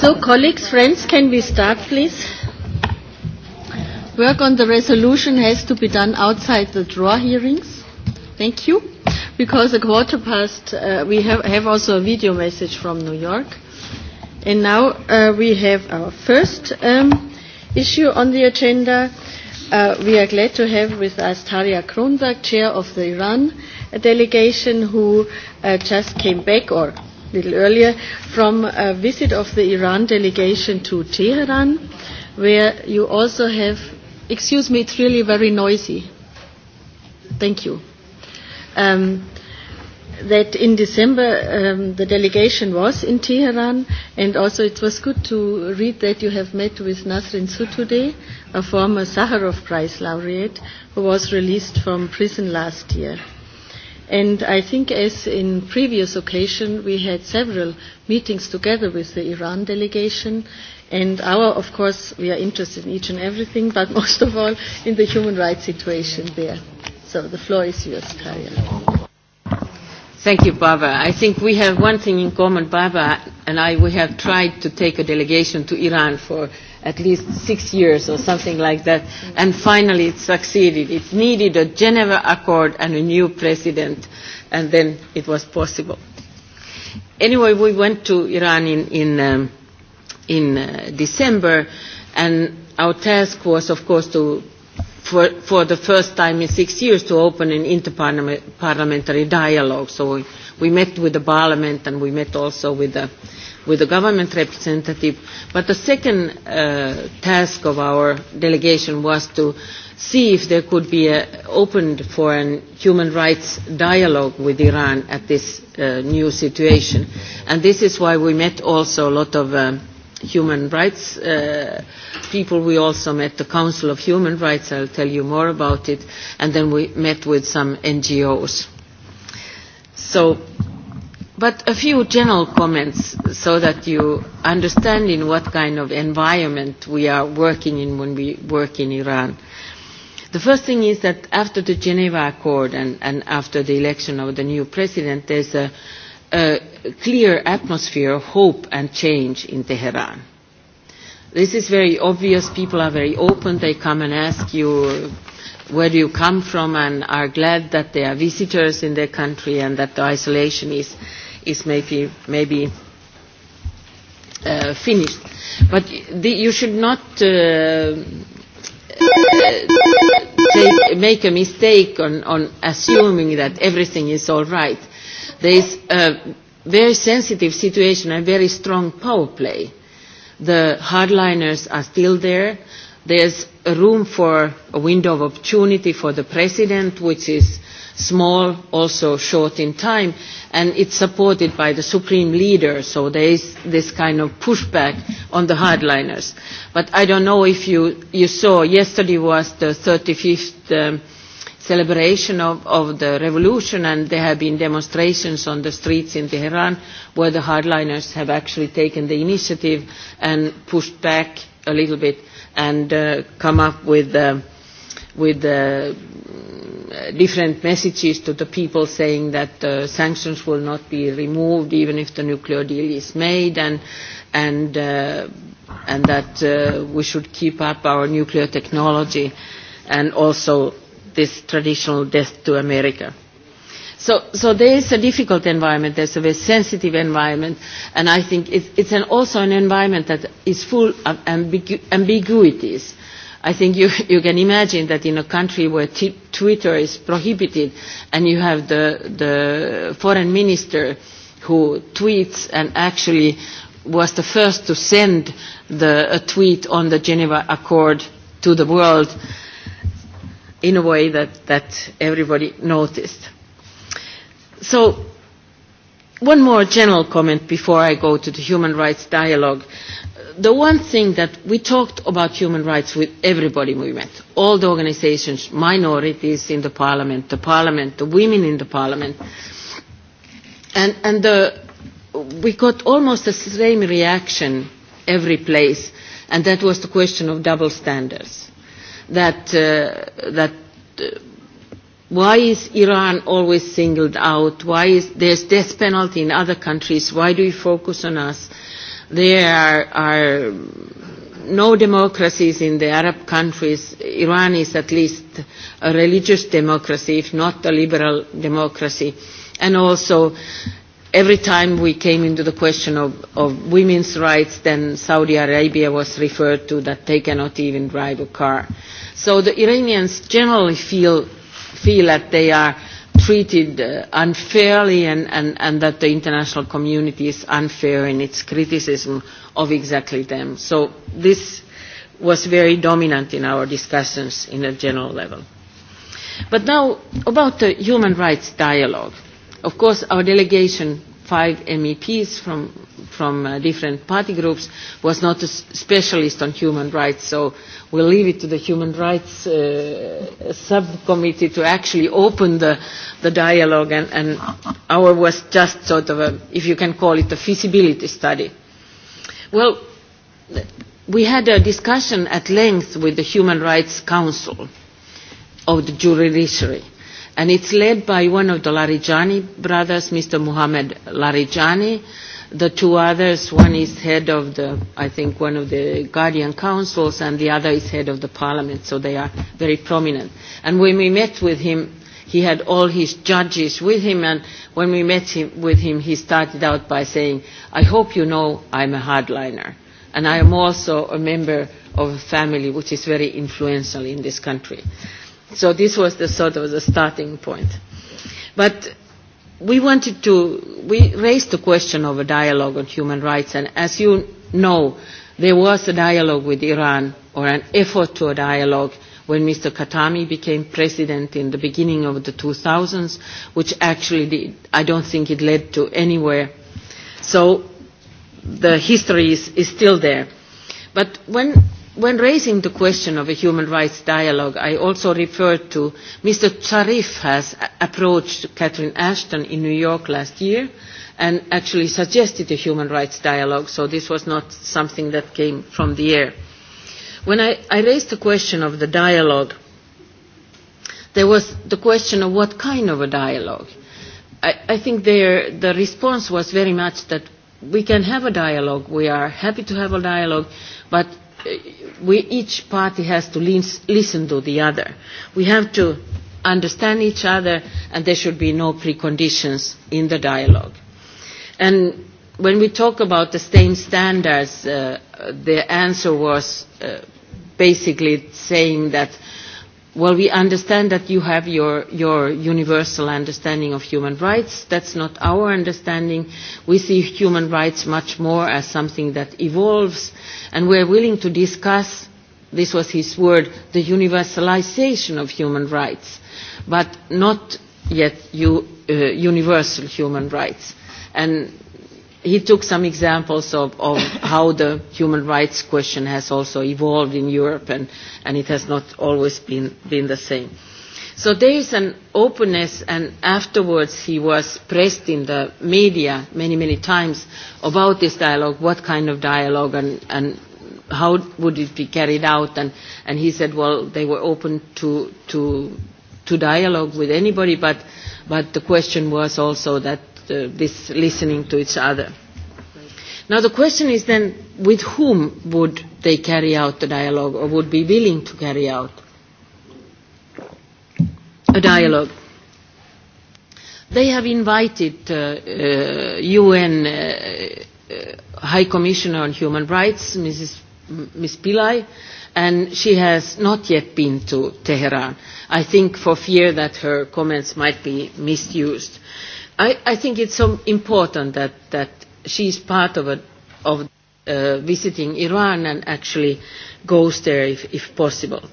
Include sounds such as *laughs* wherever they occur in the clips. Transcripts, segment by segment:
So, colleagues, friends, can we start, please? Work on the resolution has to be done outside the draw hearings. Thank you. Because a quarter past, uh, we have, have also a video message from New York. And now uh, we have our first um, issue on the agenda. Uh, we are glad to have with us Tarja Kronberg, chair of the Iran delegation, who uh, just came back or little earlier from a visit of the Iran delegation to Tehran, where you also have. Excuse me, it's really very noisy. Thank you. Um, that in December um, the delegation was in Tehran, and also it was good to read that you have met with Nasrin Sotoudeh, a former Sakharov Prize laureate who was released from prison last year. And I think as in previous occasion, we had several meetings together with the Iran delegation. And our, of course, we are interested in each and everything, but *laughs* most of all in the human rights situation there. So the floor is yours, Karya. Thank you, Baba. I think we have one thing in common, Baba and I. We have tried to take a delegation to Iran for at least six years or something like that. And finally it succeeded. It needed a Geneva Accord and a new president, and then it was possible. Anyway, we went to Iran in, in, um, in uh, December, and our task was, of course, to for, for the first time in six years to open an interparliamentary dialogue. So we, we met with the parliament and we met also with the, with the government representative. But the second uh, task of our delegation was to see if there could be a, opened for an human rights dialogue with Iran at this uh, new situation. And this is why we met also a lot of um, human rights uh, people. We also met the Council of Human Rights. I'll tell you more about it. And then we met with some NGOs. So, but a few general comments so that you understand in what kind of environment we are working in when we work in Iran. The first thing is that after the Geneva Accord and, and after the election of the new president, there's a, a clear atmosphere of hope and change in Tehran. This is very obvious. People are very open. They come and ask you where do you come from and are glad that there are visitors in their country and that the isolation is, is maybe, maybe uh, finished. But the, you should not uh, take, make a mistake on, on assuming that everything is all right. There is a very sensitive situation and very strong power play. The hardliners are still there. There's a room for a window of opportunity for the president, which is small, also short in time, and it's supported by the supreme leader, so there is this kind of pushback on the hardliners. But I don't know if you, you saw, yesterday was the 35th um, celebration of, of the revolution and there have been demonstrations on the streets in Tehran where the hardliners have actually taken the initiative and pushed back a little bit and uh, come up with, uh, with uh, different messages to the people saying that uh, sanctions will not be removed even if the nuclear deal is made and, and, uh, and that uh, we should keep up our nuclear technology and also this traditional death to America. So, so there is a difficult environment, there's a very sensitive environment, and I think it's, it's an, also an environment that is full of ambigu ambiguities. I think you, *laughs* you can imagine that in a country where t Twitter is prohibited and you have the, the foreign minister who tweets and actually was the first to send the, a tweet on the Geneva Accord to the world, in a way that, that everybody noticed. So one more general comment before I go to the human rights dialogue. The one thing that we talked about human rights with everybody we met, all the organizations, minorities in the parliament, the parliament, the women in the parliament, and, and the, we got almost the same reaction every place, and that was the question of double standards that, uh, that uh, why is Iran always singled out? Why is there's death penalty in other countries? Why do you focus on us? There are, are no democracies in the Arab countries. Iran is at least a religious democracy, if not a liberal democracy. And also, every time we came into the question of, of women's rights, then Saudi Arabia was referred to that they cannot even drive a car. So the Iranians generally feel, feel that they are treated uh, unfairly and, and, and that the international community is unfair in its criticism of exactly them. So this was very dominant in our discussions in a general level. But now about the human rights dialogue. Of course, our delegation, five MEPs from, from uh, different party groups, was not a specialist on human rights, so we'll leave it to the human rights uh, subcommittee to actually open the, the dialogue, and, and our was just sort of a, if you can call it, a feasibility study. Well, we had a discussion at length with the Human Rights Council of the judiciary and it's led by one of the Larijani brothers, Mr. Muhammad Larijani. The two others, one is head of the, I think, one of the guardian councils, and the other is head of the parliament, so they are very prominent. And when we met with him, he had all his judges with him, and when we met him, with him, he started out by saying, I hope you know I'm a hardliner, and I am also a member of a family which is very influential in this country. So this was the sort of the starting point. But we wanted to, we raised the question of a dialogue on human rights, and as you know, there was a dialogue with Iran, or an effort to a dialogue, when Mr. Khatami became president in the beginning of the 2000s, which actually did, I don't think it led to anywhere. So the history is, is still there. But when when raising the question of a human rights dialogue, I also referred to Mr. Sharif has approached Catherine Ashton in New York last year and actually suggested a human rights dialogue, so this was not something that came from the air. When I, I raised the question of the dialogue, there was the question of what kind of a dialogue. I, I think there, the response was very much that we can have a dialogue, we are happy to have a dialogue, but uh, we, each party has to listen to the other. We have to understand each other and there should be no preconditions in the dialogue. And when we talk about the same standards, uh, the answer was uh, basically saying that well, we understand that you have your, your universal understanding of human rights. That's not our understanding. We see human rights much more as something that evolves, and we're willing to discuss, this was his word, the universalization of human rights, but not yet you, uh, universal human rights. And he took some examples of, of how the human rights question has also evolved in Europe and, and it has not always been, been the same. So there is an openness and afterwards he was pressed in the media many, many times about this dialogue, what kind of dialogue and, and how would it be carried out and, and he said well they were open to, to, to dialogue with anybody but, but the question was also that Uh, this listening to each other. Now the question is then, with whom would they carry out the dialogue or would be willing to carry out a dialogue? They have invited uh, uh, UN uh, uh, High Commissioner on Human Rights, Mrs. M Ms. Pillai, and she has not yet been to Tehran, I think for fear that her comments might be misused. Uh, i, I think it's so important that, that she's part of, a, of uh, visiting Iran and actually goes there if, if possible.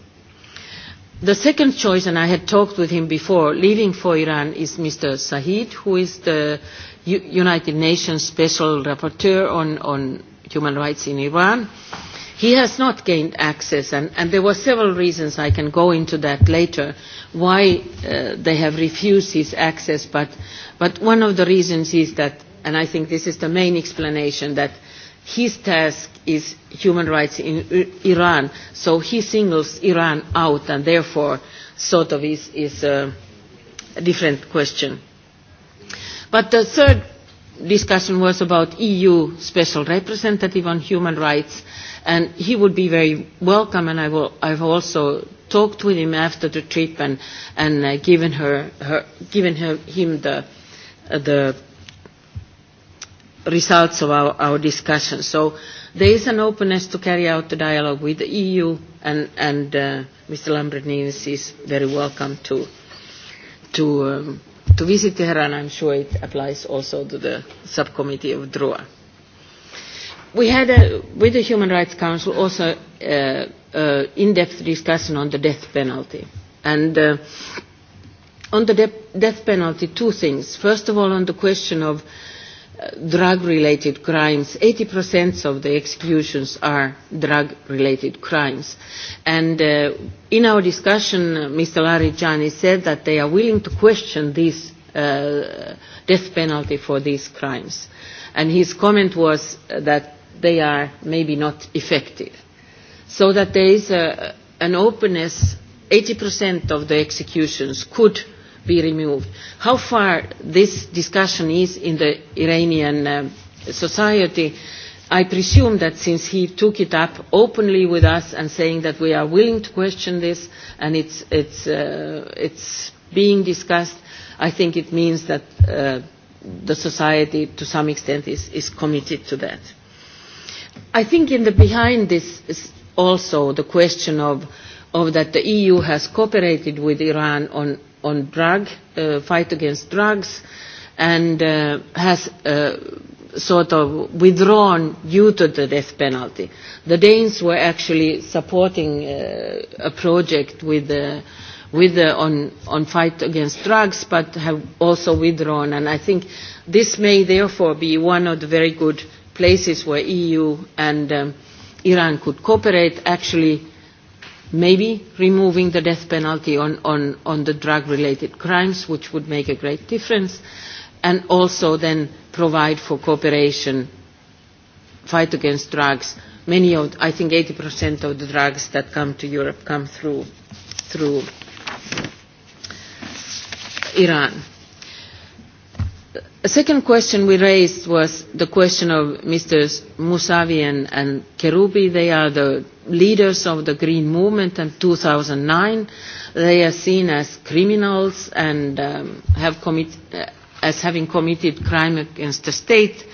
The second choice, and I had talked with him before, leaving for Iran is Mr. Sahid, who is the U United Nations Special Rapporteur on, on Human Rights in Iran. Uh, He has not gained access, and, and there were several reasons, I can go into that later, why uh, they have refused his access, but, but one of the reasons is that, and I think this is the main explanation, that his task is human rights in uh, Iran, so he singles Iran out and therefore sort of is, is a different question. But the third discussion was about EU special representative on human rights And he would be very welcome, and I will, I've also talked with him after the trip and, and uh, given, her, her, given her, him the, uh, the results of our, our discussion. So there is an openness to carry out the dialogue with the EU, and, and uh, Mr. Lambrinidis is very welcome to, to, um, to visit Tehran. I'm sure it applies also to the subcommittee of DROA. We had, a, with the Human Rights Council, also uh, uh, in-depth discussion on the death penalty. And uh, on the de- death penalty, two things. First of all, on the question of uh, drug-related crimes, 80% of the executions are drug-related crimes. And uh, in our discussion, Mr. Larijani said that they are willing to question this uh, death penalty for these crimes. And his comment was that they are maybe not effective. So that there is a, an openness, 80% of the executions could be removed. How far this discussion is in the Iranian um, society, I presume that since he took it up openly with us and saying that we are willing to question this and it's, it's, uh, it's being discussed, I think it means that uh, the society to some extent is, is committed to that. I think in the behind this is also the question of, of that the EU has cooperated with Iran on, on drug, uh, fight against drugs, and uh, has uh, sort of withdrawn due to the death penalty. The Danes were actually supporting uh, a project with uh, with uh on on fight against drugs, but have also withdrawn. And I think this may therefore be one of the very good places where EU and um, Iran could cooperate, actually maybe removing the death penalty on, on, on the drug-related crimes, which would make a great difference, and also then provide for cooperation, fight against drugs. Many of, I think 80% of the drugs that come to Europe come through, through Iran. A second question we raised was the question of Mr. Musavi and, and Kerubi. They are the leaders of the Green Movement in 2009. They are seen as criminals and um, have commit, uh, as having committed crime against the state.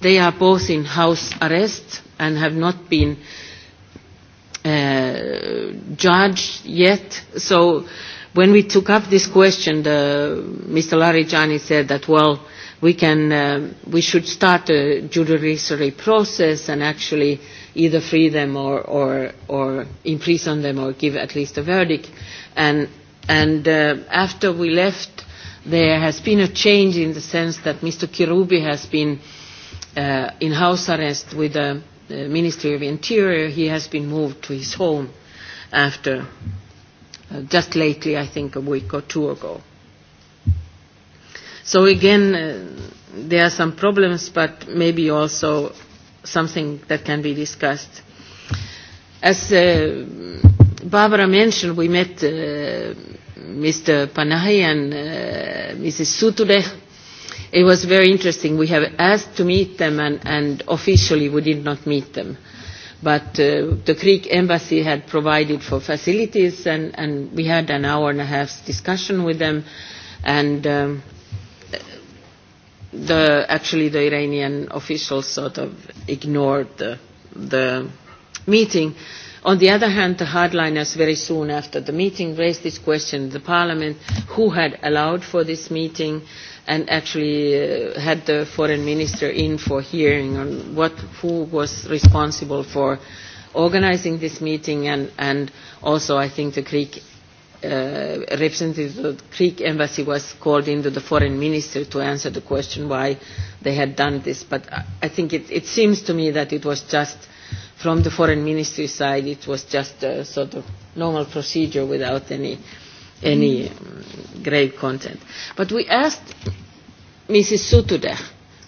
They are both in house arrest and have not been uh, judged yet. So When we took up this question, the, Mr. Larijani said that, well, we, can, uh, we should start a judiciary process and actually either free them or, or, or imprison them or give at least a verdict. And, and uh, after we left, there has been a change in the sense that Mr. Kirubi has been uh, in house arrest with the the uh, Ministry of Interior. He has been moved to his home after uh, just lately, I think a week or two ago. So again, uh, there are some problems, but maybe also something that can be discussed. As uh, Barbara mentioned, we met uh, Mr. Panahi and uh, Mrs. Sutudeh. It was very interesting. We have asked to meet them, and, and officially we did not meet them. Uh, but uh, the Greek embassy had provided for facilities and, and we had an hour and a half discussion with them and um, the, actually the Iranian officials sort of ignored the, the meeting. On the other hand, the hardliners very soon after the meeting raised this question in the parliament, who had allowed for this meeting, uh, and actually uh, had the foreign minister in for hearing on what, who was responsible for organizing this meeting and, and also I think the Greek uh, representative of the Greek embassy was called into the foreign minister to answer the question why they had done this. But I, I think it, it seems to me that it was just from the foreign ministry side, it was just a sort of normal procedure without any uh, any um, grave content. But we asked Mrs. Sutudeh,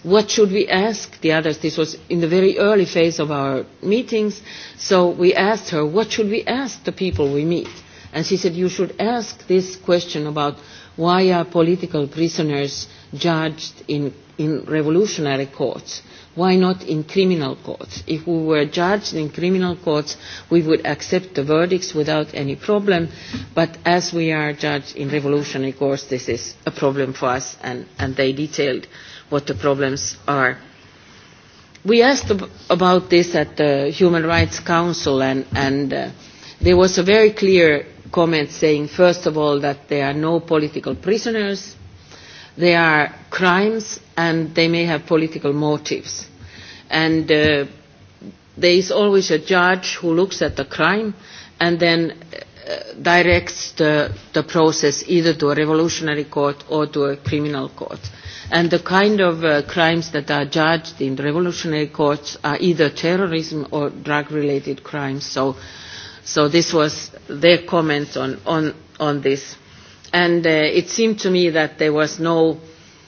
what should we ask the others? This was in the very early phase of our meetings, so we asked her, what should we ask the people we meet? And she said, you should ask this question about Why are political prisoners judged in, in revolutionary courts? Why not in criminal courts? If we were judged in criminal courts, we would accept the verdicts without any problem, but as we are judged in revolutionary courts, this is a problem for us, and, and they detailed what the problems are. We asked ab about this at the Human Rights Council, and, and uh, there was a very clear comments saying, first of all, that there are no political prisoners, there are crimes, and they may have political motives. And uh, there is always a judge who looks at the crime and then uh, directs the, the process either to a revolutionary court or to a criminal court. And the kind of uh, crimes that are judged in the revolutionary courts are either terrorism or drug-related crimes. So so this was their comment on, on, on this. And uh, it seemed to me that there was no,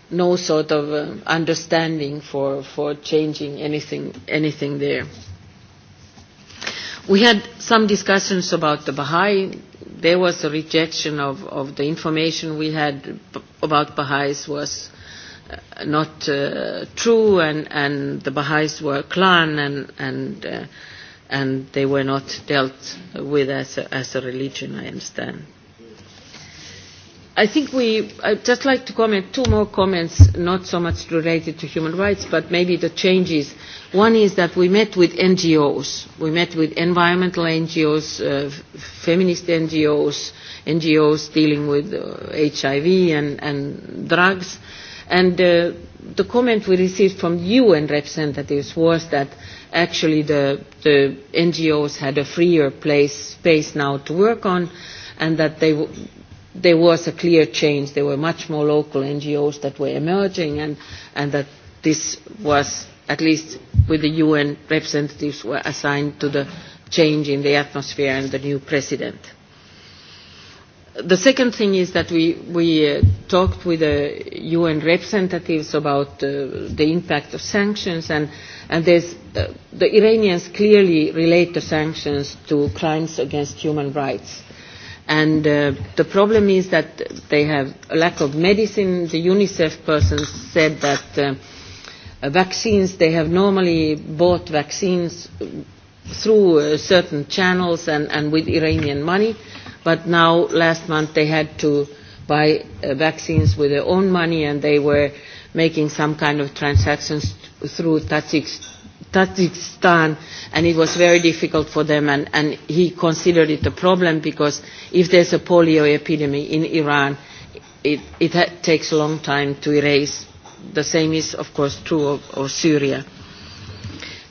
no sort of uh, understanding for, for changing anything, anything there. We had some discussions about the Baha'i. There was a rejection of, of the information we had about Baha'is was uh, not uh, true, and, and the Baha'is were clan, and, and uh, and they were not dealt with as a, as a religion, I understand. I think we, I'd just like to comment two more comments, not so much related to human rights, but maybe the changes. One is that we met with NGOs. We met with environmental NGOs, uh, feminist NGOs, NGOs dealing with uh, HIV and, and drugs. Uh, And uh, the comment we received from UN representatives was that actually the, the NGOs had a freer place, space now to work on and that they w there was a clear change. There were much more local NGOs that were emerging and, and that this was, at least with the UN representatives, were assigned to the change in the atmosphere and the new president. The second thing is that we, we uh, talked with the UN representatives about uh, the impact of sanctions, and, and there's, uh, the Iranians clearly relate the sanctions to crimes against human rights. And uh, the problem is that they have a lack of medicine. The UNICEF person said that uh, uh vaccines, they have normally bought vaccines through uh, certain channels and, and with Iranian money But now, last month, they had to buy uh, vaccines with their own money and they were making some kind of transactions through Tajikistan and it was very difficult for them and, and he considered it a problem because if there's a polio epidemic in Iran, it, it ha takes a long time to erase. The same is, of course, true of, of Syria.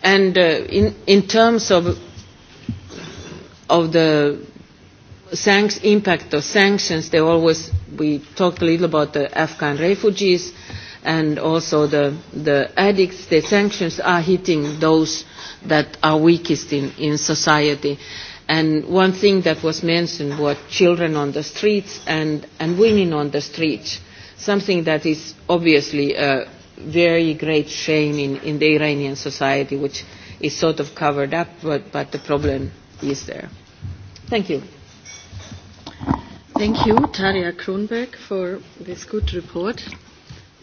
And uh, in, in terms of, of the sanctions impact of sanctions, they always, we talked a little about the Afghan refugees and also the, the addicts, the sanctions are hitting those that are weakest in, in society. And one thing that was mentioned were children on the streets and, and women on the streets, something that is obviously a very great shame in, in the Iranian society, which is sort of covered up, but, but the problem is there. Thank you. Thank you, Tarja Kronberg, for this good report.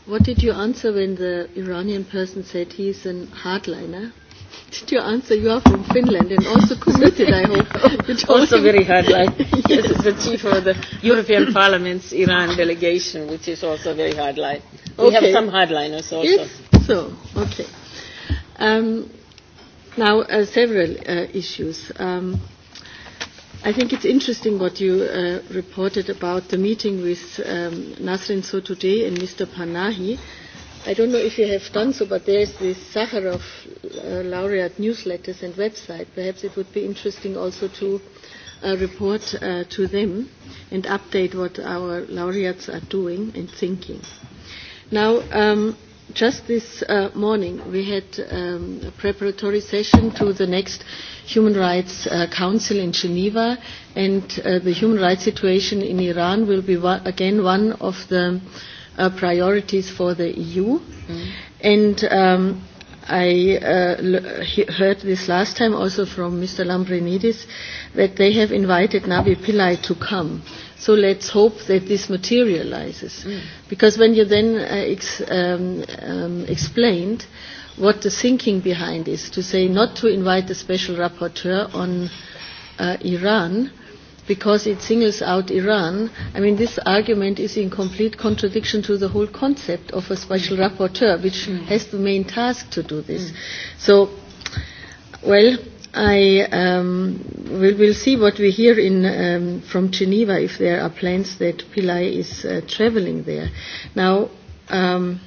What did you answer when the Iranian person said he's an hardliner? *laughs* Did you answer you are from Finland and also committed, I hope? *laughs* also very hardline. *laughs* yes. This is the chief of the European Parliament's Iran delegation, which is also very hardline. We okay. have some hardliners also. Yes? So, okay. Um, now, uh, several uh, issues. Um, i think it's interesting what you uh, reported about the meeting with um, Nasrin Sotoudeh and Mr. Panahi. I don't know if you have done so, but there's this Sakharov uh, laureate newsletters and website. Perhaps it would be interesting also to uh, report uh, to them and update what our laureates are doing and thinking. Now, um, just this uh, morning we had um, a preparatory session to the next Human Rights uh, Council in Geneva, and uh, the human rights situation in Iran will be one, again one of the uh, priorities for the EU. Mm. Mm-hmm. And um, I uh, l- he heard this last time also from Mr. Lambrinidis that they have invited Nabi Pillai to come so let's hope that this materializes. Mm. Because when you then uh, ex, um, um, explained what the thinking behind is, to say not to invite a special rapporteur on uh, Iran, because it singles out Iran. I mean, this argument is in complete contradiction to the whole concept of a special rapporteur, which mm. has the main task to do this. Mm. So, well, i um, will we'll see what we hear in, um, from Geneva if there are plans that Pillai is uh, traveling there. Now, um,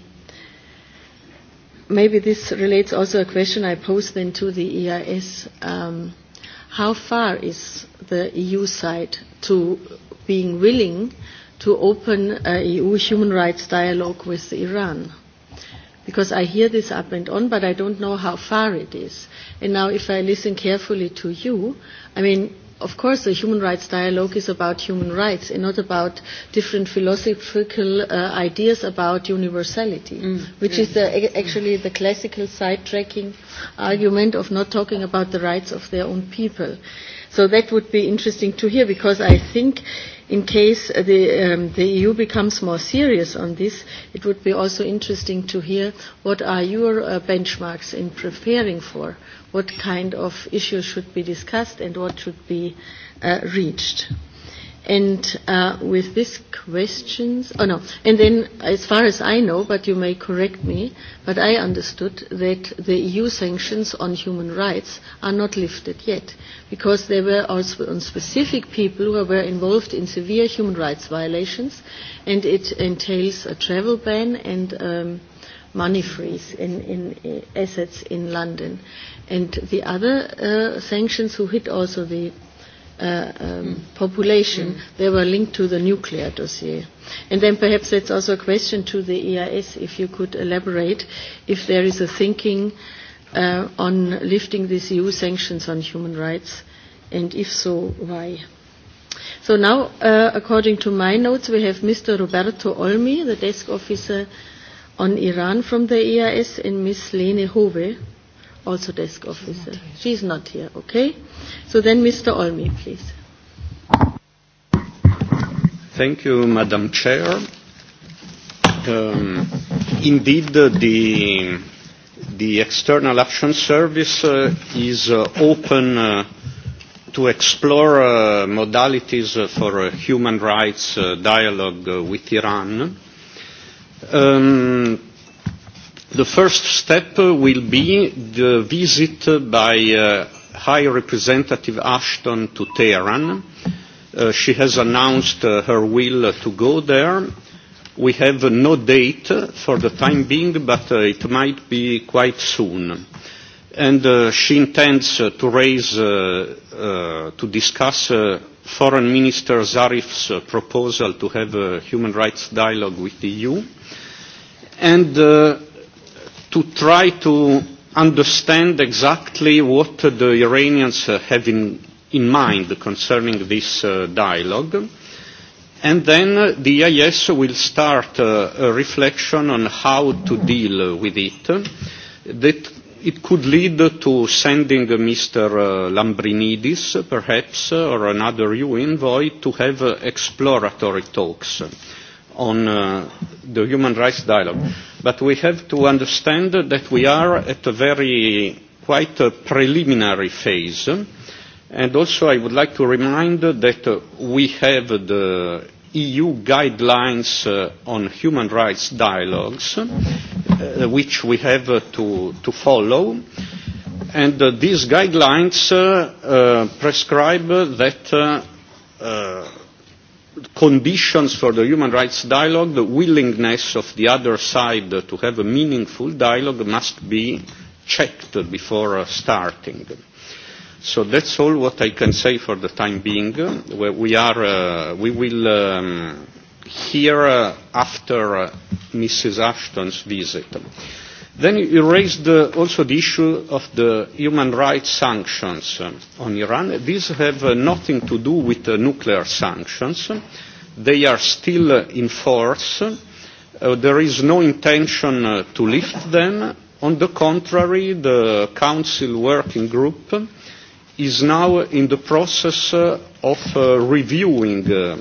maybe this relates also a question I posed then to the EIS. Um, how far is the EU side to being willing to open a EU human rights dialogue with Iran? because I hear this up and on, but I don't know how far it is. And now, if I listen carefully to you, I mean, of course, the human rights dialogue is about human rights and not about different philosophical uh, ideas about universality, mm. which is mm. the, actually the classical sidetracking argument of not talking about the rights of their own people. So that would be interesting to hear because I think in case the, um, the EU becomes more serious on this, it would be also interesting to hear what are your uh, benchmarks in preparing for what kind of issues should be discussed and what should be uh, reached. And uh, with these questions, oh no, and then as far as I know, but you may correct me, but I understood that the EU sanctions on human rights are not lifted yet, because they were also on specific people who were involved in severe human rights violations, and it entails a travel ban and um, money freeze in, in assets in London. And the other uh, sanctions who hit also the Uh, um, population, they were linked to the nuclear dossier. And then perhaps that's also a question to the EIS, if you could elaborate, if there is a thinking uh, on lifting these EU sanctions on human rights, and if so, why? So now, uh, according to my notes, we have Mr. Roberto Olmi, the desk officer on Iran from the EIS, and Ms. Lene Hove also desk officer. She's not here, okay? So then Mr. Olmi, please. Thank you, Madam Chair. Um, indeed, uh, the, the External Action Service uh, is uh, open uh, to explore uh, modalities uh, for a human rights uh, dialogue uh, with Iran. Um, The first step uh, will be the visit by uh, High Representative Ashton to Tehran. Uh, she has announced uh, her will uh, to go there. We have uh, no date uh, for the time being, but uh, it might be quite soon. And uh, she intends uh, to raise, uh, uh, to discuss uh, Foreign Minister Zarif's uh, proposal to have a human rights dialogue with the EU. And uh, to try to understand exactly what the Iranians have in, in mind concerning this uh, dialogue. And then the EIS will start uh, a reflection on how to deal with it. That it could lead to sending Mr. Uh, Lambrinidis, perhaps, or another EU envoy to have uh, exploratory talks. Uh, on uh, the human rights dialogue. But we have to understand that we are at a very quite a preliminary phase. And also I would like to remind that we have the EU guidelines uh, on human rights dialogues, uh, which we have uh, to, to follow. And uh, these guidelines uh, uh, prescribe that uh, conditions for the human rights dialogue, the willingness of the other side to have a meaningful dialogue must be checked before uh, starting. So that's all what I can say for the time being. We, are, uh, we will um, hear uh, after uh, Mrs. Ashton's visit. Then you raised uh, also the issue of the human rights sanctions uh, on Iran. These have uh, nothing to do with uh, nuclear sanctions. Uh, They are still in force. Uh, there is no intention uh, to lift them. On the contrary, the Council Working Group is now in the process uh, of uh, reviewing uh,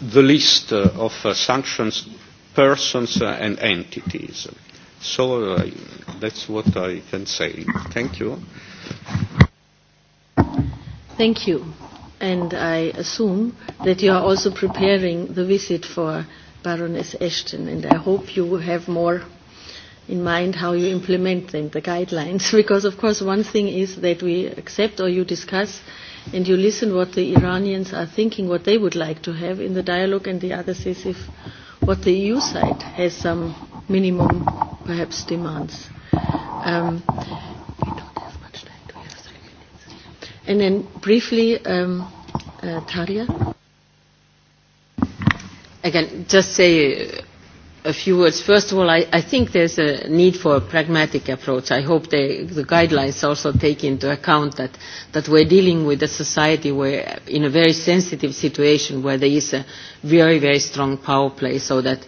the list uh, of uh, sanctions persons uh, and entities. So uh, that's what I can say. Thank you. Thank you and I assume that you are also preparing the visit for Baroness Ashton, and I hope you have more in mind how you implement them, the guidelines, *laughs* because of course one thing is that we accept or you discuss and you listen what the Iranians are thinking, what they would like to have in the dialogue, and the other says if what the EU side has some minimum, perhaps, demands. Um, And then briefly, um, uh, Talia. I can just say a few words. First of all, I, I think there's a need for a pragmatic approach. I hope they, the guidelines also take into account that, that we're dealing with a society where, in a very sensitive situation where there is a very, very strong power play, so that,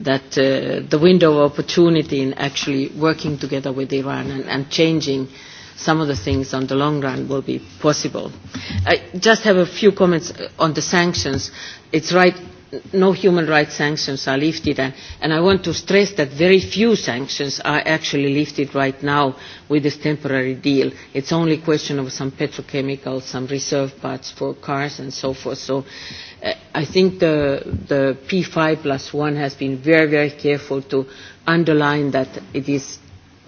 that uh, the window of opportunity in actually working together with Iran and, and changing uh, some of the things on the long run will be possible. I just have a few comments on the sanctions. It's right no human rights sanctions are lifted and, and I want to stress that very few sanctions are actually lifted right now with this temporary deal. It's only a question of some petrochemicals, some reserve parts for cars and so forth. So uh, I think the, the P5 plus one has been very, very careful to underline that it is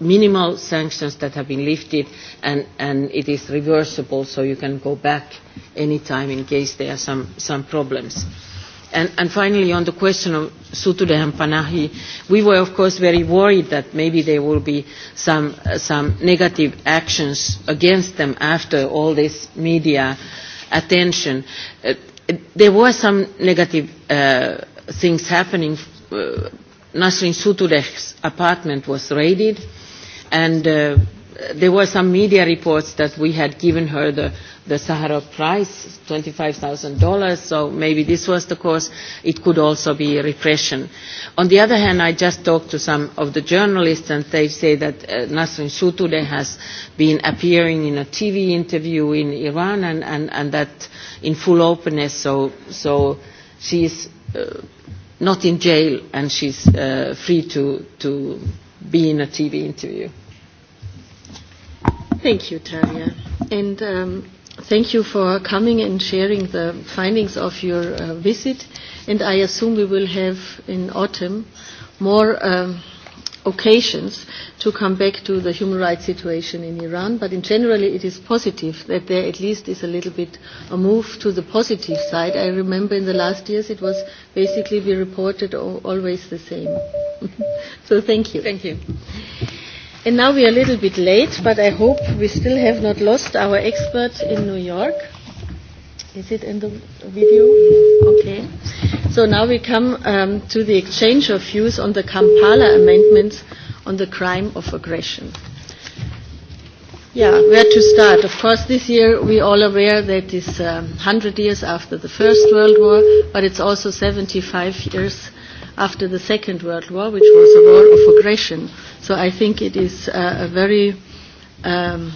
minimal sanctions that have been lifted and, and it is reversible so you can go back any time in case there are some, some problems. And, and finally, on the question of Sutude and Panahi, we were of course very worried that maybe there will be some, uh, some negative actions against them after all this media attention. Uh, there were some negative uh, things happening. Uh, Nasrin Sutudeh's apartment was raided And uh, there were some media reports that we had given her the, the Sahara Prize, $25,000, so maybe this was the cause. It could also be a repression. On the other hand, I just talked to some of the journalists, and they say that uh, Nasrin Sutude has been appearing in a TV interview in Iran, and, and, and that in full openness, so, so she is uh, not in jail, and she's uh, free to, to be in a TV interview. Thank you, Talia. And um, thank you for coming and sharing the findings of your uh, visit. And I assume we will have in autumn more um, occasions to come back to the human rights situation in Iran. But in general, it is positive that there at least is a little bit a move to the positive side. I remember in the last years it was basically we reported always the same. *laughs* so thank you. Thank you. And now we are a little bit late, but I hope we still have not lost our expert in New York. Is it in the video? Okay. So now we come um, to the exchange of views on the Kampala amendments on the crime of aggression. Yeah, where to start? Of course, this year we are all aware that it's um, 100 years after the First World War, but it's also 75 years after the Second World War, which was a war of aggression. So I think it is uh, a very um,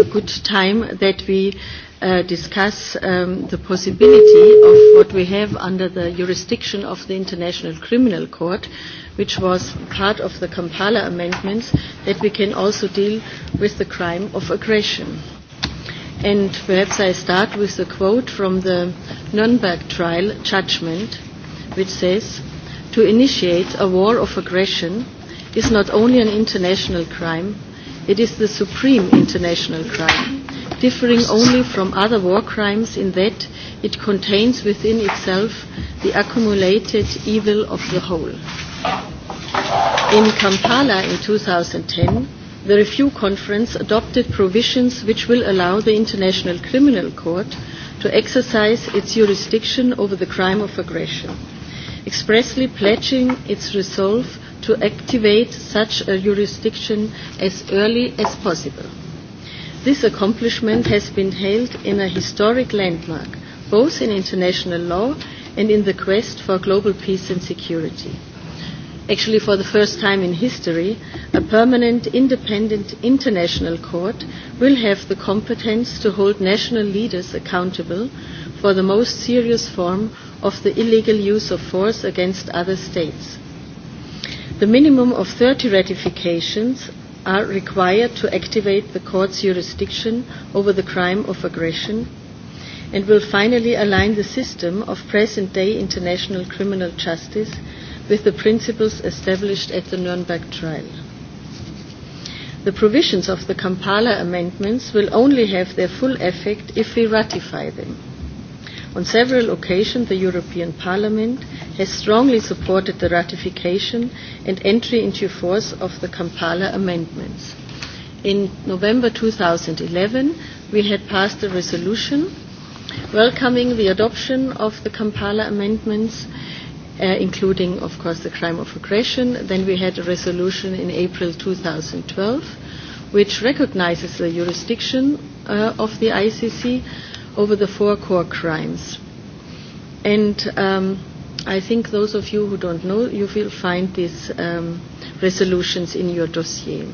a good time that we uh, discuss um, the possibility of what we have under the jurisdiction of the International Criminal Court, which was part of the Kampala amendments, that we can also deal with the crime of aggression. And perhaps I start with a quote from the Nuremberg trial judgment which says, to initiate a war of aggression is not only an international crime, it is the supreme international crime, differing only from other war crimes in that it contains within itself the accumulated evil of the whole. In Kampala in 2010, the Review Conference adopted provisions which will allow the International Criminal Court to exercise its jurisdiction over the crime of aggression expressly pledging its resolve to activate such a jurisdiction as early as possible. This accomplishment has been hailed in a historic landmark, both in international law and in the quest for global peace and security. Actually, for the first time in history, a permanent independent international court will have the competence to hold national leaders accountable for the most serious form of the illegal use of force against other states. The minimum of 30 ratifications are required to activate the court's jurisdiction over the crime of aggression and will finally align the system of present-day international criminal justice with the principles established at the Nuremberg trial. The provisions of the Kampala amendments will only have their full effect if we ratify them. On several occasions, the European Parliament has strongly supported the ratification and entry into force of the Kampala amendments. In November 2011, we had passed a resolution welcoming the adoption of the Kampala amendments, uh, including, of course, the crime of aggression. Then we had a resolution in April 2012 which recognizes the jurisdiction uh, of the ICC over the four core crimes. And um, I think those of you who don't know, you will find these um, resolutions in your dossier.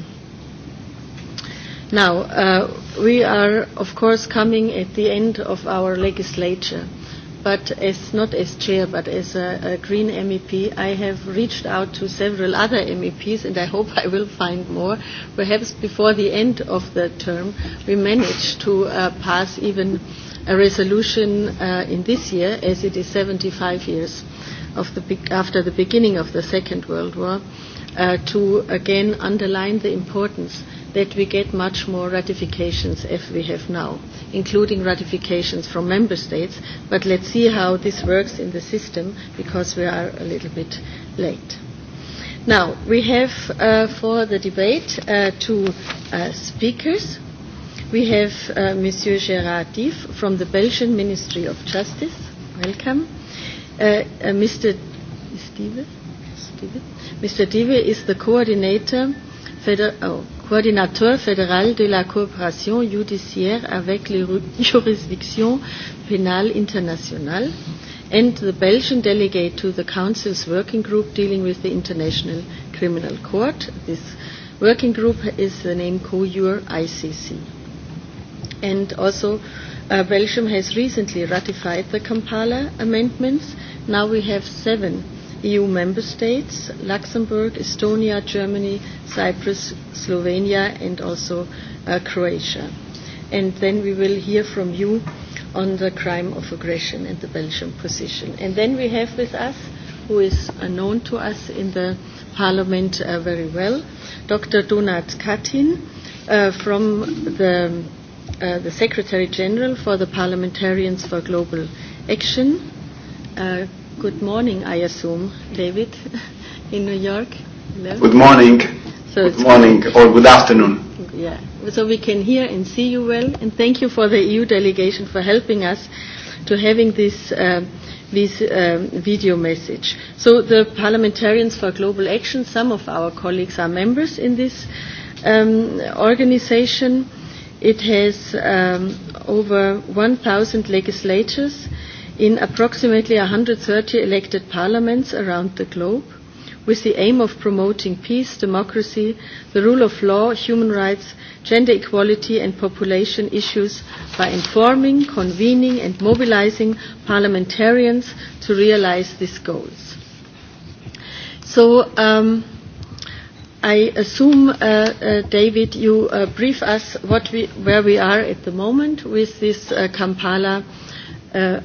Now, uh, we are, of course, coming at the end of our legislature but as not as chair, but as a, a Green MEP, I have reached out to several other MEPs, and I hope I will find more. Perhaps before the end of the term, we manage to uh, pass even a resolution uh, in this year, as it is 75 years of the, be after the beginning of the Second World War, uh, to again underline the importance that we get much more ratifications as we have now, including ratifications from member states. But let's see how this works in the system because we are a little bit late. Now, we have uh, for the debate uh, two uh, speakers. We have uh, Monsieur Gérard Dief from the Belgian Ministry of Justice. Welcome. Uh, uh, Mr. Dieve? Mr. Dieve is the coordinator coordinateur fédéral de la coopération judiciaire avec les *laughs* juridictions pénales internationales and the Belgian delegate to the Council's working group dealing with the International Criminal Court. This working group is the name COUR ICC. And also, uh, Belgium has recently ratified the Kampala amendments. Now we have seven EU member states, Luxembourg, Estonia, Germany, Cyprus, Slovenia, and also uh, Croatia. And then we will hear from you on the crime of aggression and the Belgian position. And then we have with us, who is unknown to us in the Parliament uh, very well, Dr. Donat Katin uh, from the, uh, the Secretary General for the Parliamentarians for Global Action. Uh, Good morning, I assume, David, *laughs* in New York. Hello? Good morning. So good morning good. or good afternoon. Yeah, so we can hear and see you well, and thank you for the EU delegation for helping us to having this. Uh, this um, video message. So the Parliamentarians for Global Action, some of our colleagues are members in this um, organization. It has um, over 1,000 legislators in approximately 130 elected parliaments around the globe with the aim of promoting peace, democracy, the rule of law, human rights, gender equality and population issues by informing, convening and mobilizing parliamentarians to realize these goals. So um, I assume, uh, uh, David, you uh, brief us what we, where we are at the moment with this uh, Kampala uh,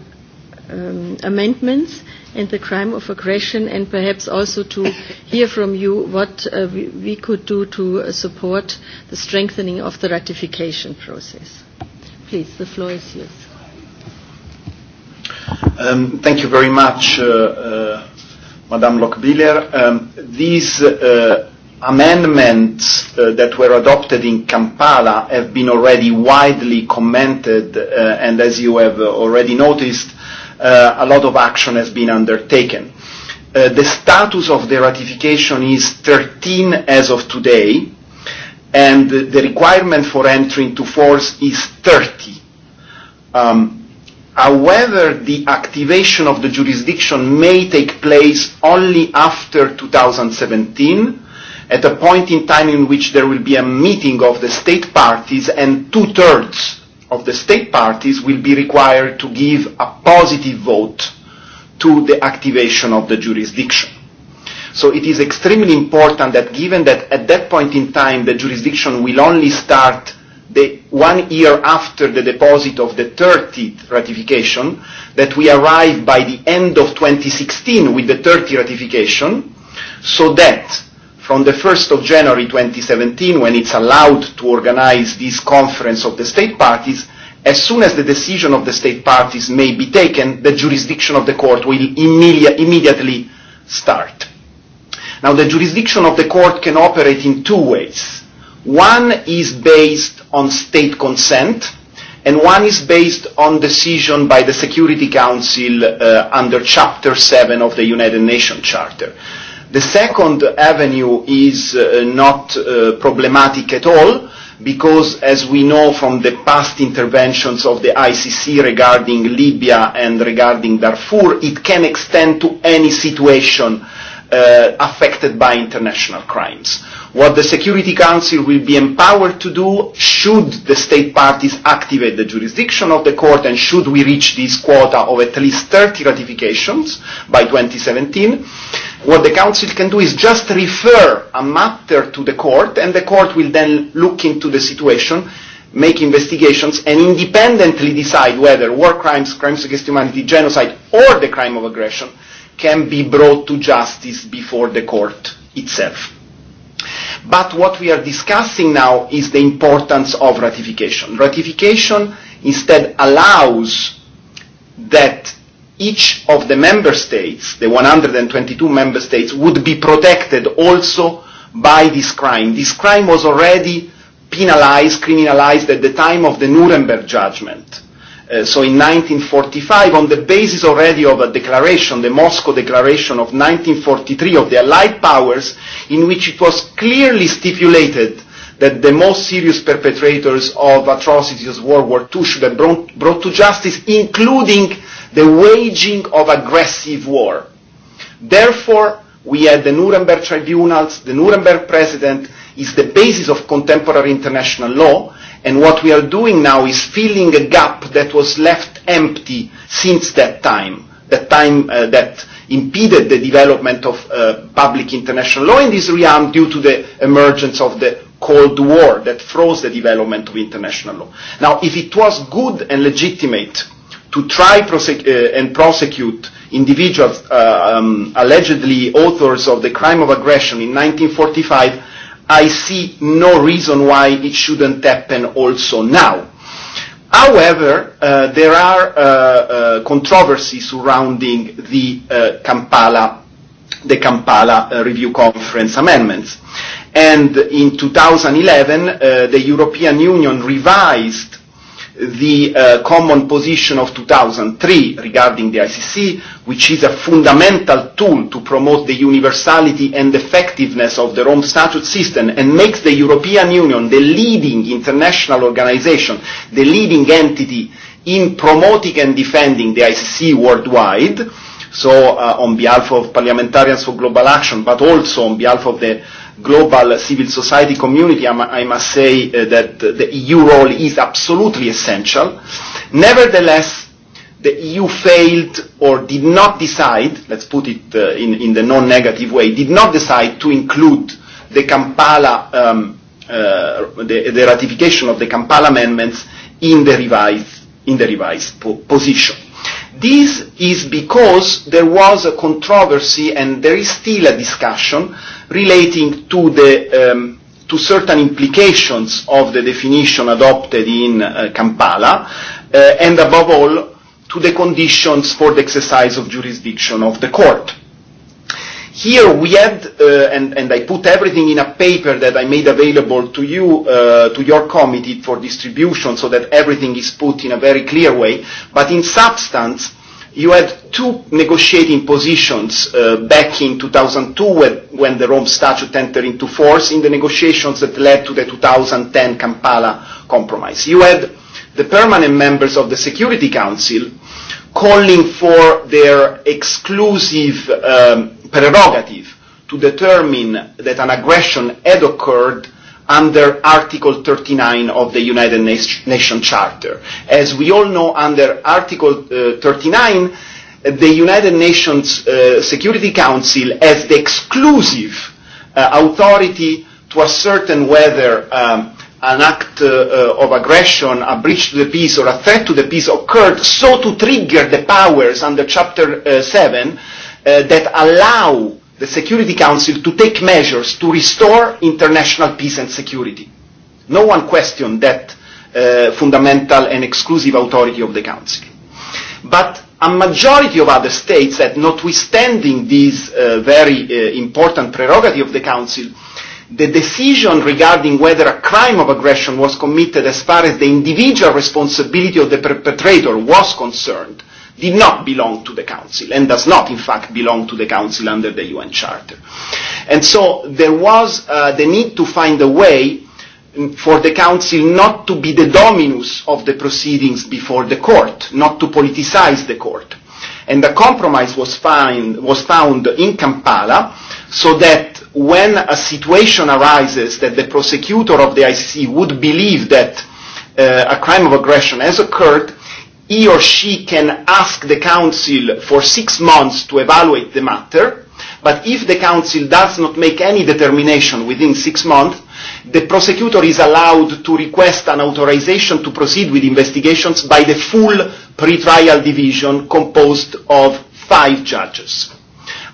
um, amendments and the crime of aggression, and perhaps also to hear from you what uh, we, we could do to uh, support the strengthening of the ratification process. Please, the floor is yours. Um, thank you very much, uh, uh, Madame Lockbiller. Um, these uh, amendments uh, that were adopted in Kampala have been already widely commented, uh, and as you have uh, already noticed, uh, a lot of action has been undertaken. Uh, the status of the ratification is 13 as of today, and the, the requirement for entry into force is 30. Um, However, the activation of the jurisdiction may take place only after 2017, at a point in time in which there will be a meeting of the state parties and two-thirds of the state parties will be required to give a positive vote to the activation of the jurisdiction. So it is extremely important that given that at that point in time the jurisdiction will only start the one year after the deposit of the 30th ratification, that we arrive by the end of 2016 with the 30 ratification, so that from the 1st of January 2017, when it's allowed to organize this conference of the state parties, as soon as the decision of the state parties may be taken, the jurisdiction of the court will immedi immediately start. Now, the jurisdiction of the court can operate in two ways. One is based on state consent, and one is based on decision by the Security Council uh, under Chapter 7 of the United Nations Charter. The second avenue is uh, not uh, problematic at all because as we know from the past interventions of the ICC regarding Libya and regarding Darfur, it can extend to any situation uh, affected by international crimes. What the Security Council will be empowered to do should the state parties activate the jurisdiction of the court and should we reach this quota of at least 30 ratifications by 2017 what the council can do is just refer a matter to the court and the court will then look into the situation make investigations and independently decide whether war crimes, crimes against humanity, genocide or the crime of aggression can be brought to justice before the court itself. But what we are discussing now is the importance of ratification. Ratification instead allows that each of the member states, the 122 member states, would be protected also by this crime. This crime was already penalized, criminalized at the time of the Nuremberg judgment. Uh, so in 1945, on the basis already of a declaration, the Moscow Declaration of 1943 of the Allied Powers, in which it was clearly stipulated that the most serious perpetrators of atrocities of World War II should have brought, brought to justice, including the waging of aggressive war. Therefore, we had the Nuremberg tribunals, the Nuremberg President is the basis of contemporary international law, and what we are doing now is filling a gap that was left empty since that time, the time uh, that impeded the development of uh, public international law in this realm due to the emergence of the Cold War that froze the development of international law. Now, if it was good and legitimate to try prosec uh, and prosecute individuals uh, um, allegedly authors of the crime of aggression in 1945, I see no reason why it shouldn't happen also now. However, uh, there are uh, uh, controversies surrounding the uh, Kampala, the Kampala uh, Review Conference amendments. And in 2011, uh, the European Union revised the uh, common position of 2003 regarding the ICC, which is a fundamental tool to promote the universality and effectiveness of the Rome Statute system and makes the European Union the leading international organization, the leading entity in promoting and defending the ICC worldwide. So uh, on behalf of parliamentarians for global action, but also on behalf of the global civil society community, I must say uh, that the EU role is absolutely essential. Nevertheless, the EU failed or did not decide, let's put it uh, in, in the non-negative way, did not decide to include the Kampala, um, uh, the, the ratification of the Kampala amendments in the revised, in the revised po position. This is because there was a controversy and there is still a discussion relating to the um, to certain implications of the definition adopted in uh, Kampala, uh, and above all, to the conditions for the exercise of jurisdiction of the court. Here we had, uh, and, and I put everything in a paper that I made available to you, uh, to your committee for distribution, so that everything is put in a very clear way, but in substance, you had two negotiating positions uh, back in 2002 when, when the Rome Statute entered into force in the negotiations that led to the 2010 Kampala Compromise. You had the permanent members of the Security Council calling for their exclusive um, prerogative to determine that an aggression had occurred under Article 39 of the United Nations Charter. As we all know, under Article uh, 39, the United Nations uh, Security Council has the exclusive uh, authority to ascertain whether um, an act uh, uh, of aggression, a breach to the peace or a threat to the peace occurred, so to trigger the powers under Chapter uh, 7 uh, that allow the Security Council to take measures to restore international peace and security. No one questioned that uh, fundamental and exclusive authority of the Council. But a majority of other states that notwithstanding this uh, very uh, important prerogative of the Council, the decision regarding whether a crime of aggression was committed as far as the individual responsibility of the perpetrator was concerned did not belong to the Council and does not, in fact, belong to the Council under the UN Charter. And so there was uh, the need to find a way mm, for the Council not to be the dominus of the proceedings before the court, not to politicize the court. And a compromise was, find, was found in Kampala so that when a situation arises that the prosecutor of the ICC would believe that uh, a crime of aggression has occurred, he or she can ask the council for six months to evaluate the matter, but if the council does not make any determination within six months, the prosecutor is allowed to request an authorization to proceed with investigations by the full pretrial division composed of five judges.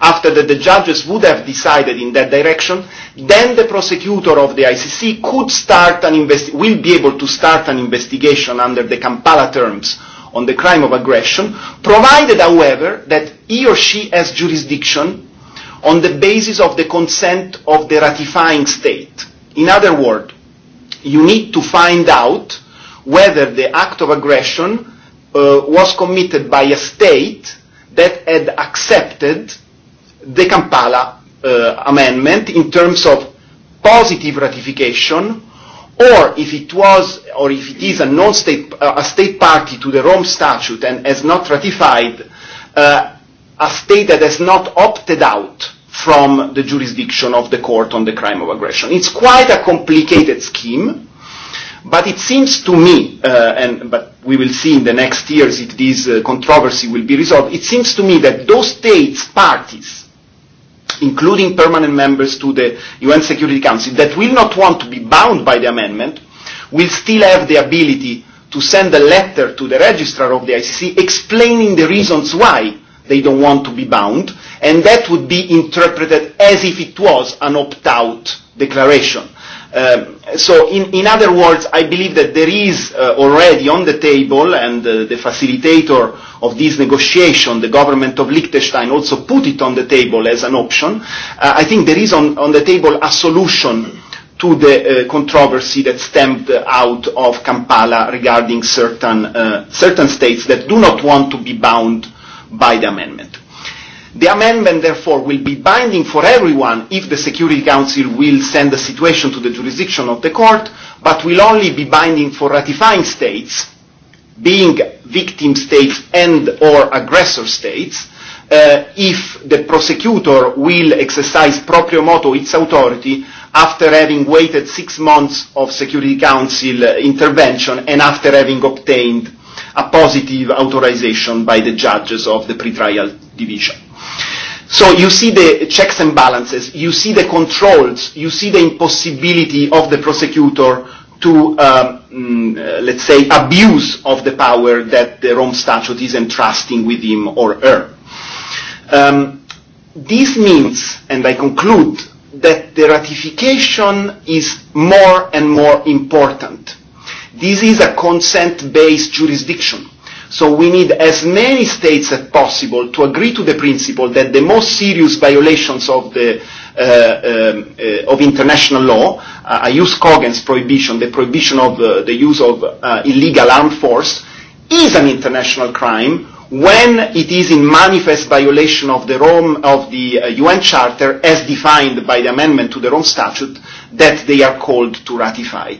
After that the judges would have decided in that direction, then the prosecutor of the ICC could start an investi- will be able to start an investigation under the Kampala terms on the crime of aggression, provided, however, that he or she has jurisdiction on the basis of the consent of the ratifying state. In other words, you need to find out whether the act of aggression uh, was committed by a state that had accepted the Kampala uh, amendment in terms of positive ratification or if it was or if it is a non-state uh, a state party to the Rome Statute and has not ratified, uh, a state that has not opted out from the jurisdiction of the court on the crime of aggression. It's quite a complicated scheme, but it seems to me, uh, and but we will see in the next years if this uh, controversy will be resolved. It seems to me that those states parties including permanent members to the UN Security Council, that will not want to be bound by the amendment, will still have the ability to send a letter to the registrar of the ICC explaining the reasons why they don't want to be bound, and that would be interpreted as if it was an opt-out declaration. Um, so in, in other words, I believe that there is uh, already on the table, and uh, the facilitator of this negotiation, the government of Liechtenstein also put it on the table as an option. Uh, I think there is on, on the table a solution to the uh, controversy that stemmed out of Kampala regarding certain, uh, certain states that do not want to be bound by the amendment. The amendment, therefore, will be binding for everyone if the Security Council will send the situation to the jurisdiction of the court, but will only be binding for ratifying states being victim states and or aggressor states, uh, if the prosecutor will exercise proprio moto its authority after having waited six months of Security Council uh, intervention and after having obtained a positive authorization by the judges of the pretrial division. So you see the checks and balances, you see the controls, you see the impossibility of the prosecutor to um, mm, uh, let's say, abuse of the power that the Rome Statute is entrusting with him or her. Um, this means, and I conclude, that the ratification is more and more important. This is a consent-based jurisdiction. So we need as many states as possible to agree to the principle that the most serious violations of, the, uh, um, uh, of international law uh, use Kogan's prohibition, the prohibition of uh, the use of uh, illegal armed force, is an international crime when it is in manifest violation of the Rome of the uh, UN Charter as defined by the amendment to the Rome Statute that they are called to ratify.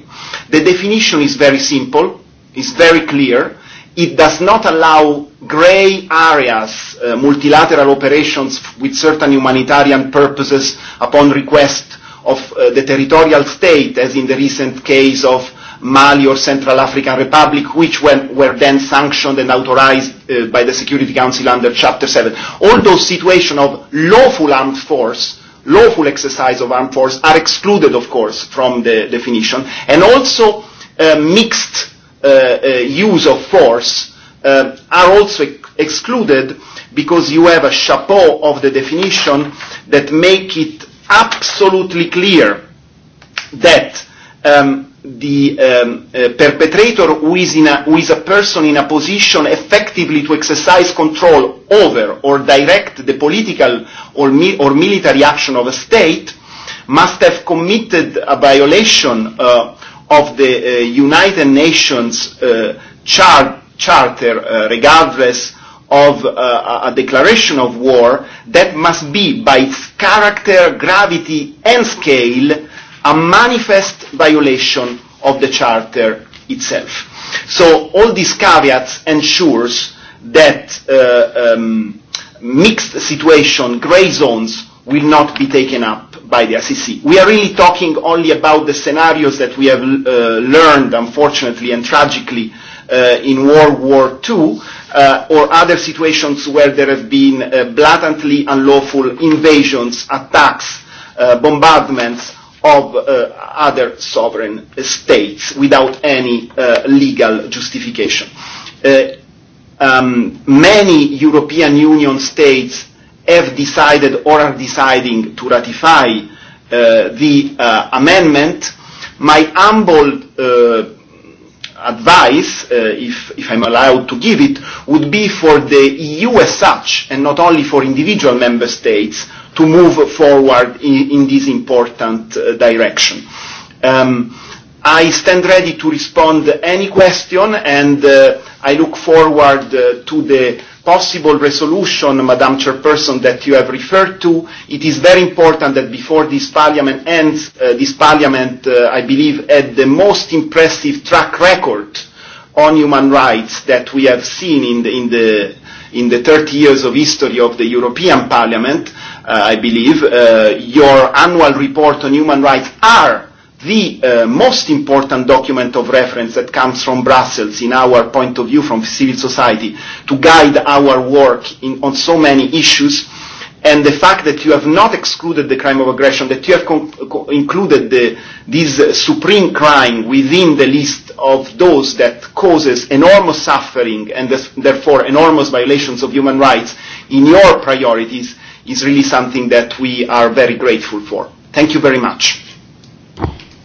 The definition is very simple, is very clear. It does not allow grey areas, uh, multilateral operations with certain humanitarian purposes upon request of uh, the territorial state, as in the recent case of Mali or Central African Republic, which were, were then sanctioned and authorized uh, by the Security Council under Chapter 7. All those situations of lawful armed force, lawful exercise of armed force, are excluded, of course, from the definition, and also uh, mixed uh, uh, use of force uh, are also ex excluded because you have a chapeau of the definition that make it absolutely clear that um, the um, uh, perpetrator who is, in a, who is a person in a position effectively to exercise control over or direct the political or, mi or military action of a state must have committed a violation uh, of the uh, United Nations uh, char charter uh, regardless of uh, a declaration of war that must be, by its character, gravity and scale, a manifest violation of the Charter itself. So all these caveats ensures that uh, um, mixed situation, grey zones, will not be taken up by the ICC. We are really talking only about the scenarios that we have uh, learned, unfortunately and tragically, uh, uh, in World War II uh, or other situations where there have been uh, blatantly unlawful invasions, attacks, uh, bombardments of uh, other sovereign states without any uh, legal justification. Uh, um, many European Union states have decided or are deciding to ratify uh, the uh, amendment. My humble uh, advice, uh, if, if I'm allowed to give it, would be for the EU as such, and not only for individual member states, to move forward in, in this important uh, direction. Um, I stand ready to respond to any question, and uh, I look forward uh, to the possible resolution, Madam Chairperson, that you have referred to, it is very important that before this Parliament ends, uh, this Parliament, uh, I believe, had the most impressive track record on human rights that we have seen in the, in the, in the 30 years of history of the European Parliament, uh, I believe. Uh, your annual report on human rights are the uh, most important document of reference that comes from Brussels in our point of view from civil society to guide our work in, on so many issues and the fact that you have not excluded the crime of aggression, that you have con- con- included the, this uh, supreme crime within the list of those that causes enormous suffering and th- therefore enormous violations of human rights in your priorities is really something that we are very grateful for. Thank you very much.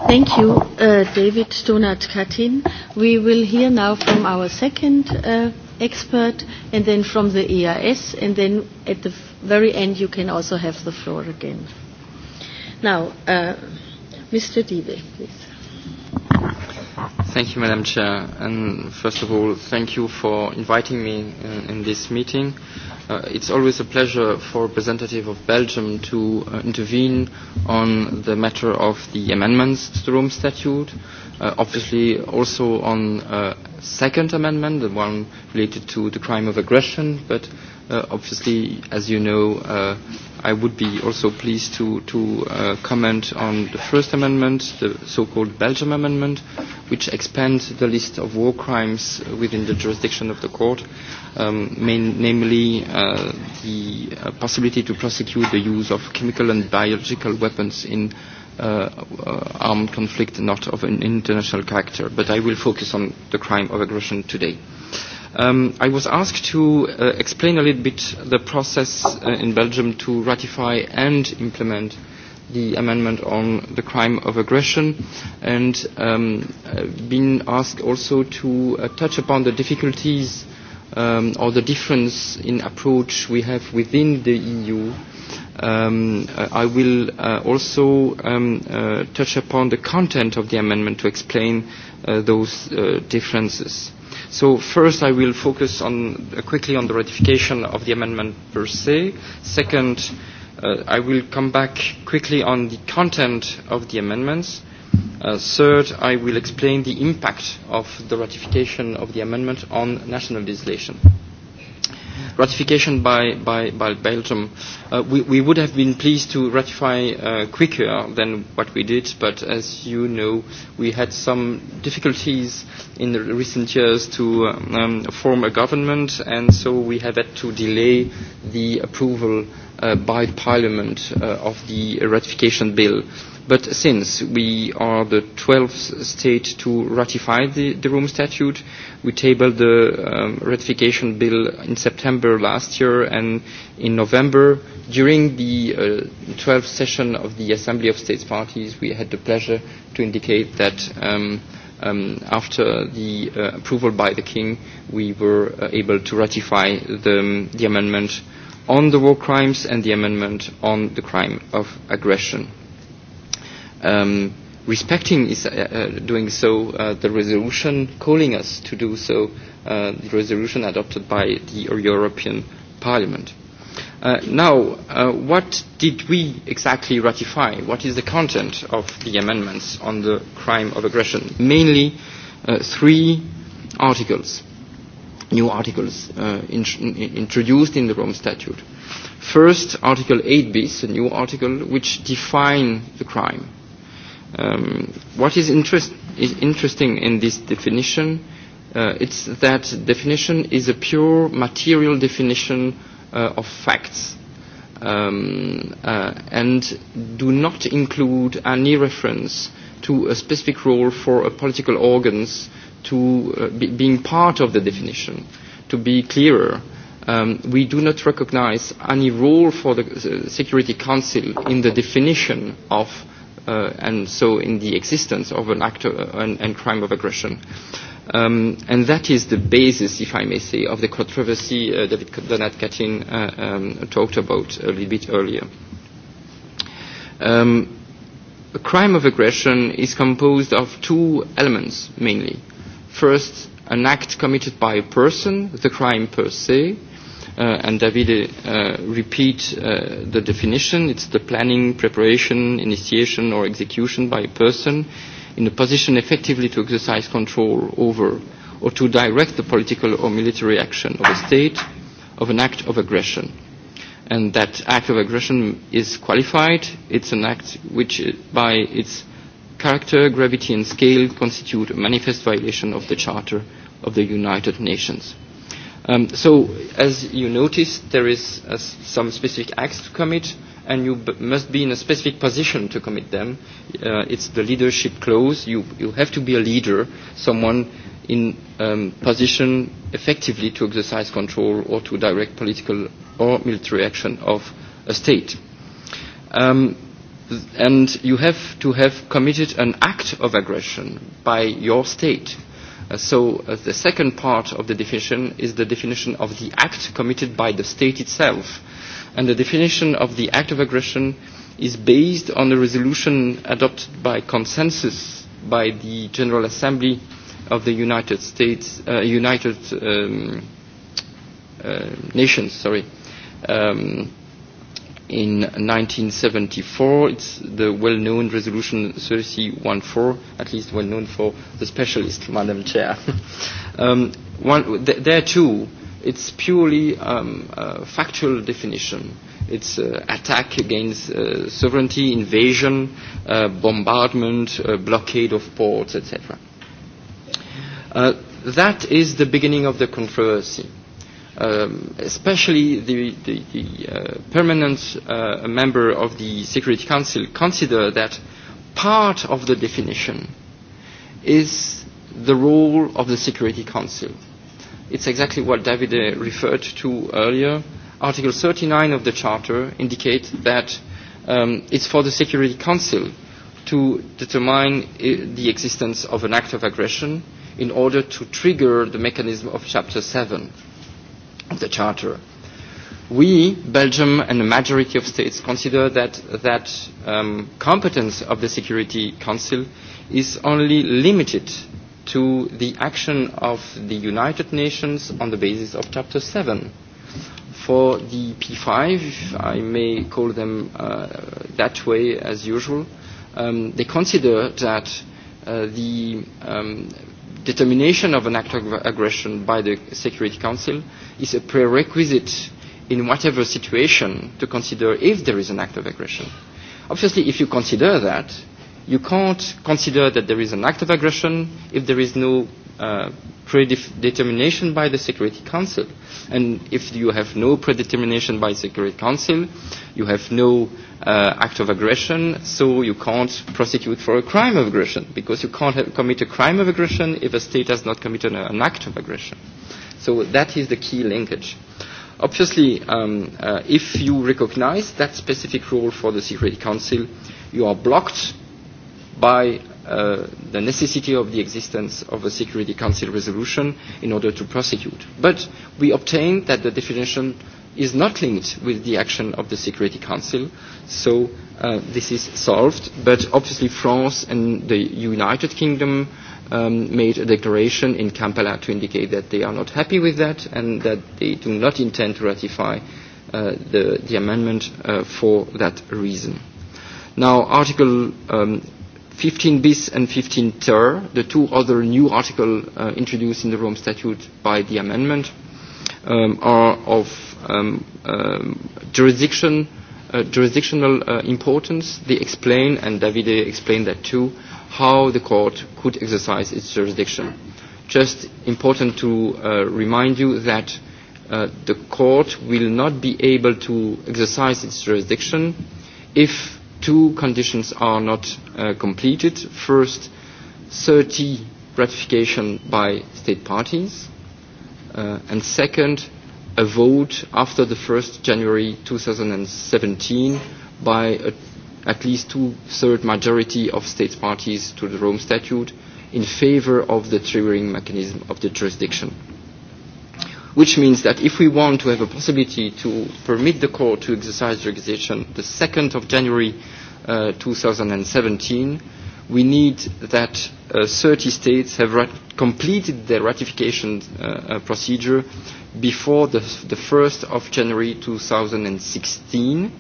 Thank you, uh, David Donat Katin. We will hear now from our second uh, expert, and then from the EIS, and then at the very end you can also have the floor again. Now, uh, Mr. Diebe, please. Thank you, Madam Chair. And first of all, thank you for inviting me in, uh, in this meeting. Uh, it's always a pleasure for a representative of Belgium to uh, intervene on the matter of the amendments to the Rome Statute, uh, obviously also on uh, second amendment, the one related to the crime of aggression, but Uh, obviously, as you know, uh, I would be also pleased to, to uh, comment on the First Amendment, the so-called Belgium Amendment, which expands the list of war crimes within the jurisdiction of the court, um, main, namely uh, the uh, possibility to prosecute the use of chemical and biological weapons in uh, uh, armed conflict not of an international character. But I will focus on the crime of aggression today. Um, I was asked to uh, explain a little bit the process uh, in Belgium to ratify and implement the amendment on the crime of aggression and um, been asked also to uh, touch upon the difficulties um, or the difference in approach we have within the EU. Um, uh, I will uh, also um, uh, touch upon the content of the amendment to explain uh, those uh, differences. So first I will focus on, uh, quickly on the ratification of the amendment per se. Second, uh, I will come back quickly on the content of the amendments. Uh, third, I will explain the impact of the ratification of the amendment on national legislation ratification by, by, by Belgium. Uh, we, we would have been pleased to ratify uh, quicker than what we did, but as you know, we had some difficulties in the recent years to um, form a government, and so we have had to delay the approval uh, by Parliament uh, of the ratification bill. But since we are the 12th state to ratify the, the Rome Statute, we tabled the um, ratification bill in September last year and in November. During the uh, 12th session of the Assembly of States Parties, we had the pleasure to indicate that um, um, after the uh, approval by the King, we were uh, able to ratify the, um, the amendment on the war crimes and the amendment on the crime of aggression. Um, respecting is, uh, uh, doing so uh, the resolution calling us to do so, uh, the resolution adopted by the European Parliament. Uh, now, uh, what did we exactly ratify? What is the content of the amendments on the crime of aggression? Mainly uh, three articles new articles uh, in, in, introduced in the Rome Statute. First, Article 8 bis, a new article which define the crime. Um, what is, interest, is interesting in this definition, uh, it's that definition is a pure material definition uh, of facts um, uh, and do not include any reference to a specific role for a political organs uh, to uh, be, being part of the definition. To be clearer, um, we do not recognize any role for the uh, Security Council in the definition of uh, and so in the existence of an act of, uh, and, and crime of aggression. Um, and that is the basis, if I may say, of the controversy uh, David Donat Katin uh, um, talked about a little bit earlier. Um, a crime of aggression is composed of two elements mainly. First, an act committed by a person, the crime per se, uh, and David uh, repeat uh, the definition. It's the planning, preparation, initiation, or execution by a person in a position effectively to exercise control over or to direct the political or military action of a state of an act of aggression. And that act of aggression is qualified. It's an act which, by its character, gravity and scale constitute a manifest violation of the Charter of the United Nations. Um, so, as you noticed, there is uh, some specific acts to commit, and you b must be in a specific position to commit them. Uh, it's the leadership clause. You, you have to be a leader, someone in um, position effectively to exercise control or to direct political or military action of a state. Um, and you have to have committed an act of aggression by your state. Uh, so uh, the second part of the definition is the definition of the act committed by the state itself. And the definition of the act of aggression is based on the resolution adopted by consensus by the General Assembly of the United States, uh, United um, uh, Nations, sorry, um, in 1974. It's the well-known resolution 314, at least well-known for the specialist, Madam Chair. *laughs* um, one, th there too, it's purely um, a factual definition. It's uh, attack against uh, sovereignty, invasion, uh, bombardment, uh, blockade of ports, etc. Uh, that is the beginning of the controversy. Uh, um, especially the, the, the uh, permanent uh, member of the Security Council consider that part of the definition is the role of the Security Council. It's exactly what David uh, referred to earlier. Article 39 of the Charter indicates that um, it's for the Security Council to determine uh, the existence of an act of aggression in order to trigger the mechanism of Chapter 7 of the Charter. We, Belgium and the majority of states, consider that that um, competence of the Security Council is only limited to the action of the United Nations on the basis of Chapter 7. For the P5, I may call them uh, that way as usual, um, they consider that uh, the um, determination of an act of aggression by the Security Council is a prerequisite in whatever situation to consider if there is an act of aggression. Obviously, if you consider that, you can't consider that there is an act of aggression if there is no uh, predetermination by the Security Council. And if you have no predetermination by the Security Council, you have no uh, act of aggression, so you can't prosecute for a crime of aggression, because you can't have, commit a crime of aggression if a state has not committed an, an act of aggression. So that is the key linkage. Obviously, um, uh, if you recognize that specific role for the Security Council, you are blocked by uh, the necessity of the existence of a Security Council resolution in order to prosecute. But we obtained that the definition is not linked with the action of the Security Council, so uh, this is solved. But obviously France and the United Kingdom um, made a declaration in Kampala to indicate that they are not happy with that and that they do not intend to ratify uh, the, the amendment uh, for that reason. Now, Article um, 15 bis and 15 ter, the two other new articles uh, introduced in the Rome Statute by the amendment, um, are of um, um, jurisdiction, uh, jurisdictional uh, importance. They explain, and Davide explained that too, how the court could exercise its jurisdiction. Just important to uh, remind you that uh, the court will not be able to exercise its jurisdiction if two conditions are not uh, completed. First, 30 ratification by state parties, uh, and second, a vote after the 1st January 2017 by a, at least two-third majority of state parties to the Rome Statute in favor of the triggering mechanism of the jurisdiction which means that if we want to have a possibility to permit the court to exercise jurisdiction the 2nd of January uh, 2017, we need that uh, 30 states have rat completed their ratification uh, uh, procedure before the, the 1st of January 2016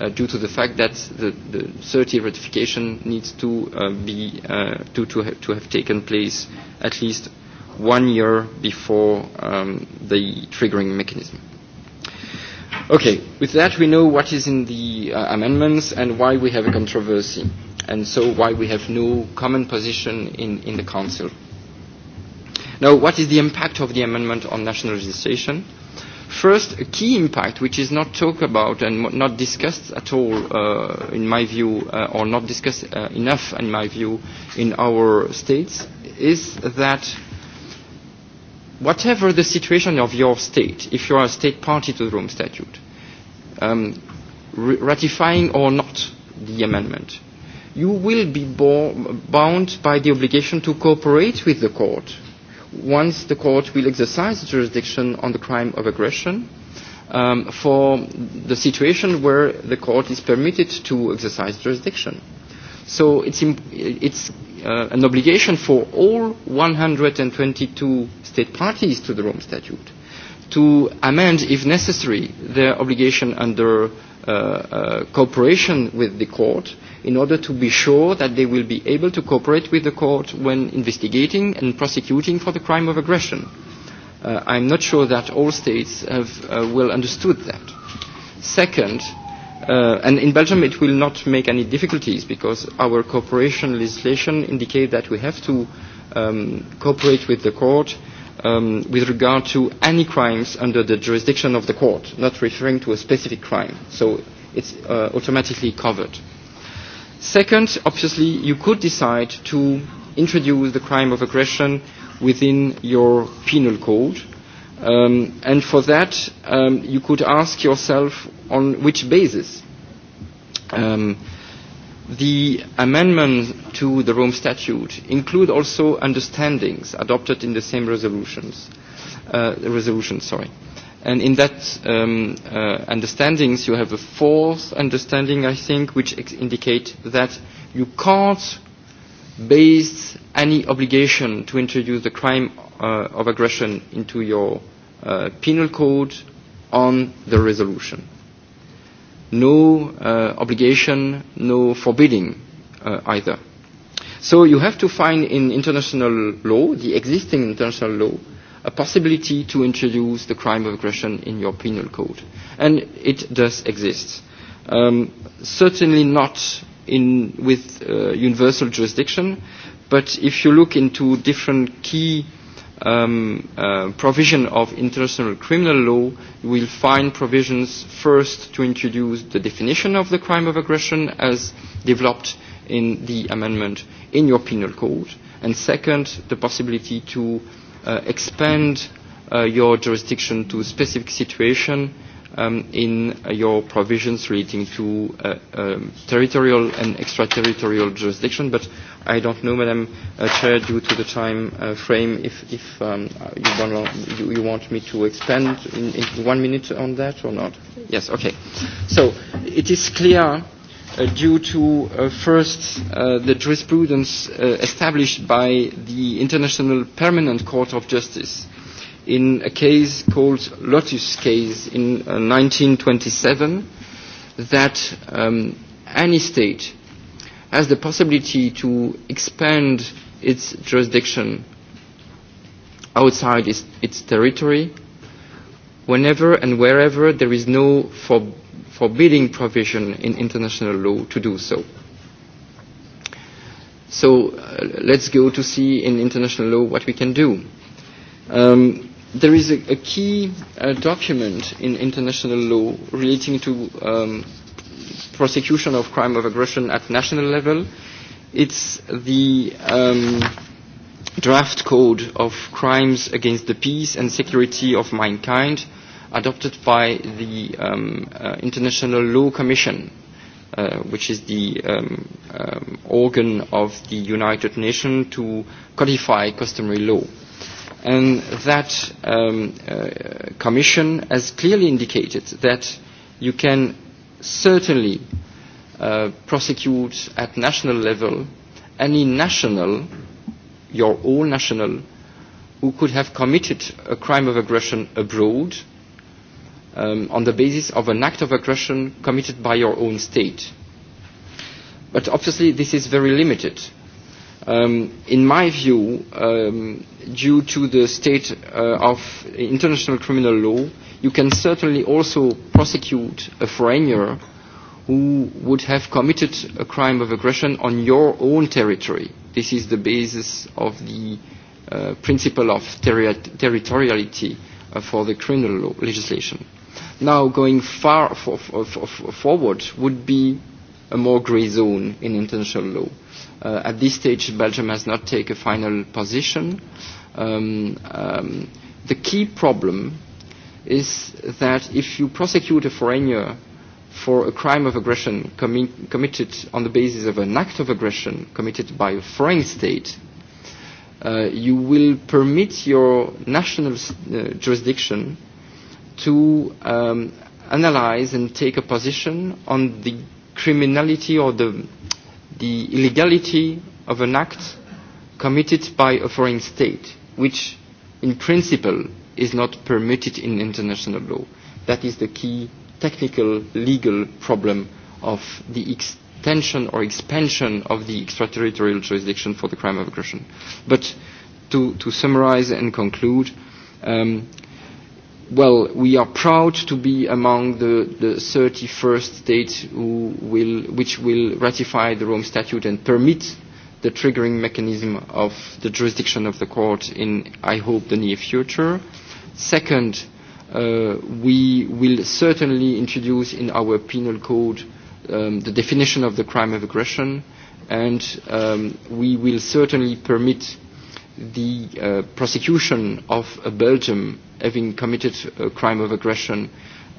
uh, due to the fact that the, the 30 ratification needs to uh, be uh, to, to, ha to have taken place at least one year before um, the triggering mechanism. Okay, with that we know what is in the uh, amendments and why we have a controversy, and so why we have no common position in, in the Council. Now, what is the impact of the amendment on national legislation? First, a key impact which is not talked about and not discussed at all, uh, in my view, uh, or not discussed uh, enough, in my view, in our states, is that whatever the situation of your state, if you are a state party to the Rome Statute, um, ratifying or not the amendment, you will be bo- bound by the obligation to cooperate with the court once the court will exercise jurisdiction on the crime of aggression um, for the situation where the court is permitted to exercise jurisdiction. So it's, imp- it's uh, an obligation for all 122 state parties to the Rome Statute to amend, if necessary, their obligation under uh, uh, cooperation with the court in order to be sure that they will be able to cooperate with the court when investigating and prosecuting for the crime of aggression. Uh, I'm not sure that all states have uh, well understood that. Second, uh, Uh, and in Belgium, it will not make any difficulties because our cooperation legislation indicates that we have to um, cooperate with the court um, with regard to any crimes under the jurisdiction of the court, not referring to a specific crime. So it's uh, automatically covered. Second, obviously, you could decide to introduce the crime of aggression within your penal code Um, and for that, um, you could ask yourself on which basis. Um, the amendments to the Rome Statute include also understandings adopted in the same resolutions, uh, resolution, sorry. And in that um, uh, understandings, you have a fourth understanding, I think, which ex- indicate that you can't base any obligation to introduce the crime uh, of aggression into your uh, penal code on the resolution. No uh, obligation, no forbidding uh, either. So you have to find in international law, the existing international law, a possibility to introduce the crime of aggression in your penal code. And it does exist. Um, certainly not in, with uh, universal jurisdiction, but if you look into different key um, uh, provision of international criminal law, you will find provisions first to introduce the definition of the crime of aggression as developed in the amendment in your penal code, and second, the possibility to uh, expand uh, your jurisdiction to a specific situation um, in uh, your provisions relating to uh, um, territorial and extraterritorial jurisdiction, but i don't know, Madam uh, Chair, due to the time uh, frame, if, if um, you, want, you, you want me to expand in, in one minute on that or not. Yes, okay. So it is clear uh, due to, uh, first, uh, the jurisprudence uh, established by the International Permanent Court of Justice in a case called Lotus case in uh, 1927 that um, any state has the possibility to expand its jurisdiction outside its, its territory whenever and wherever there is no for, forbidding provision in international law to do so. So uh, let's go to see in international law what we can do. Um, there is a, a key uh, document in international law relating to um, prosecution of crime of aggression at national level. It's the um, draft code of crimes against the peace and security of mankind adopted by the um, uh, International Law Commission, uh, which is the um, um, organ of the United Nations to codify customary law. And that um, uh, commission has clearly indicated that you can certainly uh, prosecute at national level any national, your own national, who could have committed a crime of aggression abroad um, on the basis of an act of aggression committed by your own state. But obviously this is very limited. Um, in my view, um, due to the state uh, of international criminal law, you can certainly also prosecute a foreigner who would have committed a crime of aggression on your own territory. This is the basis of the uh, principle of terri territoriality uh, for the criminal law legislation. Now, going far for, for, for, forward would be a more grey zone in international law. Uh, at this stage, Belgium has not taken a final position. Um, um, the key problem is that if you prosecute a foreigner for a crime of aggression commi committed on the basis of an act of aggression committed by a foreign state, uh, you will permit your national uh, jurisdiction to um, analyze and take a position on the criminality or the, the illegality of an act committed by a foreign state, which in principle is not permitted in international law. That is the key technical legal problem of the extension or expansion of the extraterritorial jurisdiction for the crime of aggression. But to, to summarize and conclude, um, well, we are proud to be among the, the 31st states who will, which will ratify the Rome Statute and permit the triggering mechanism of the jurisdiction of the court in, I hope, the near future. Second, uh, we will certainly introduce in our penal code um, the definition of the crime of aggression, and um, we will certainly permit the uh, prosecution of a Belgium having committed a crime of aggression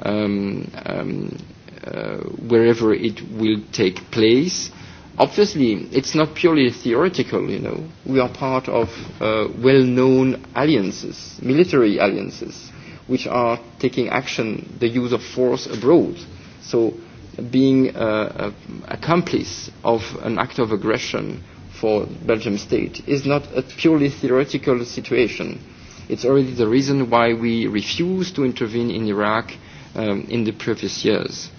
um, um, uh, wherever it will take place. Uh, obviously it's not purely theoretical, you know. We are part of uh, well-known alliances, military alliances, which are taking action, the use of force abroad. So being uh, a accomplice of an act of aggression for Belgium state is not a purely theoretical situation. It's already the reason why we refused to intervene in Iraq um, in the previous years,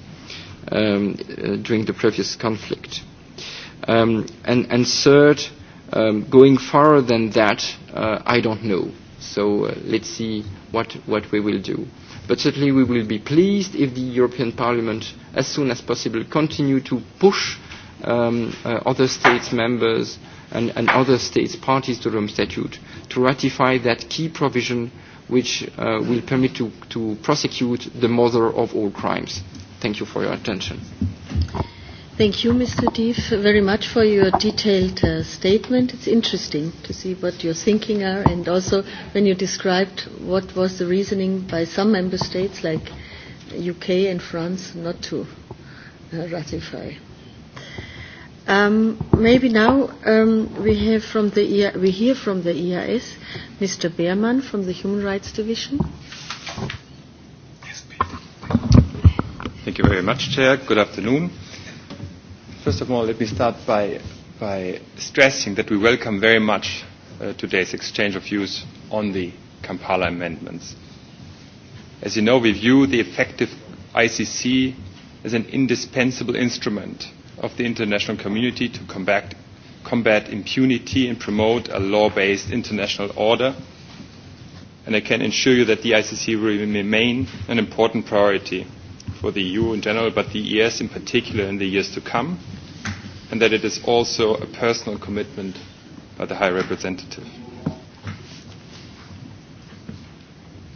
um, uh, during the previous conflict. Um, and, and third, um, going far than that, uh, I don't know. So uh, let's see what, what we will do. But certainly we will be pleased if the European Parliament, as soon as possible, continue to push um, uh, other states members and, and other states parties to the Rome Statute to ratify that key provision which uh, will permit to, to prosecute the mother of all crimes. Thank you for your attention. Thank you, Mr. Deef, very much for your detailed uh, statement. It's interesting to see what your thinking are, and also when you described what was the reasoning by some member states, like UK and France, not to uh, ratify. Um, maybe now um, we, have from the EI we hear from the EIS, Mr. Behrmann from the Human Rights Division. Thank you very much, Chair. Good afternoon. First of all, let me start by, by stressing that we welcome very much uh, today's exchange of views on the Kampala amendments. As you know, we view the effective ICC as an indispensable instrument of the international community to combat, combat impunity and promote a law-based international order. And I can assure you that the ICC will remain an important priority for the EU in general, but the ES in particular in the years to come and that it is also a personal commitment by the High Representative.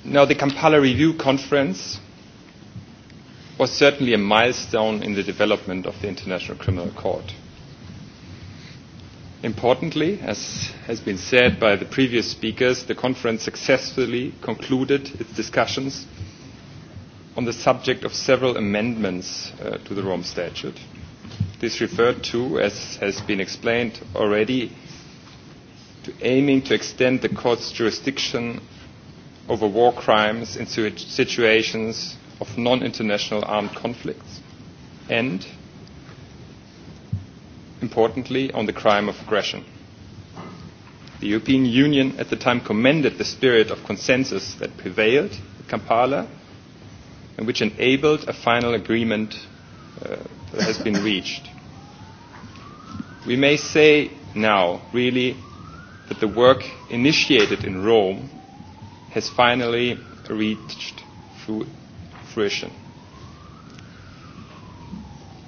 Now, the Kampala Review Conference was certainly a milestone in the development of the International Criminal Court. Importantly, as has been said by the previous speakers, the conference successfully concluded its discussions on the subject of several amendments uh, to the Rome Statute this referred to, as has been explained already, to aiming to extend the court's jurisdiction over war crimes in situations of non-international armed conflicts and, importantly, on the crime of aggression. The European Union at the time commended the spirit of consensus that prevailed at Kampala and which enabled a final agreement uh, that has been reached. We may say now, really, that the work initiated in Rome has finally reached fruition.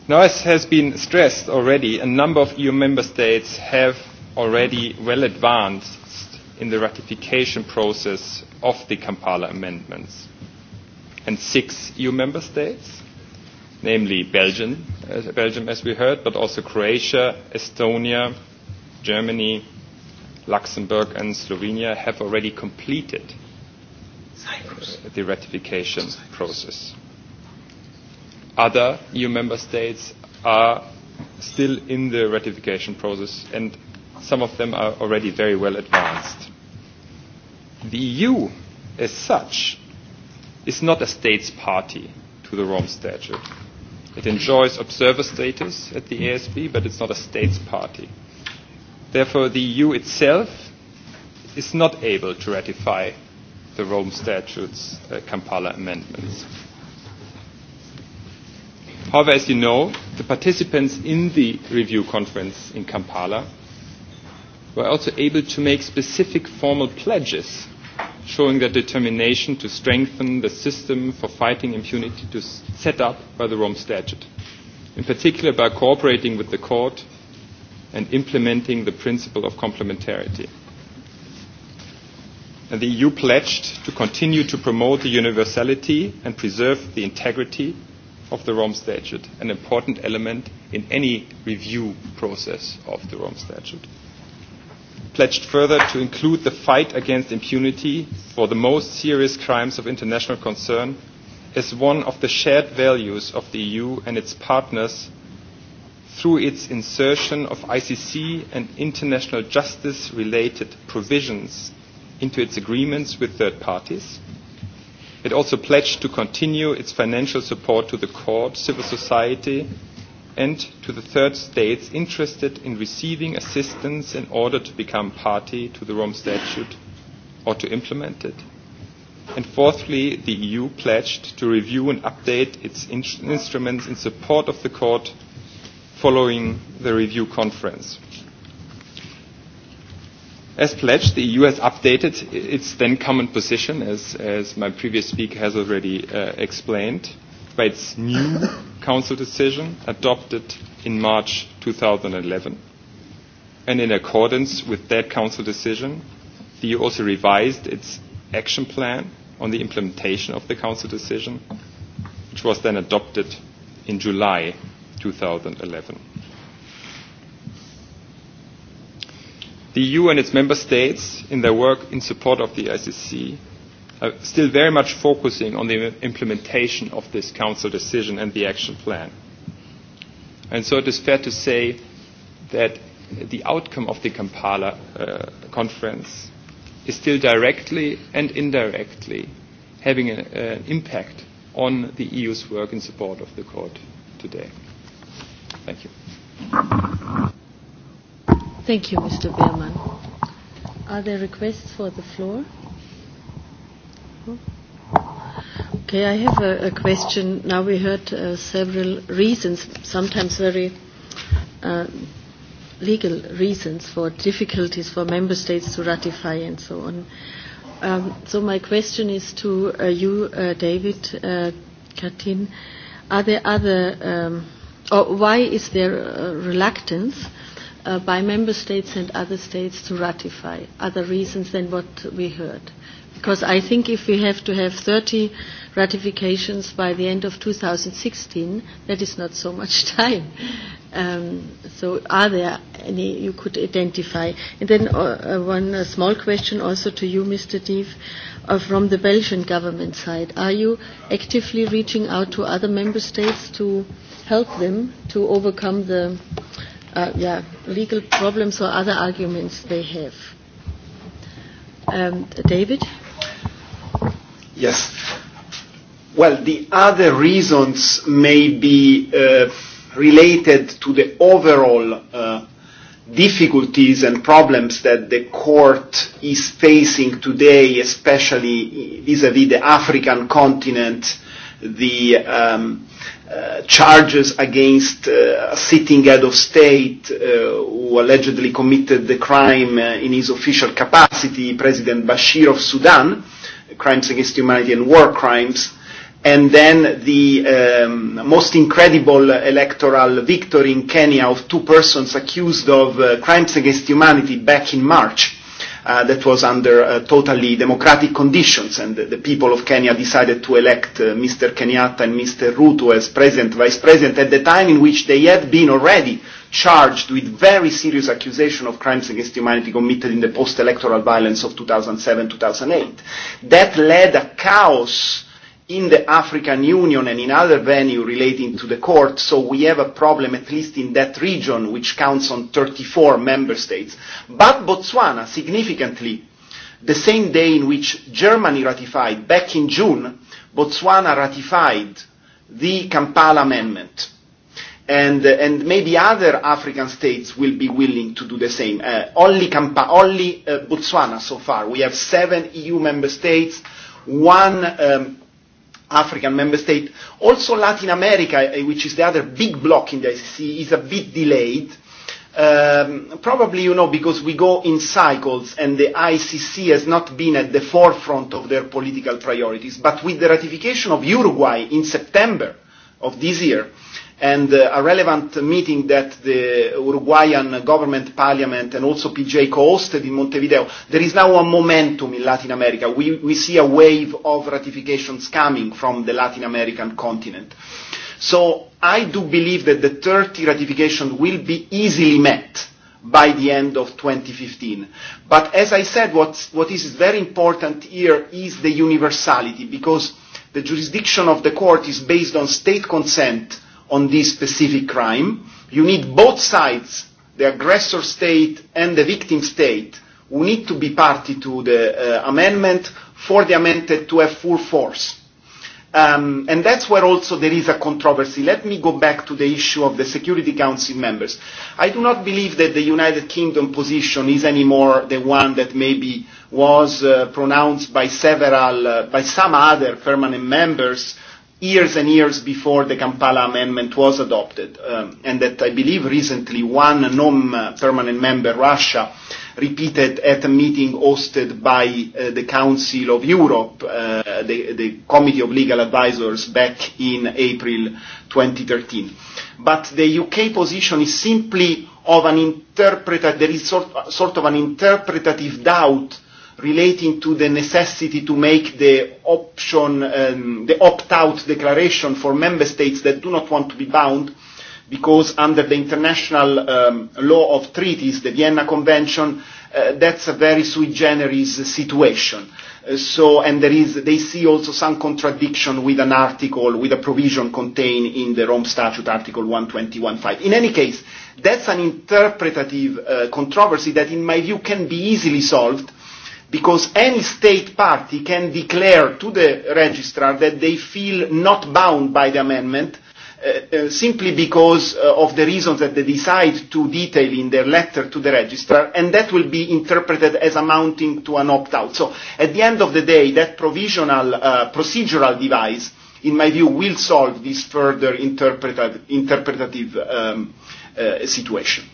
Now, as has been stressed already, a number of EU member states have already well advanced in the ratification process of the Kampala amendments. And six EU member states namely Belgium, uh, Belgium as we heard, but also Croatia, Estonia, Germany, Luxembourg and Slovenia have already completed Uh, the ratification Cyprus. process. Other EU member states are still in the ratification process and some of them are already very well advanced. The EU, as such, is not a states party to the Rome Statute It enjoys observer status at the ASB, but it's not a states party. Therefore, the EU itself is not able to ratify the Rome Statute's uh, Kampala amendments. However, as you know, the participants in the review conference in Kampala were also able to make specific formal pledges showing their determination to strengthen the system for fighting impunity to set up by the Rome Statute, in particular by cooperating with the court and implementing the principle of complementarity. And the EU pledged to continue to promote the universality and preserve the integrity of the Rome Statute, an important element in any review process of the Rome Statute pledged further to include the fight against impunity for the most serious crimes of international concern as one of the shared values of the EU and its partners through its insertion of ICC and international justice related provisions into its agreements with third parties. It also pledged to continue its financial support to the court, civil society, and to the third states interested in receiving assistance in order to become party to the Rome Statute or to implement it. And fourthly, the EU pledged to review and update its in instruments in support of the court following the review conference. As pledged, the EU has updated its then common position, as, as my previous speaker has already uh, explained by its new Council decision adopted in March 2011. And in accordance with that Council decision, the EU also revised its action plan on the implementation of the Council decision, which was then adopted in July 2011. The EU and its member states, in their work in support of the ICC, uh, still very much focusing on the implementation of this Council decision and the action plan. And so it is fair to say that the outcome of the Kampala uh, conference is still directly and indirectly having an, an impact on the EU's work in support of the court today. Thank you. Thank you, Mr. Beerman. Are there requests for the floor? Okay, I have a, a question. Now we heard uh, several reasons, sometimes very uh, legal reasons for difficulties for member states to ratify and so on. Um, so my question is to uh, you, uh, David uh, Katin. Are there other, um, or why is there uh, reluctance uh, by member states and other states to ratify? Other reasons than what we heard? Because I think if we have to have 30 ratifications by the end of 2016. That is not so much *laughs* time. Um, so are there any you could identify? And then uh, uh one uh, small question also to you, Mr. Deeve, uh, from the Belgian government side. Are you actively reaching out to other member states to help them to overcome the uh, yeah, legal problems or other arguments they have? Um, David? Yes. Well, the other reasons may be uh, related to the overall uh, difficulties and problems that the court is facing today, especially vis-à-vis -vis the African continent, the um, uh, charges against uh, a sitting head of state uh, who allegedly committed the crime uh, in his official capacity, President Bashir of Sudan, crimes against humanity and war crimes, and then the um, most incredible electoral victory in Kenya of two persons accused of uh, crimes against humanity back in March. Uh, that was under uh, totally democratic conditions, and the, the people of Kenya decided to elect uh, Mr. Kenyatta and Mr. Ruto as president, vice president, at the time in which they had been already charged with very serious accusations of crimes against humanity committed in the post-electoral violence of 2007-2008. That led a chaos in the African Union and in other venues relating to the court, so we have a problem at least in that region, which counts on 34 member states. But Botswana, significantly, the same day in which Germany ratified, back in June, Botswana ratified the Kampala Amendment. And, uh, and maybe other African states will be willing to do the same. Uh, only Kampa, only uh, Botswana so far. We have seven EU member states, one um, African member state. Also Latin America, eh, which is the other big block in the ICC, is a bit delayed. Um, probably, you know, because we go in cycles and the ICC has not been at the forefront of their political priorities. But with the ratification of Uruguay in September of this year, and uh, a relevant meeting that the Uruguayan government parliament and also PJ co-hosted in Montevideo, there is now a momentum in Latin America. We, we see a wave of ratifications coming from the Latin American continent. So I do believe that the 30 ratification will be easily met by the end of 2015. But as I said, what, what is very important here is the universality because the jurisdiction of the court is based on state consent on this specific crime. You need both sides, the aggressor state and the victim state, who need to be party to the uh, amendment for the amendment to have full force. Um, and that's where also there is a controversy. Let me go back to the issue of the Security Council members. I do not believe that the United Kingdom position is anymore the one that maybe was uh, pronounced by several, uh, by some other permanent members years and years before the Kampala Amendment was adopted, um, and that I believe recently one non-permanent member, Russia, repeated at a meeting hosted by uh, the Council of Europe, uh, the, the Committee of Legal Advisors, back in April 2013. But the UK position is simply of an interpretative, there is sort, sort of an interpretative doubt relating to the necessity to make the option, um, the opt-out declaration for member states that do not want to be bound, because under the international um, law of treaties, the Vienna Convention, uh, that's a very sui generis situation. Uh, so, and there is, they see also some contradiction with an article, with a provision contained in the Rome Statute, Article 121.5. In any case, that's an interpretative uh, controversy that, in my view, can be easily solved because any state party can declare to the registrar that they feel not bound by the amendment uh, uh, simply because uh, of the reasons that they decide to detail in their letter to the registrar, and that will be interpreted as amounting to an opt-out. So at the end of the day, that provisional uh, procedural device, in my view, will solve this further interpretive, interpretative um, uh, situation.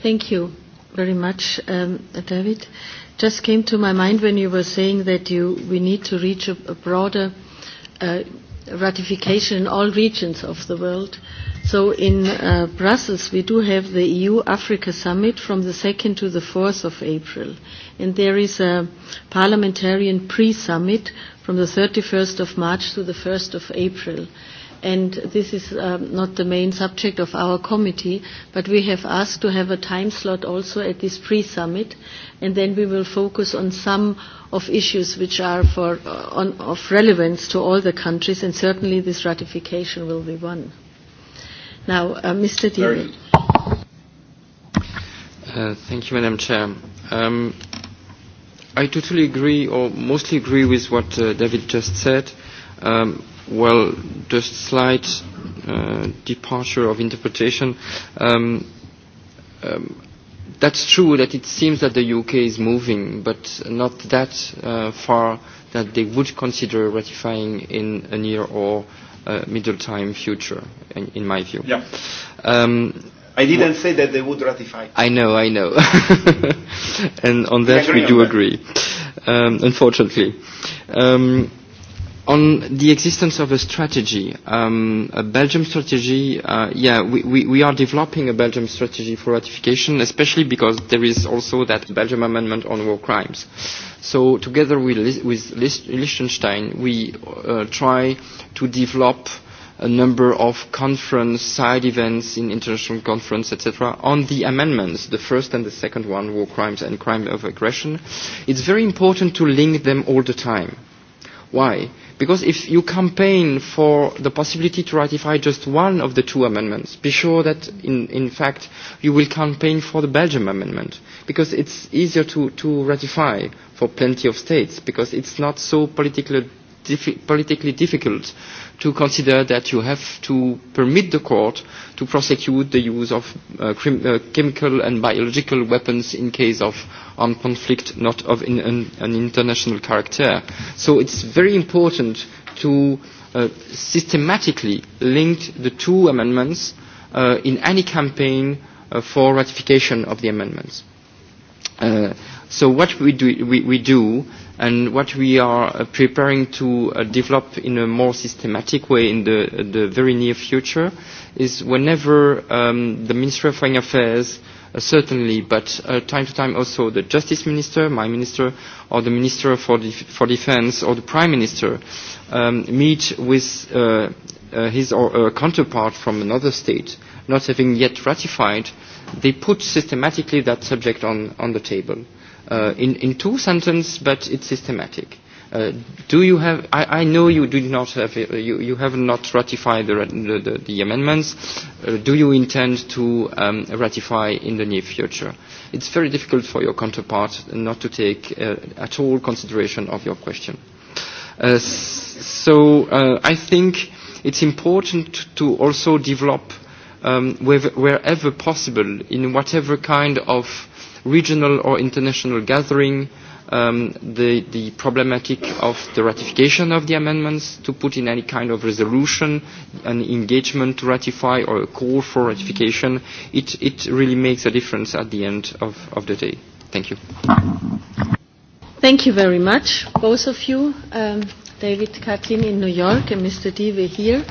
Thank you very much, um, David. Just came to my mind when you were saying that you, we need to reach a, a broader uh, ratification in all regions of the world. So in uh, Brussels, we do have the EU-Africa Summit from the 2nd to the 4th of April. And there is a parliamentarian pre-summit from the 31st of March to the 1st of April and this is um, not the main subject of our committee, but we have asked to have a time slot also at this pre-summit, and then we will focus on some of issues which are for, uh, on, of relevance to all the countries, and certainly this ratification will be one. Now, uh, Mr. Diewe. Uh, thank you, Madam Chair. Um, I totally agree, or mostly agree, with what uh, David just said. Um, well, just slight uh, departure of interpretation. Um, um, that's true that it seems that the UK is moving, but not that uh, far that they would consider ratifying in a near or uh, middle time future, in, in my view. Yeah. Um, I didn't say that they would ratify. I know, I know. *laughs* and on that we, we do agree, um, unfortunately. Um, on the existence of a strategy, um, a Belgium strategy, uh, yeah, we, we, we are developing a Belgium strategy for ratification, especially because there is also that Belgium amendment on war crimes. So together with, with Liechtenstein, we uh, try to develop a number of conference, side events in international conference, etc., on the amendments, the first and the second one, war crimes and crime of aggression. It's very important to link them all the time. Why? Because if you campaign for the possibility to ratify just one of the two amendments, be sure that in, in fact you will campaign for the Belgium amendment. Because it's easier to, to ratify for plenty of states, because it's not so politically, diffi politically difficult to consider that you have to permit the court to prosecute the use of uh, crim uh, chemical and biological weapons in case of armed conflict not of in, an, an international character. So it's very important to uh, systematically link the two amendments uh, in any campaign uh, for ratification of the amendments. Uh, so what we do, we, we do and what we are uh, preparing to uh, develop in a more systematic way in the, the very near future is whenever um, the Ministry of Foreign Affairs uh, certainly, but uh, time to time also the Justice Minister, my Minister, or the Minister for, Def for Defense, or the Prime Minister, um, meet with uh, uh, his or her uh, counterpart from another state, not having yet ratified, they put systematically that subject on, on the table uh, in, in two sentences, but it's systematic. Uh, do you have, I, I know you do not have, uh, you, you have not ratified the, the, the amendments. Uh, do you intend to um, ratify in the near future? It's very difficult for your counterpart not to take uh, at all consideration of your question. Uh, so uh, I think it's important to also develop um, wherever possible, in whatever kind of regional or international gathering, um, the, the problematic of the ratification of the amendments to put in any kind of resolution, an engagement to ratify or a call for ratification, it, it really makes a difference at the end of, of the day. Thank you. Thank you very much, both of you, um, David Katlin in New York and Mr. Dive here.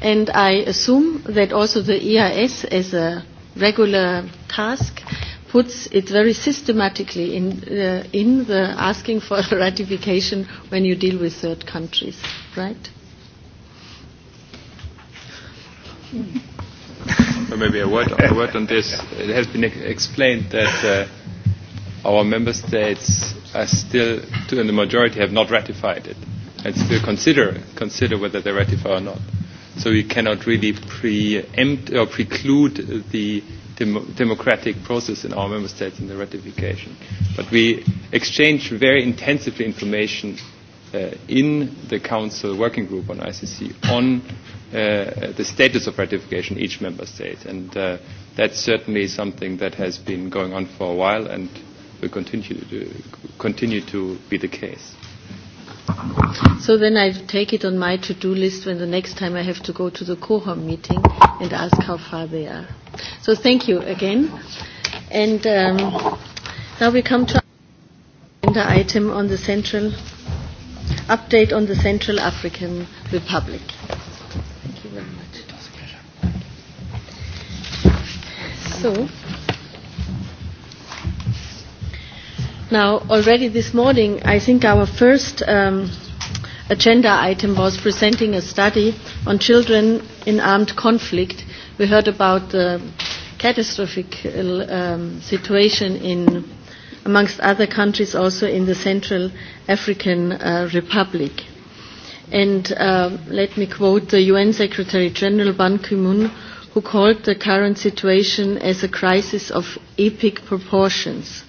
And I assume that also the EIS as a regular task puts it very systematically in, uh, in the asking for *laughs* ratification when you deal with third countries, right? Well, maybe a word, a word on this. It has been explained that uh, our member states are still, to, the majority have not ratified it, and still consider, consider whether they ratify or not. So we cannot really preempt or preclude the dem democratic process in our member states in the ratification. But we exchange very intensively information uh, in the Council Working Group on ICC on uh, the status of ratification in each member state. And uh, that's certainly something that has been going on for a while and will continue to, continue to be the case. So then I take it on my to-do list when the next time I have to go to the Cohom meeting and ask how far they are. So thank you again. And um, now we come to agenda item on the Central update on the Central African Republic. Thank you very much. So. Now, already this morning, I think our first um, agenda item was presenting a study on children in armed conflict. We heard about the catastrophic um, situation in, amongst other countries, also in the Central African uh, Republic. And uh, let me quote the UN Secretary General Ban Ki-moon, who called the current situation as a crisis of epic proportions.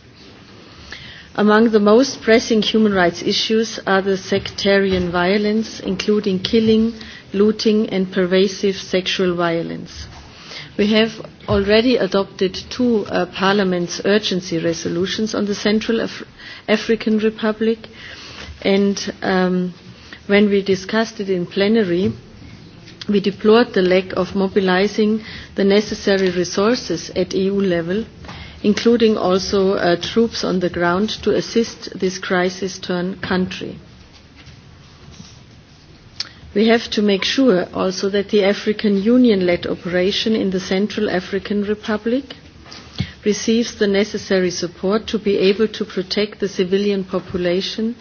Among the most pressing human rights issues are the sectarian violence, including killing, looting and pervasive sexual violence. We have already adopted two uh, Parliament's urgency resolutions on the Central Af African Republic and um, when we discussed it in plenary, we deplored the lack of mobilizing the necessary resources at EU level including also uh, troops on the ground to assist this crisis-torn country. We have to make sure also that the African Union-led operation in the Central African Republic receives the necessary support to be able to protect the civilian population,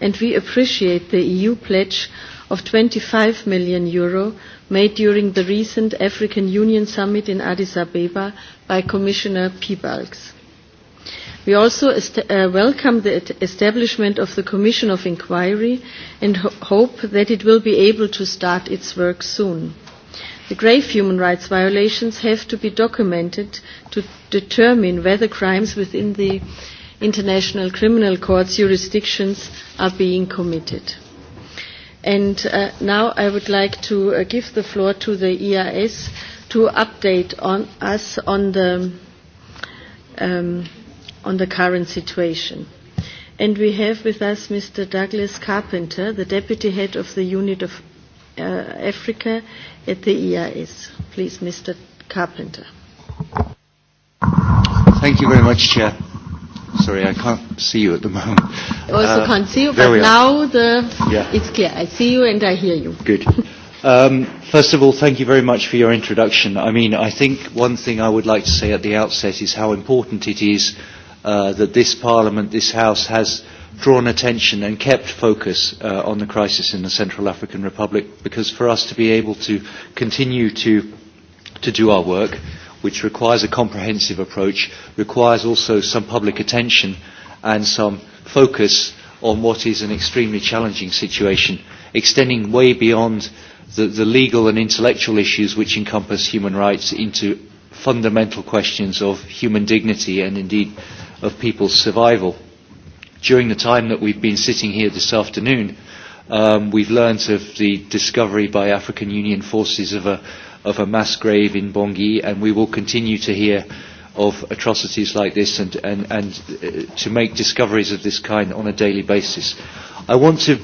and we appreciate the EU pledge of 25 million euro made during the recent African Union Summit in Addis Abeba by Commissioner Piebalgs. We also uh, welcome the establishment of the Commission of Inquiry and ho hope that it will be able to start its work soon. The grave human rights violations have to be documented to determine whether crimes within the International Criminal Court's jurisdictions are being committed. And uh, now I would like to uh, give the floor to the EIS to update on us on the, um, on the current situation. And we have with us Mr. Douglas Carpenter, the Deputy Head of the Unit of uh, Africa at the EIS. Please, Mr. Carpenter. Thank you very much, Chair. Sorry, I can't see you at the moment. I also uh, can't see you, but now the, yeah. it's clear. I see you and I hear you. Good. Um, first of all, thank you very much for your introduction. I mean, I think one thing I would like to say at the outset is how important it is uh, that this Parliament, this House, has drawn attention and kept focus uh, on the crisis in the Central African Republic, because for us to be able to continue to, to do our work, which requires a comprehensive approach, requires also some public attention and some focus on what is an extremely challenging situation, extending way beyond the, the legal and intellectual issues which encompass human rights into fundamental questions of human dignity and indeed of people's survival. During the time that we've been sitting here this afternoon, um, we've learnt of the discovery by African Union forces of a of a mass grave in Bongi, and we will continue to hear of atrocities like this and, and, and uh, to make discoveries of this kind on a daily basis. I want to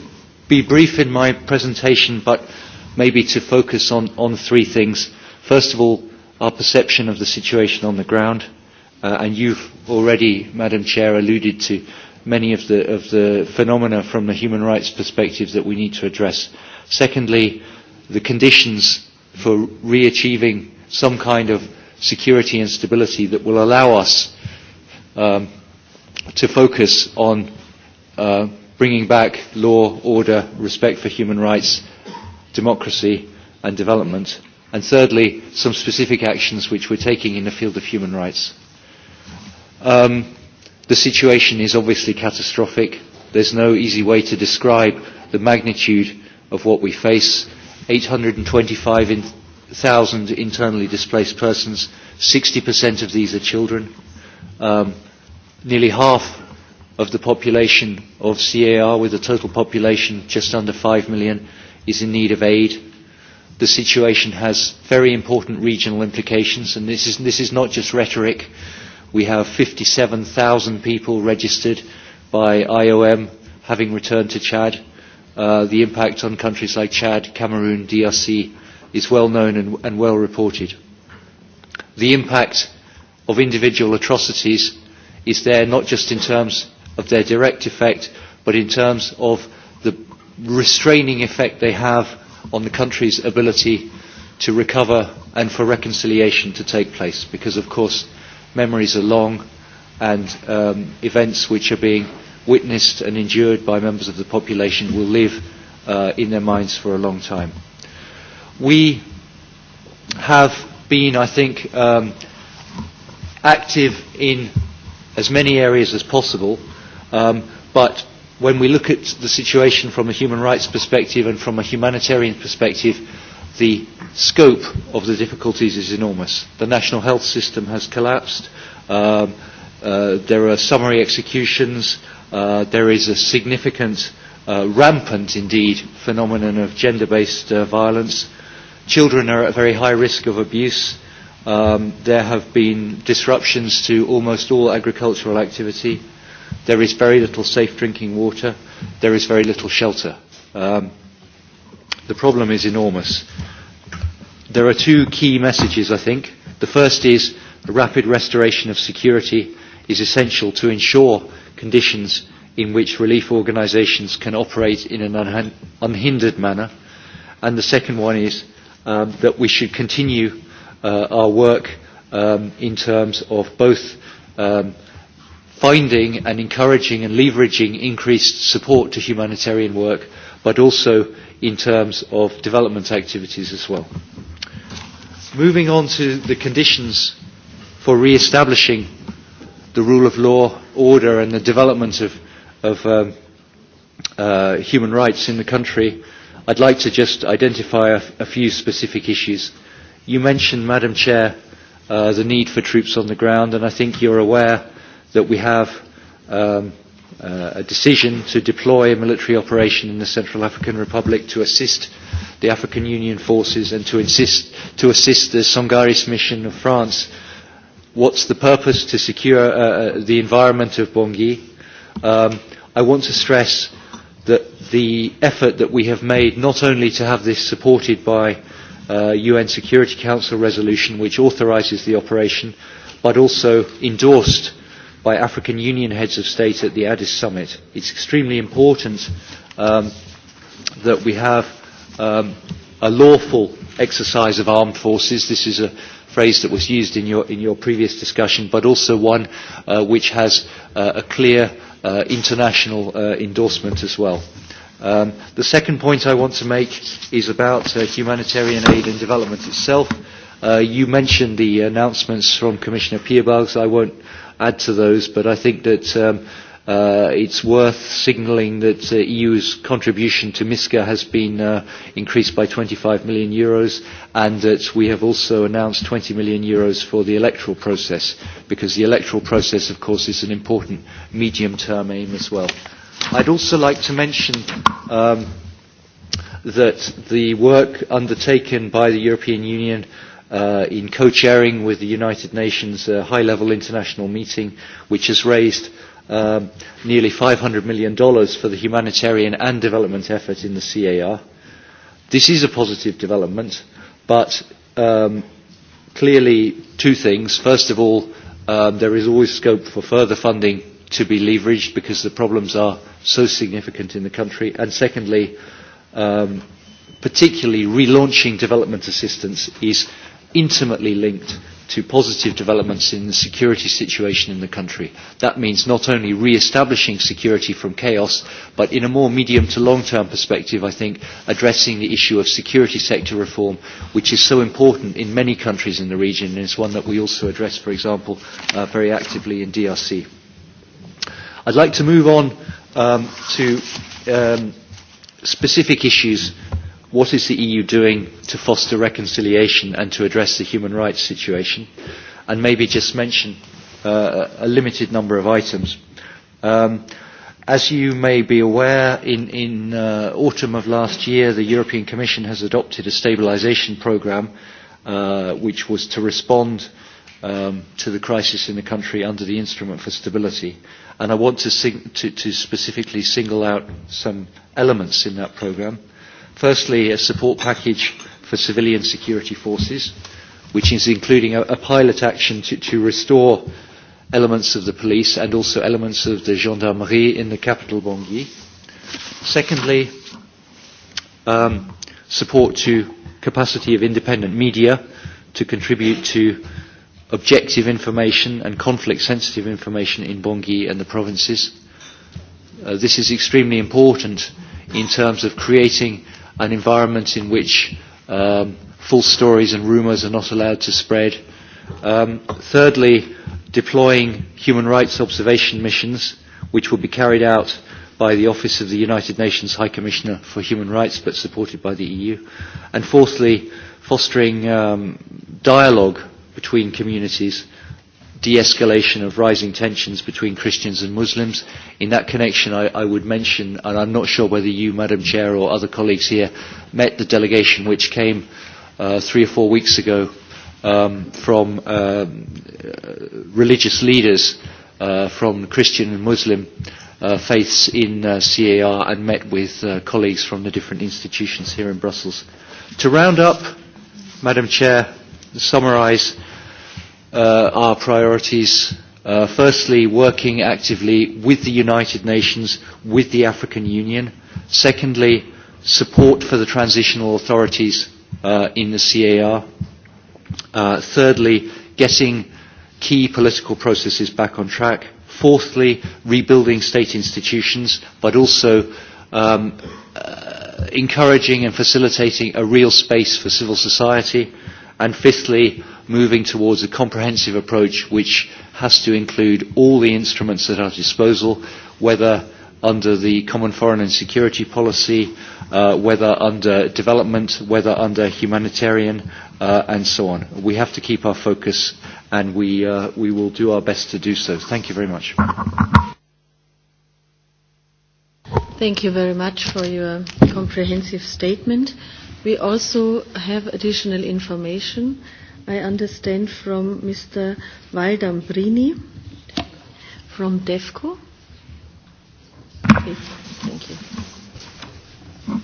be brief in my presentation, but maybe to focus on, on three things. First of all, our perception of the situation on the ground. Uh, and you've already, Madam Chair, alluded to many of the, of the phenomena from the human rights perspective that we need to address. Secondly, the conditions for re-achieving some kind of security and stability that will allow us um, to focus on uh, bringing back law, order, respect for human rights, democracy and development. And thirdly, some specific actions which we're taking in the field of human rights. Um, the situation is obviously catastrophic. There's no easy way to describe the magnitude of what we face 825,000 internally displaced persons. 60% of these are children. Um, nearly half of the population of CAR, with a total population just under 5 million, is in need of aid. The situation has very important regional implications, and this is, this is not just rhetoric. We have 57,000 people registered by IOM having returned to Chad. Uh, the impact on countries like Chad, Cameroon, DRC is well known and, and well reported. The impact of individual atrocities is there not just in terms of their direct effect, but in terms of the restraining effect they have on the country's ability to recover and for reconciliation to take place, because of course memories are long and um, events which are being witnessed and endured by members of the population will live uh, in their minds for a long time. We have been, I think, um, active in as many areas as possible, um, but when we look at the situation from a human rights perspective and from a humanitarian perspective, the scope of the difficulties is enormous. The national health system has collapsed. Um, uh, there are summary executions uh, there is a significant, uh, rampant indeed, phenomenon of gender-based uh, violence. Children are at very high risk of abuse. Um, there have been disruptions to almost all agricultural activity. There is very little safe drinking water. There is very little shelter. Um, the problem is enormous. There are two key messages, I think. The first is the rapid restoration of security is essential to ensure conditions in which relief organisations can operate in an unhindered manner. And the second one is um, that we should continue uh, our work um, in terms of both um, finding and encouraging and leveraging increased support to humanitarian work, but also in terms of development activities as well. Moving on to the conditions for re-establishing the rule of law order and the development of, of um, uh, human rights in the country, I'd like to just identify a, a few specific issues. You mentioned, Madam Chair, uh, the need for troops on the ground, and I think you're aware that we have um, uh, a decision to deploy a military operation in the Central African Republic to assist the African Union forces and to, insist, to assist the Songaris mission of France What's the purpose to secure uh, uh, the environment of Bongi? Um, I want to stress that the effort that we have made not only to have this supported by uh, UN Security Council resolution which authorises the operation, but also endorsed by African Union heads of state at the Addis summit. It's extremely important um, that we have um, a lawful exercise of armed forces. This is a, phrase that was used in your, in your previous discussion, but also one uh, which has uh, a clear uh, international uh, endorsement as well. Um, the second point I want to make is about uh, humanitarian aid and development itself. Uh, you mentioned the announcements from Commissioner Peebles. I won't add to those, but I think that um, uh, it's worth signalling that the uh, EU's contribution to MISCA has been uh, increased by 25 million euros and that we have also announced 20 million euros for the electoral process because the electoral process of course is an important medium-term aim as well. I'd also like to mention um, that the work undertaken by the European Union uh, in co-chairing with the United Nations uh, high-level international meeting, which has raised um, nearly $500 million for the humanitarian and development effort in the CAR. This is a positive development, but um, clearly two things. First of all, um, there is always scope for further funding to be leveraged because the problems are so significant in the country. And secondly, um, particularly relaunching development assistance is intimately linked to positive developments in the security situation in the country. That means not only re-establishing security from chaos, but in a more medium to long-term perspective, I think, addressing the issue of security sector reform, which is so important in many countries in the region, and is one that we also address, for example, uh, very actively in DRC. I'd like to move on um, to um, specific issues what is the EU doing to foster reconciliation and to address the human rights situation? And maybe just mention uh, a limited number of items. Um, as you may be aware, in, in uh, autumn of last year, the European Commission has adopted a stabilisation programme uh, which was to respond um, to the crisis in the country under the Instrument for Stability. And I want to, sing to, to specifically single out some elements in that programme. Firstly, a support package for civilian security forces, which is including a, a pilot action to, to restore elements of the police and also elements of the gendarmerie in the capital Bangui. Secondly, um, support to capacity of independent media to contribute to objective information and conflict-sensitive information in Bangui and the provinces. Uh, this is extremely important in terms of creating an environment in which um, false stories and rumours are not allowed to spread. Um, thirdly, deploying human rights observation missions, which will be carried out by the Office of the United Nations High Commissioner for Human Rights, but supported by the EU. And fourthly, fostering um, dialogue between communities de-escalation of rising tensions between Christians and Muslims. In that connection, I, I would mention, and I'm not sure whether you, Madam Chair, or other colleagues here met the delegation which came uh, three or four weeks ago um, from um, uh, religious leaders uh, from Christian and Muslim uh, faiths in uh, CAR and met with uh, colleagues from the different institutions here in Brussels. To round up, Madam Chair, summarise, uh, our priorities. Uh, firstly, working actively with the United Nations, with the African Union. Secondly, support for the transitional authorities uh, in the CAR. Uh, thirdly, getting key political processes back on track. Fourthly, rebuilding state institutions, but also um, uh, encouraging and facilitating a real space for civil society. And fifthly, moving towards a comprehensive approach which has to include all the instruments at our disposal, whether under the common foreign and security policy, uh, whether under development, whether under humanitarian, uh, and so on. We have to keep our focus, and we, uh, we will do our best to do so. Thank you very much. Thank you very much for your comprehensive statement. We also have additional information. I understand from Mr. Valdambrini from DEFCO. Okay, thank you.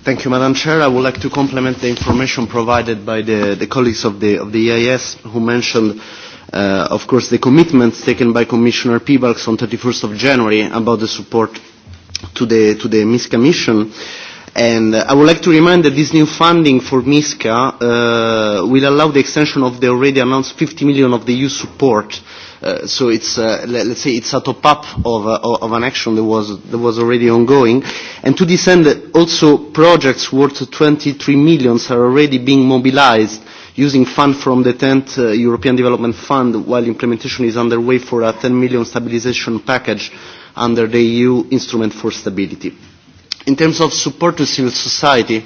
Thank you, Madam Chair. I would like to complement the information provided by the, the colleagues of the, of the EIS who mentioned uh, of course, the commitments taken by Commissioner Peebalks on 31st of January about the support to the, to the MISCA mission. Uh, And uh, I would like to remind that this new funding for MISCA uh, will allow the extension of the already announced 50 million of the EU support. Uh, so it's, uh, let's say, it's a top-up of, uh, of an action that was, that was already ongoing. And to this end, also projects worth 23 million are already being mobilized using funds from the 10th uh, European Development Fund while implementation is underway for a 10 million stabilization package under the EU Instrument for Stability. In terms of support to civil society,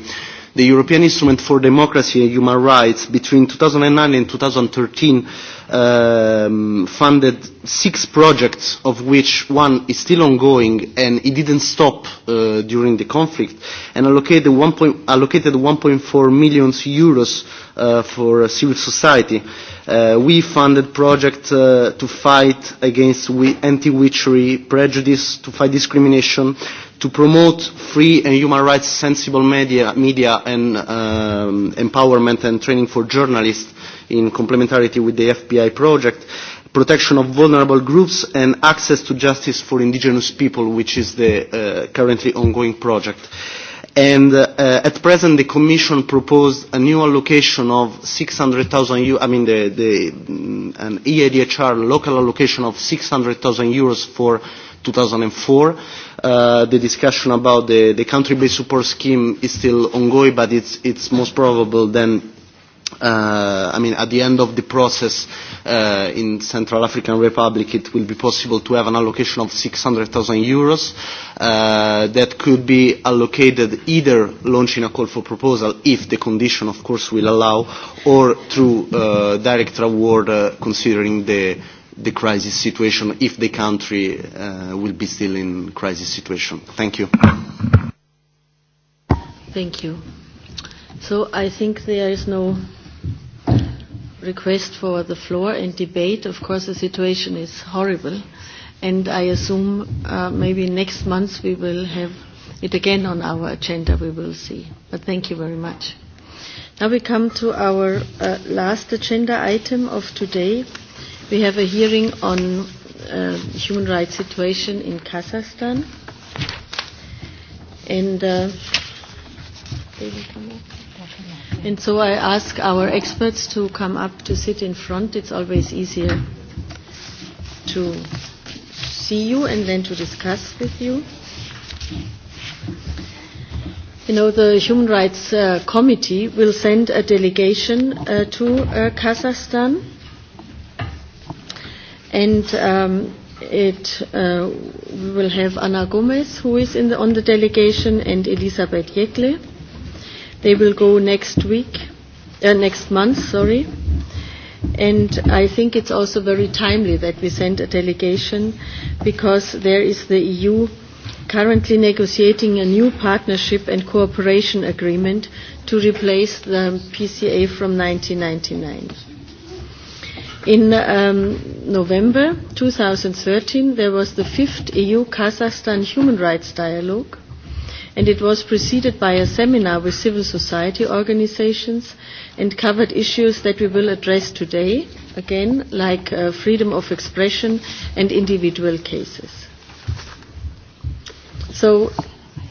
the European Instrument for Democracy and Human Rights between 2009 and 2013 um, funded six projects of which one is still ongoing and it didn't stop uh, during the conflict and allocated 1 point, allocated 1.4 million euros uh, for uh, civil society. Uh, we funded projects uh, to fight against anti-witchery prejudice, to fight discrimination, to promote free and human rights sensible media, media and um, empowerment and training for journalists in complementarity with the FBI project, protection of vulnerable groups and access to justice for indigenous people, which is the uh, currently ongoing project. And uh, at present, the Commission proposed a new allocation of 600,000 euros, I mean, the, the, an EADHR local allocation of 600,000 euros for 2004 Uh, the discussion about the, the country-based support scheme is still ongoing, but it's, it's most probable then uh, I mean, at the end of the process uh, in Central African Republic, it will be possible to have an allocation of 600,000 euros uh, that could be allocated either launching a call for proposal, if the condition, of course, will allow, or through uh, direct award, uh, considering the the crisis situation if the country uh, will be still in crisis situation. Thank you. Thank you. So I think there is no request for the floor and debate. Of course, the situation is horrible, and I assume uh, maybe next month we will have it again on our agenda. We will see. But thank you very much. Now we come to our uh, last agenda item of today We have a hearing on uh, human rights situation in Kazakhstan. And, uh, and so I ask our experts to come up to sit in front. It's always easier to see you and then to discuss with you. You know, the Human Rights uh, Committee will send a delegation uh, to uh, Kazakhstan And um, it uh, we will have Anna Gomez, who is in the, on the delegation, and Elisabeth Jekle. They will go next week, uh, next month, sorry. And I think it's also very timely that we send a delegation because there is the EU currently negotiating a new partnership and cooperation agreement to replace the PCA from 1999. In um, November 2013, there was the fifth EU-Kazakhstan Human Rights Dialogue, and it was preceded by a seminar with civil society organizations and covered issues that we will address today, again, like uh, freedom of expression and individual cases. So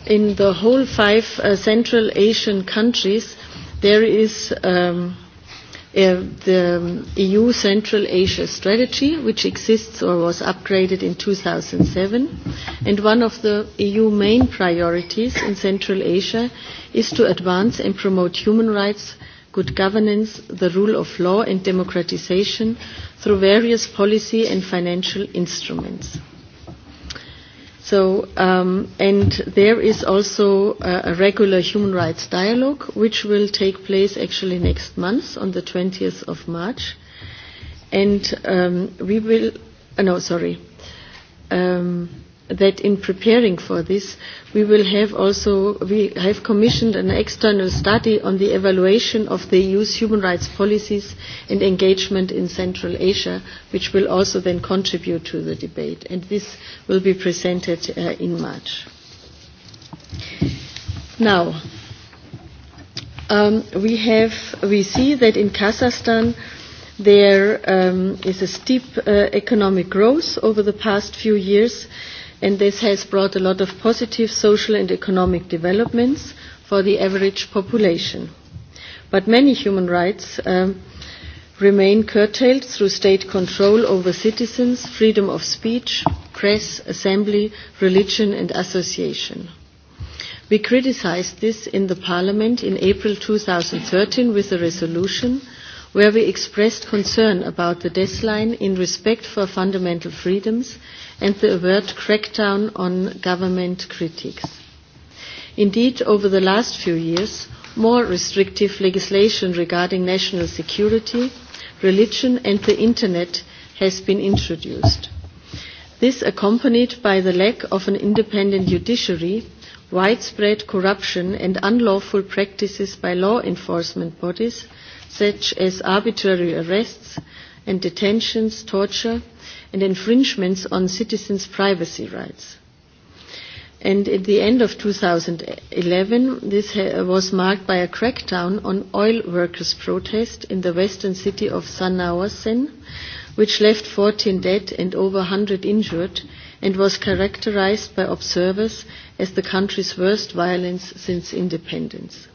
in the whole five uh, Central Asian countries, there is... Um, Uh, the um, EU Central Asia Strategy, which exists or was upgraded in 2007. And one of the EU main priorities in Central Asia is to advance and promote human rights, good governance, the rule of law and democratization through various policy and financial instruments. So, um, and there is also a, a regular human rights dialogue, which will take place actually next month on the 20th of March. And um, we will, uh, no, sorry. Um, that in preparing for this, we will have also, we have commissioned an external study on the evaluation of the EU's human rights policies and engagement in Central Asia, which will also then contribute to the debate. And this will be presented uh, in March. Now, um, we, have, we see that in Kazakhstan, there um, is a steep uh, economic growth over the past few years, and this has brought a lot of positive social and economic developments for the average population. But many human rights um, remain curtailed through state control over citizens, freedom of speech, press, assembly, religion and association. We criticised this in the Parliament in April thirteen with a resolution where we expressed concern about the deadline in respect for fundamental freedoms and the overt crackdown on government critics. Indeed, over the last few years, more restrictive legislation regarding national security, religion and the Internet has been introduced. This accompanied by the lack of an independent judiciary, widespread corruption and unlawful practices by law enforcement bodies, such as arbitrary arrests and detentions, torture, and infringements on citizens' privacy rights. And at the end of 2011, this was marked by a crackdown on oil workers' protest in the western city of Sanawasen, which left 14 dead and over 100 injured, and was characterized by observers as the country's worst violence since independence.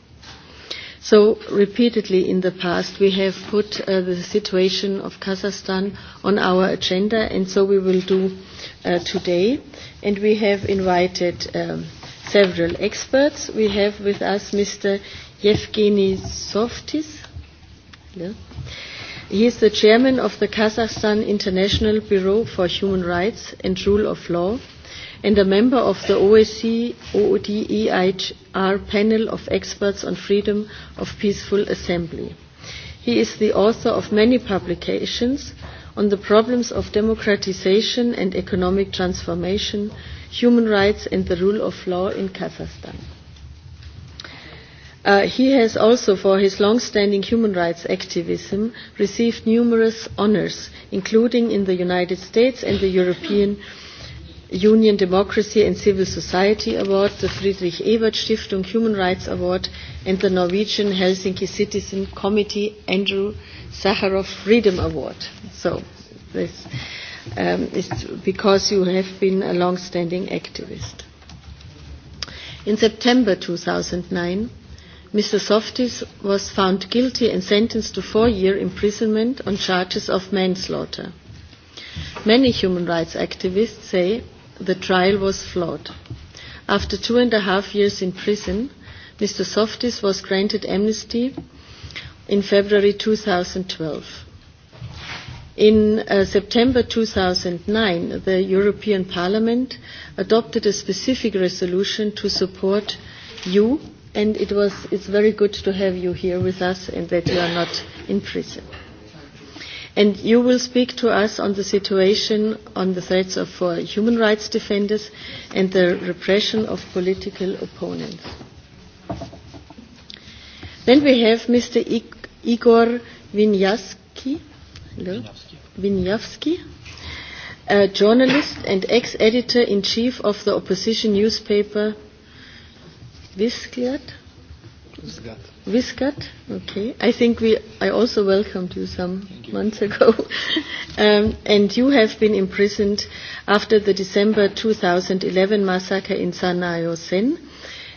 So repeatedly in the past we have put uh, the situation of Kazakhstan on our agenda and so we will do uh, today. And we have invited um, several experts. We have with us Mr. Yevgeny Softis. Yeah. He is the chairman of the Kazakhstan International Bureau for Human Rights and Rule of Law and a member of the OSCE OODEHR panel of experts on freedom of peaceful assembly. He is the author of many publications on the problems of democratization and economic transformation, human rights and the rule of law in Kazakhstan. Uh, he has also, for his long-standing human rights activism, received numerous honors, including in the United States and the European Union Democracy and Civil Society Award, the Friedrich Ebert Stiftung Human Rights Award, and the Norwegian Helsinki Citizen Committee Andrew Sakharov Freedom Award. So, this um, is because you have been a long standing activist. In September 2009, Mr. Softis was found guilty and sentenced to four year imprisonment on charges of manslaughter. Many human rights activists say the trial was flawed. After two and a half years in prison, Mr. Softis was granted amnesty in February 2012. In uh, September 2009, the European Parliament adopted a specific resolution to support you, and it was, it's very good to have you here with us and that you are not in prison. And you will speak to us on the situation on the threats of uh, human rights defenders and the repression of political opponents. Then we have Mr. I Igor Vinyavsky, hello? Vinyavsky, a journalist and ex-editor-in-chief of the opposition newspaper Visklad Viscat. Viscat, okay. I think we, I also welcomed you some you. months ago. *laughs* um, and you have been imprisoned after the December 2011 massacre in Sen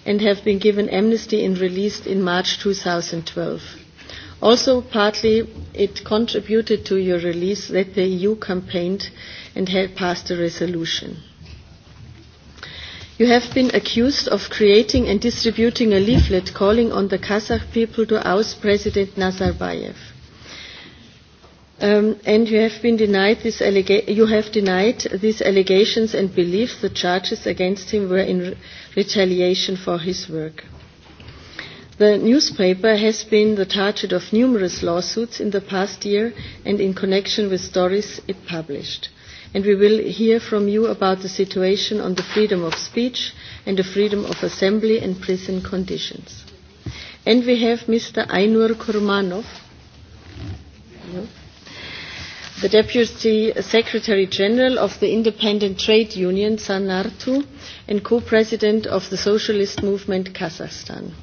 and have been given amnesty and released in March 2012. Also, partly it contributed to your release that the EU campaigned and had passed a resolution. You have been accused of creating and distributing a leaflet calling on the Kazakh people to oust President Nazarbayev. Um, and you have been denied this allega- you have denied these allegations and believe the charges against him were in re- retaliation for his work. The newspaper has been the target of numerous lawsuits in the past year and in connection with stories it published and we will hear from you about the situation on the freedom of speech and the freedom of assembly and prison conditions. And we have Mr. Ainur Kurmanov, the Deputy Secretary General of the Independent Trade Union, Sanartu, and co-president of the socialist movement, Kazakhstan.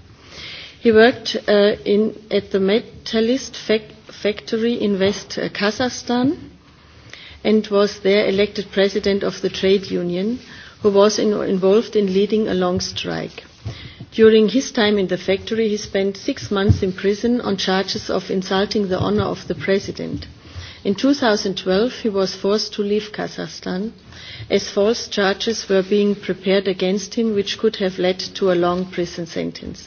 He worked uh, in, at the Metalist fac- factory in West uh, Kazakhstan and was there elected president of the trade union, who was in, involved in leading a long strike. During his time in the factory, he spent six months in prison on charges of insulting the honor of the president. In 2012, he was forced to leave Kazakhstan as false charges were being prepared against him, which could have led to a long prison sentence.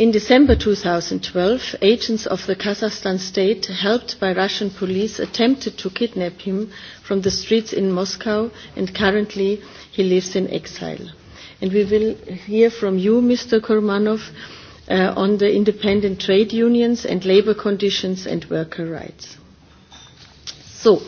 In December 2012, agents of the Kazakhstan state, helped by Russian police, attempted to kidnap him from the streets in Moscow, and currently he lives in exile. And we will hear from you, Mr. Kurmanov, uh, on the independent trade unions and labor conditions and worker rights. So,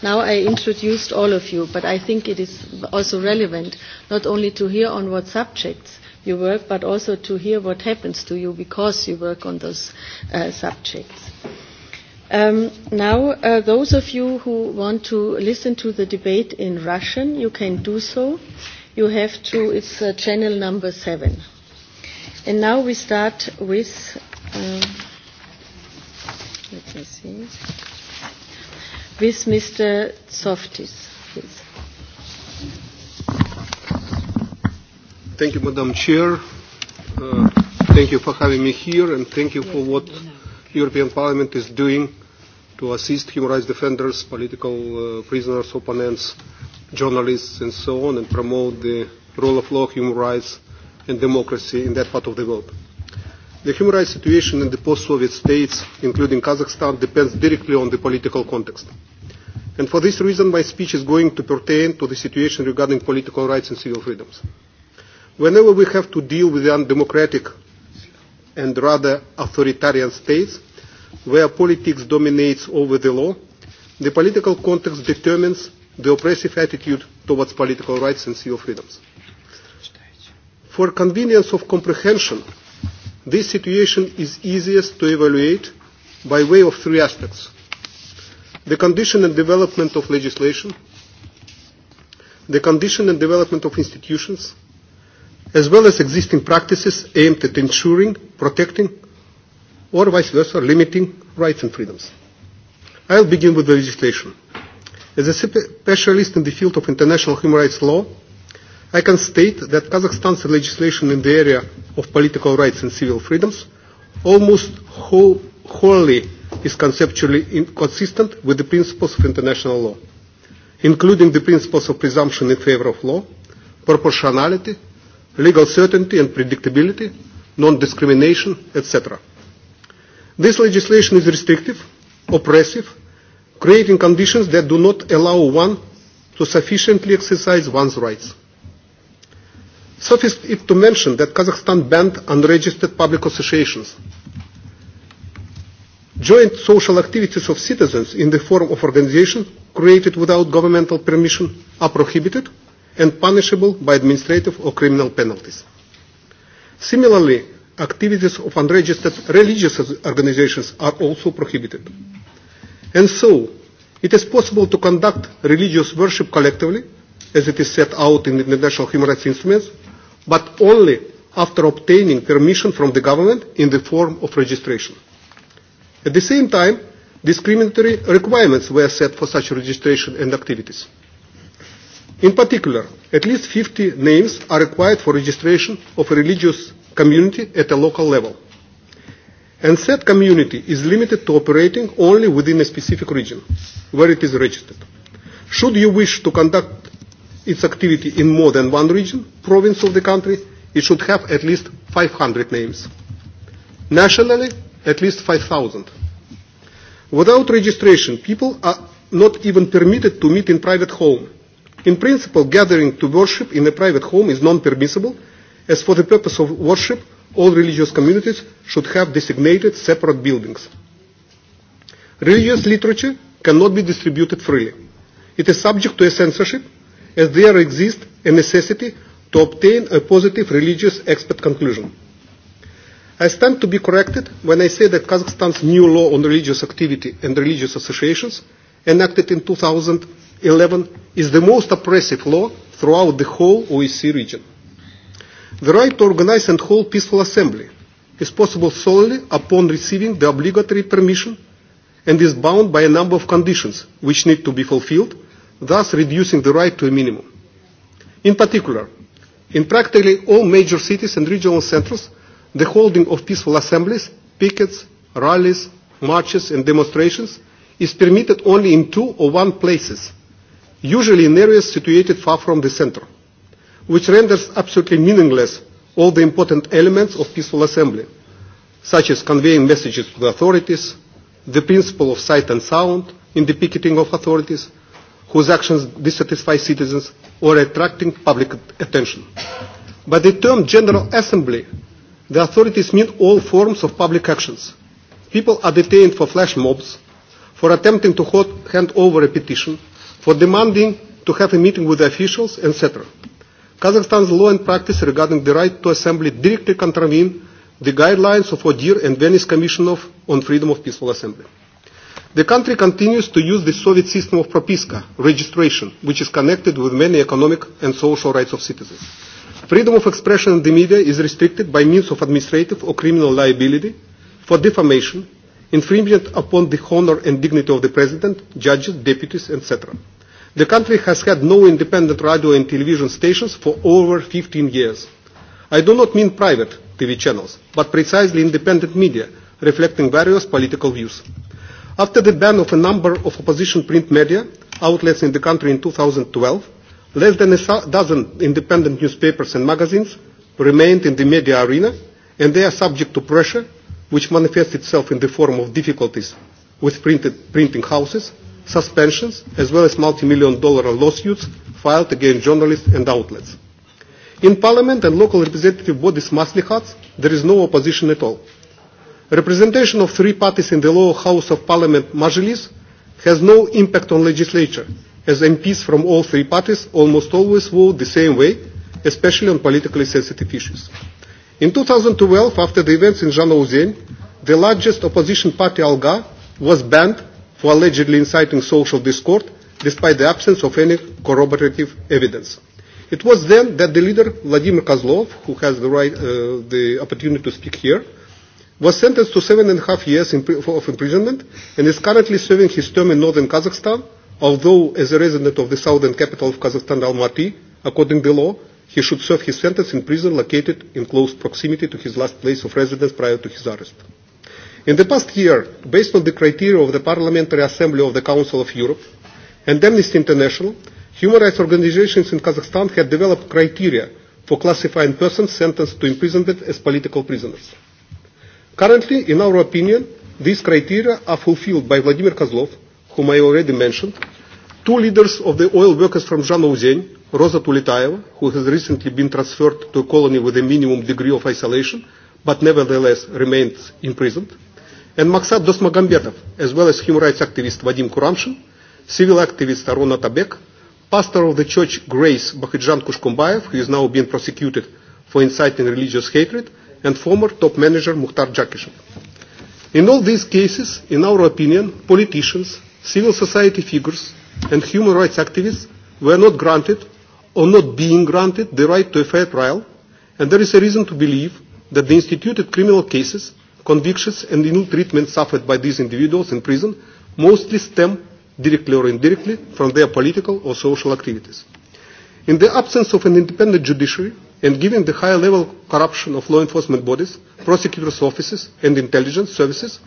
now I introduced all of you, but I think it is also relevant not only to hear on what subjects you work, but also to hear what happens to you because you work on those uh, subjects. Um, now, uh, those of you who want to listen to the debate in Russian, you can do so. You have to, it's uh, channel number seven. And now we start with, um let me see, with Mr. Softis, please. Thank you, Madam Chair. Uh, thank you for having me here, and thank you for what European Parliament is doing to assist human rights defenders, political uh, prisoners, opponents, journalists, and so on, and promote the rule of law, human rights, and democracy in that part of the world. The human rights situation in the post-Soviet states, including Kazakhstan, depends directly on the political context. And for this reason, my speech is going to pertain to the situation regarding political rights and civil freedoms. Whenever we have to deal with undemocratic and rather authoritarian states, where politics dominates over the law, the political context determines the oppressive attitude towards political rights and civil freedoms. For convenience of comprehension, this situation is easiest to evaluate by way of three aspects. The condition and development of legislation, the condition and development of institutions, as well as existing practices aimed at ensuring, protecting, or vice versa, limiting rights and freedoms. I'll begin with the legislation. As a specialist in the field of international human rights law, I can state that Kazakhstan's legislation in the area of political rights and civil freedoms almost whole, wholly is conceptually inconsistent with the principles of international law, including the principles of presumption in favor of law, proportionality, legal certainty and predictability, non-discrimination, etc. This legislation is restrictive, oppressive, creating conditions that do not allow one to sufficiently exercise one's rights. Suffice it to mention that Kazakhstan banned unregistered public associations. Joint social activities of citizens in the form of organizations created without governmental permission are prohibited and punishable by administrative or criminal penalties. Similarly, activities of unregistered religious organizations are also prohibited. And so, it is possible to conduct religious worship collectively, as it is set out in international human rights instruments, but only after obtaining permission from the government in the form of registration. At the same time, discriminatory requirements were set for such registration and activities. In particular, at least 50 names are required for registration of a religious community at a local level. And said community is limited to operating only within a specific region where it is registered. Should you wish to conduct its activity in more than one region, province of the country, it should have at least 500 names. Nationally, at least 5,000. Without registration, people are not even permitted to meet in private home In principle, gathering to worship in a private home is non-permissible, as for the purpose of worship, all religious communities should have designated separate buildings. Religious literature cannot be distributed freely. It is subject to a censorship, as there exists a necessity to obtain a positive religious expert conclusion. I stand to be corrected when I say that Kazakhstan's new law on religious activity and religious associations, enacted in 2000, 11 is the most oppressive law throughout the whole OEC region. The right to organize and hold peaceful assembly is possible solely upon receiving the obligatory permission and is bound by a number of conditions which need to be fulfilled, thus reducing the right to a minimum. In particular, in practically all major cities and regional centers, the holding of peaceful assemblies, pickets, rallies, marches and demonstrations is permitted only in two or one places – usually in areas situated far from the center, which renders absolutely meaningless all the important elements of peaceful assembly, such as conveying messages to the authorities, the principle of sight and sound in the picketing of authorities, whose actions dissatisfy citizens or attracting public attention. By the term General Assembly, the authorities mean all forms of public actions. People are detained for flash mobs, for attempting to hold, hand over a petition, for demanding to have a meeting with the officials, etc. Kazakhstan's law and practice regarding the right to assembly directly contravene the guidelines of ODIR and Venice Commission of, on Freedom of Peaceful Assembly. The country continues to use the Soviet system of propiska, registration, which is connected with many economic and social rights of citizens. Freedom of expression in the media is restricted by means of administrative or criminal liability for defamation, infringement upon the honor and dignity of the president, judges, deputies, etc. The country has had no independent radio and television stations for over 15 years. I do not mean private TV channels, but precisely independent media, reflecting various political views. After the ban of a number of opposition print media outlets in the country in 2012, less than a dozen independent newspapers and magazines remained in the media arena, and they are subject to pressure which manifests itself in the form of difficulties with printed, printing houses, suspensions, as well as multi-million dollar lawsuits filed against journalists and outlets. In parliament and local representative bodies Maslihats, there is no opposition at all. Representation of three parties in the lower house of parliament, Majlis, has no impact on legislature, as MPs from all three parties almost always vote the same way, especially on politically sensitive issues. In 2012, after the events in Zhanaozen, the largest opposition party, ALGA, was banned for allegedly inciting social discord despite the absence of any corroborative evidence. It was then that the leader, Vladimir Kozlov, who has the, right, uh, the opportunity to speak here, was sentenced to seven and a half years of imprisonment and is currently serving his term in northern Kazakhstan, although as a resident of the southern capital of Kazakhstan, Almaty, according to the law, He should serve his sentence in prison located in close proximity to his last place of residence prior to his arrest. In the past year, based on the criteria of the Parliamentary Assembly of the Council of Europe and Amnesty International, human rights organizations in Kazakhstan have developed criteria for classifying persons sentenced to imprisonment as political prisoners. Currently, in our opinion, these criteria are fulfilled by Vladimir Kozlov, whom I already mentioned, two leaders of the oil workers from Zhanaozen, Rosa Tulitaeva, who has recently been transferred to a colony with a minimum degree of isolation, but nevertheless remains imprisoned, and Maksat Dosmagambetov, as well as human rights activist Vadim Kuramshin, civil activist Arona Tabek, pastor of the church Grace Bahidjan Kushkumbayev, who is now being prosecuted for inciting religious hatred, and former top manager Mukhtar Jakishin. In all these cases, in our opinion, politicians, civil society figures, and human rights activists were not granted or not being granted the right to a fair trial, and there is a reason to believe that the instituted criminal cases, convictions, and ill treatment suffered by these individuals in prison mostly stem directly or indirectly from their political or social activities. In the absence of an independent judiciary, and given the high level corruption of law enforcement bodies, prosecutors' offices, and intelligence services,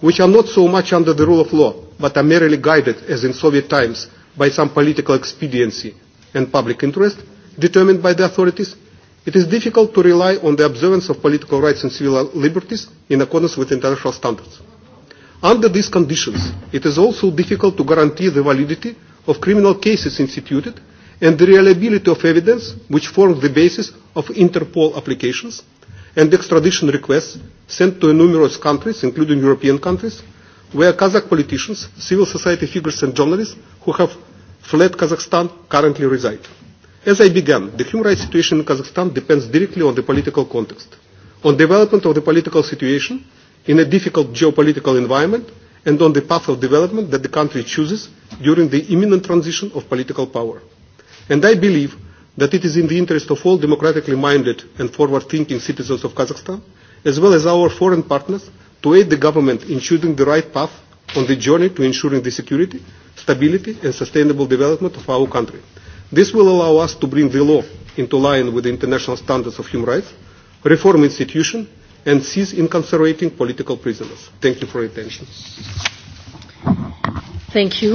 which are not so much under the rule of law, but are merely guided, as in Soviet times, by some political expediency and public interest determined by the authorities, it is difficult to rely on the observance of political rights and civil liberties in accordance with international standards. Under these conditions, it is also difficult to guarantee the validity of criminal cases instituted and the reliability of evidence which forms the basis of Interpol applications and extradition requests sent to numerous countries, including European countries, where Kazakh politicians, civil society figures and journalists who have fled Kazakhstan currently reside. As I began, the human rights situation in Kazakhstan depends directly on the political context, on development of the political situation in a difficult geopolitical environment, and on the path of development that the country chooses during the imminent transition of political power. And I believe that it is in the interest of all democratically minded and forward-thinking citizens of Kazakhstan, as well as our foreign partners, to aid the government in choosing the right path on the journey to ensuring the security stability and sustainable development of our country. This will allow us to bring the law into line with the international standards of human rights, reform institutions, and cease incarcerating political prisoners. Thank you for your attention. Thank you,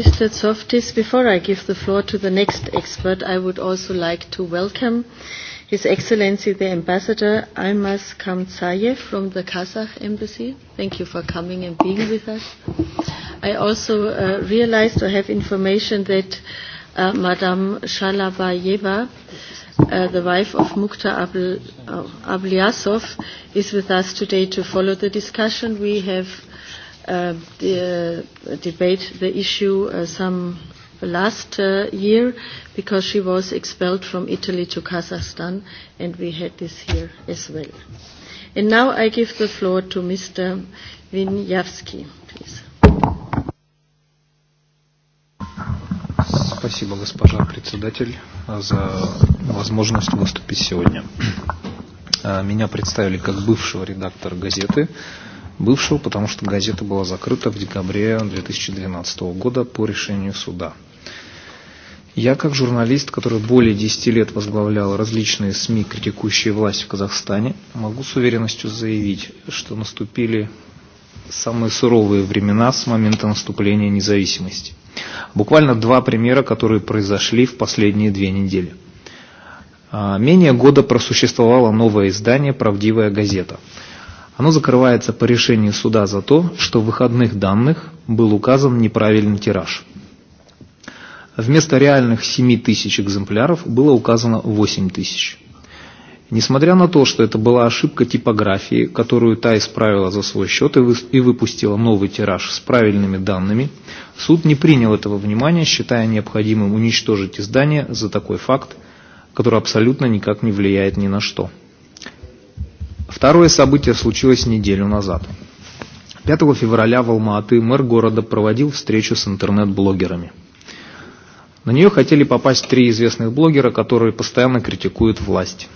Mr. Tsoftis. Before I give the floor to the next expert, I would also like to welcome His Excellency the Ambassador Almas Kamtsayev from the Kazakh Embassy. Thank you for coming and being with us. I also uh, realized or have information that uh, Madame Shalabayeva, uh, the wife of Mukhtar Ablyasov, uh, is with us today to follow the discussion. We have uh, the, uh, debate the issue uh, some last uh, year because she was expelled from Italy to Kazakhstan and we had this here as well. And now I give the floor to Mr. Vinyavsky, please. Спасибо, госпожа председатель, за возможность выступить сегодня. Меня представили как бывшего редактора газеты, бывшего, потому что газета была закрыта в декабре 2012 года по решению суда. Я как журналист, который более 10 лет возглавлял различные СМИ, критикующие власть в Казахстане, могу с уверенностью заявить, что наступили самые суровые времена с момента наступления независимости. Буквально два примера, которые произошли в последние две недели. Менее года просуществовало новое издание «Правдивая газета». Оно закрывается по решению суда за то, что в выходных данных был указан неправильный тираж – Вместо реальных 7 тысяч экземпляров было указано 8 тысяч. Несмотря на то, что это была ошибка типографии, которую та исправила за свой счет и выпустила новый тираж с правильными данными, суд не принял этого внимания, считая необходимым уничтожить издание за такой факт, который абсолютно никак не влияет ни на что. Второе событие случилось неделю назад. 5 февраля в Алма-Аты мэр города проводил встречу с интернет-блогерами – На нее хотели попасть три известных блогера, которые постоянно критикуют власть.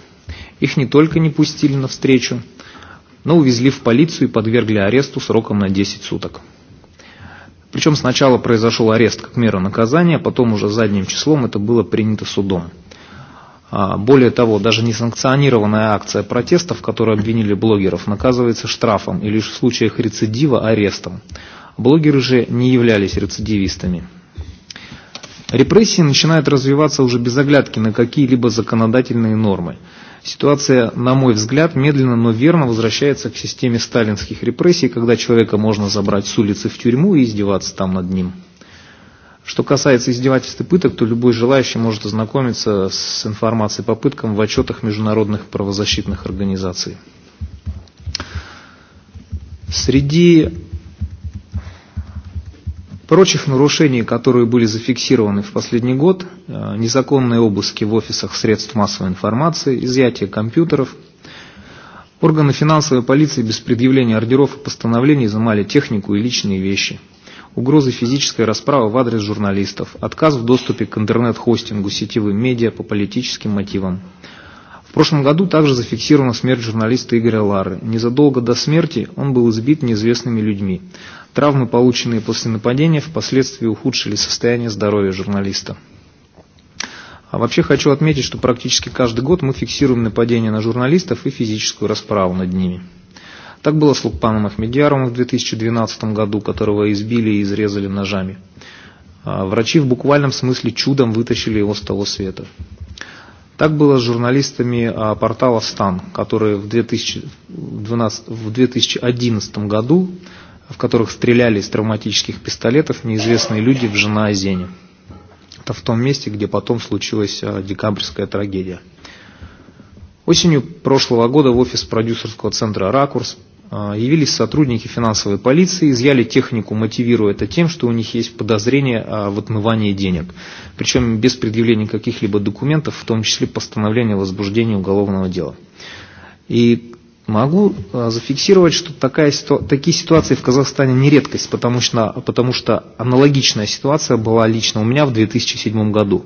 Их не только не пустили на встречу, но увезли в полицию и подвергли аресту сроком на 10 суток. Причем сначала произошел арест как мера наказания, потом уже задним числом это было принято судом. Более того, даже несанкционированная акция протеста, в которой обвинили блогеров, наказывается штрафом и лишь в случаях рецидива арестом. Блогеры же не являлись рецидивистами. Репрессии начинают развиваться уже без оглядки на какие-либо законодательные нормы. Ситуация, на мой взгляд, медленно, но верно возвращается к системе сталинских репрессий, когда человека можно забрать с улицы в тюрьму и издеваться там над ним. Что касается издевательств и пыток, то любой желающий может ознакомиться с информацией по пыткам в отчетах международных правозащитных организаций. Среди Прочих нарушений, которые были зафиксированы в последний год, незаконные обыски в офисах средств массовой информации, изъятие компьютеров, органы финансовой полиции без предъявления ордеров и постановлений изымали технику и личные вещи, угрозы физической расправы в адрес журналистов, отказ в доступе к интернет-хостингу, сетевым медиа по политическим мотивам, в прошлом году также зафиксирована смерть журналиста Игоря Лары. Незадолго до смерти он был избит неизвестными людьми. Травмы, полученные после нападения, впоследствии ухудшили состояние здоровья журналиста. А вообще хочу отметить, что практически каждый год мы фиксируем нападения на журналистов и физическую расправу над ними. Так было с Лукпаном Ахмедьяровым в 2012 году, которого избили и изрезали ножами. Врачи в буквальном смысле чудом вытащили его с того света. Так было с журналистами портала «Стан», которые в, 2012, в 2011 году в которых стреляли из травматических пистолетов неизвестные люди в жена Зене. Это в том месте, где потом случилась декабрьская трагедия. Осенью прошлого года в офис продюсерского центра «Ракурс» явились сотрудники финансовой полиции, изъяли технику, мотивируя это тем, что у них есть подозрение в отмывании денег. Причем без предъявления каких-либо документов, в том числе постановления о возбуждении уголовного дела. И Могу зафиксировать, что такая, такие ситуации в Казахстане не редкость, потому что, потому что аналогичная ситуация была лично у меня в 2007 году.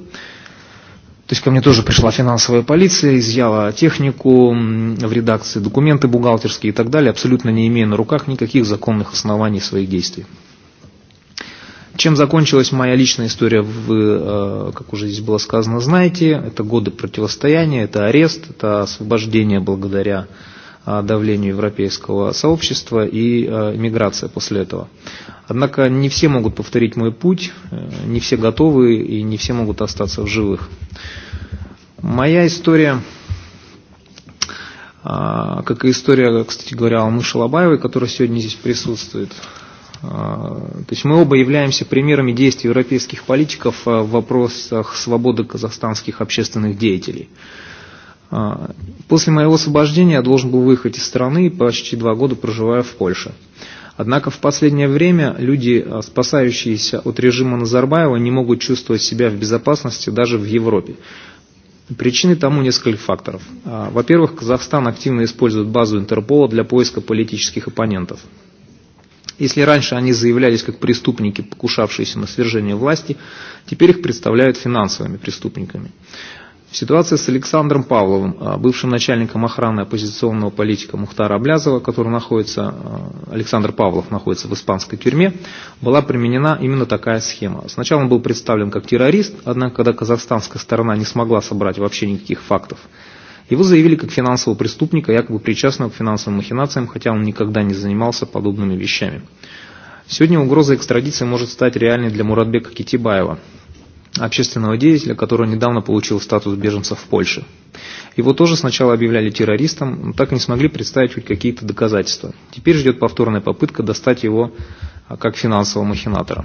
То есть ко мне тоже пришла финансовая полиция, изъяла технику в редакции, документы бухгалтерские и так далее, абсолютно не имея на руках никаких законных оснований своих действий. Чем закончилась моя личная история, вы, как уже здесь было сказано, знаете. Это годы противостояния, это арест, это освобождение благодаря давлению европейского сообщества и миграция после этого. Однако не все могут повторить мой путь, не все готовы и не все могут остаться в живых. Моя история как и история, кстати говоря, Алмы Шалабаевой, которая сегодня здесь присутствует. То есть мы оба являемся примерами действий европейских политиков в вопросах свободы казахстанских общественных деятелей. После моего освобождения я должен был выехать из страны, почти два года проживая в Польше. Однако в последнее время люди, спасающиеся от режима Назарбаева, не могут чувствовать себя в безопасности даже в Европе. Причины тому несколько факторов. Во-первых, Казахстан активно использует базу Интерпола для поиска политических оппонентов. Если раньше они заявлялись как преступники, покушавшиеся на свержение власти, теперь их представляют финансовыми преступниками. Ситуация с Александром Павловым, бывшим начальником охраны оппозиционного политика Мухтара Аблязова, который находится, Александр Павлов находится в испанской тюрьме, была применена именно такая схема. Сначала он был представлен как террорист, однако когда казахстанская сторона не смогла собрать вообще никаких фактов, его заявили как финансового преступника, якобы причастного к финансовым махинациям, хотя он никогда не занимался подобными вещами. Сегодня угроза экстрадиции может стать реальной для Муратбека Китибаева, общественного деятеля, который недавно получил статус беженца в Польше. Его тоже сначала объявляли террористом, но так и не смогли представить хоть какие-то доказательства. Теперь ждет повторная попытка достать его как финансового махинатора.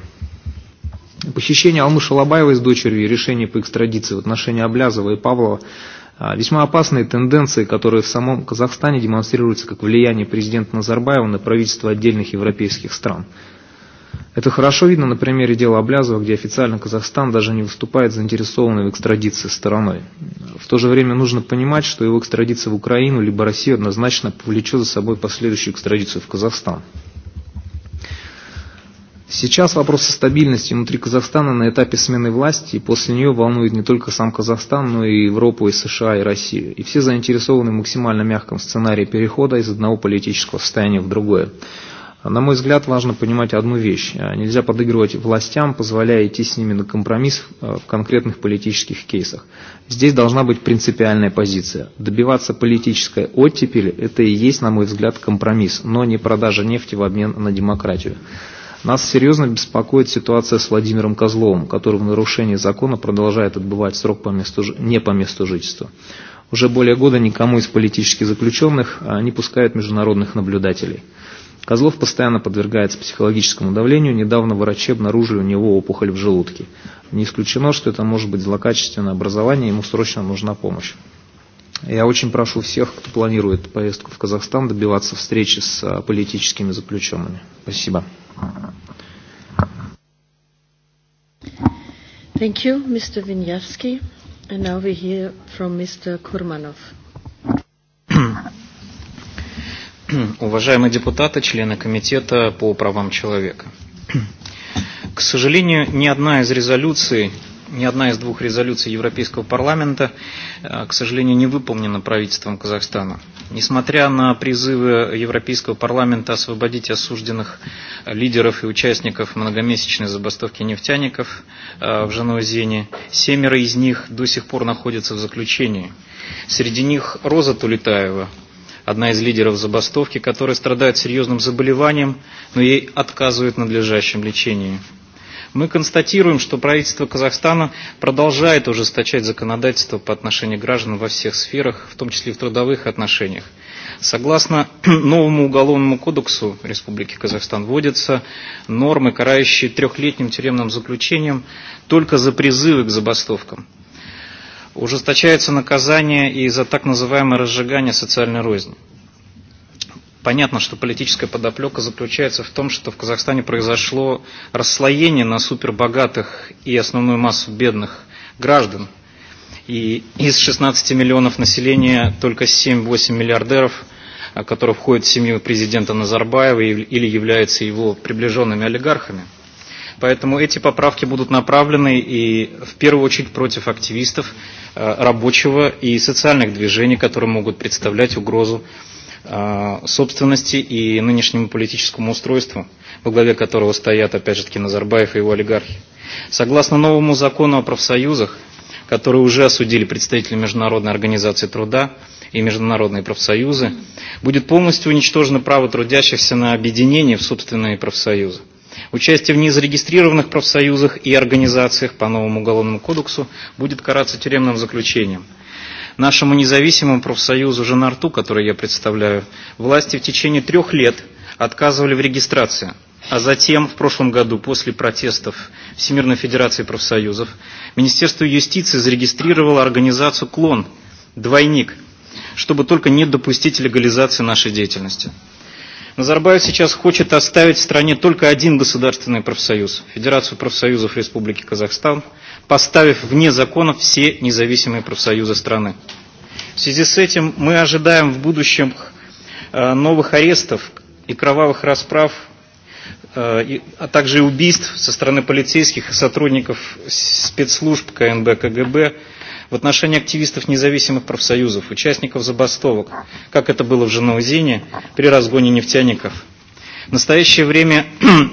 Похищение Алмы Шалабаевой с дочерью и решение по экстрадиции в отношении Облязова и Павлова весьма опасные тенденции, которые в самом Казахстане демонстрируются как влияние президента Назарбаева на правительство отдельных европейских стран – Это хорошо видно на примере дела Облязова, где официально Казахстан даже не выступает заинтересованной в экстрадиции стороной. В то же время нужно понимать, что его экстрадиция в Украину либо Россию однозначно повлечет за собой последующую экстрадицию в Казахстан. Сейчас вопрос о стабильности внутри Казахстана на этапе смены власти, и после нее волнует не только сам Казахстан, но и Европу, и США, и Россию. И все заинтересованы в максимально мягком сценарии перехода из одного политического состояния в другое. На мой взгляд, важно понимать одну вещь. Нельзя подыгрывать властям, позволяя идти с ними на компромисс в конкретных политических кейсах. Здесь должна быть принципиальная позиция. Добиваться политической оттепели – это и есть, на мой взгляд, компромисс, но не продажа нефти в обмен на демократию. Нас серьезно беспокоит ситуация с Владимиром Козловым, который в нарушении закона продолжает отбывать срок по месту, не по месту жительства. Уже более года никому из политических заключенных не пускают международных наблюдателей. Козлов постоянно подвергается психологическому давлению. Недавно врачи обнаружили у него опухоль в желудке. Не исключено, что это может быть злокачественное образование, ему срочно нужна помощь. Я очень прошу всех, кто планирует поездку в Казахстан, добиваться встречи с политическими заключенными. Спасибо. Thank you, Mr. Vinyavsky. And now we hear from Mr. Kurmanov уважаемые депутаты, члены Комитета по правам человека. К сожалению, ни одна из резолюций, ни одна из двух резолюций Европейского парламента, к сожалению, не выполнена правительством Казахстана. Несмотря на призывы Европейского парламента освободить осужденных лидеров и участников многомесячной забастовки нефтяников в Жануазене, семеро из них до сих пор находятся в заключении. Среди них Роза Тулетаева, одна из лидеров забастовки, которая страдает серьезным заболеванием, но ей отказывают в надлежащем лечении. Мы констатируем, что правительство Казахстана продолжает ужесточать законодательство по отношению граждан во всех сферах, в том числе и в трудовых отношениях. Согласно новому уголовному кодексу Республики Казахстан вводятся нормы, карающие трехлетним тюремным заключением только за призывы к забастовкам. Ужесточается наказание и за так называемое разжигание социальной розни. Понятно, что политическая подоплека заключается в том, что в Казахстане произошло расслоение на супербогатых и основную массу бедных граждан. И из 16 миллионов населения только 7-8 миллиардеров, которые входят в семью президента Назарбаева или являются его приближенными олигархами – Поэтому эти поправки будут направлены и в первую очередь против активистов рабочего и социальных движений, которые могут представлять угрозу собственности и нынешнему политическому устройству, во главе которого стоят, опять же таки, Назарбаев и его олигархи. Согласно новому закону о профсоюзах, который уже осудили представители Международной организации труда и международные профсоюзы, будет полностью уничтожено право трудящихся на объединение в собственные профсоюзы. Участие в незарегистрированных профсоюзах и организациях по новому уголовному кодексу будет караться тюремным заключением. Нашему независимому профсоюзу «Женарту», который я представляю, власти в течение трех лет отказывали в регистрации. А затем, в прошлом году, после протестов Всемирной Федерации профсоюзов, Министерство юстиции зарегистрировало организацию «Клон», «Двойник», чтобы только не допустить легализации нашей деятельности. Назарбаев сейчас хочет оставить в стране только один государственный профсоюз – Федерацию профсоюзов Республики Казахстан, поставив вне закона все независимые профсоюзы страны. В связи с этим мы ожидаем в будущем новых арестов и кровавых расправ, а также убийств со стороны полицейских и сотрудников спецслужб КНБ, КГБ, в отношении активистов независимых профсоюзов, участников забастовок, как это было в Жанаузине при разгоне нефтяников. В настоящее время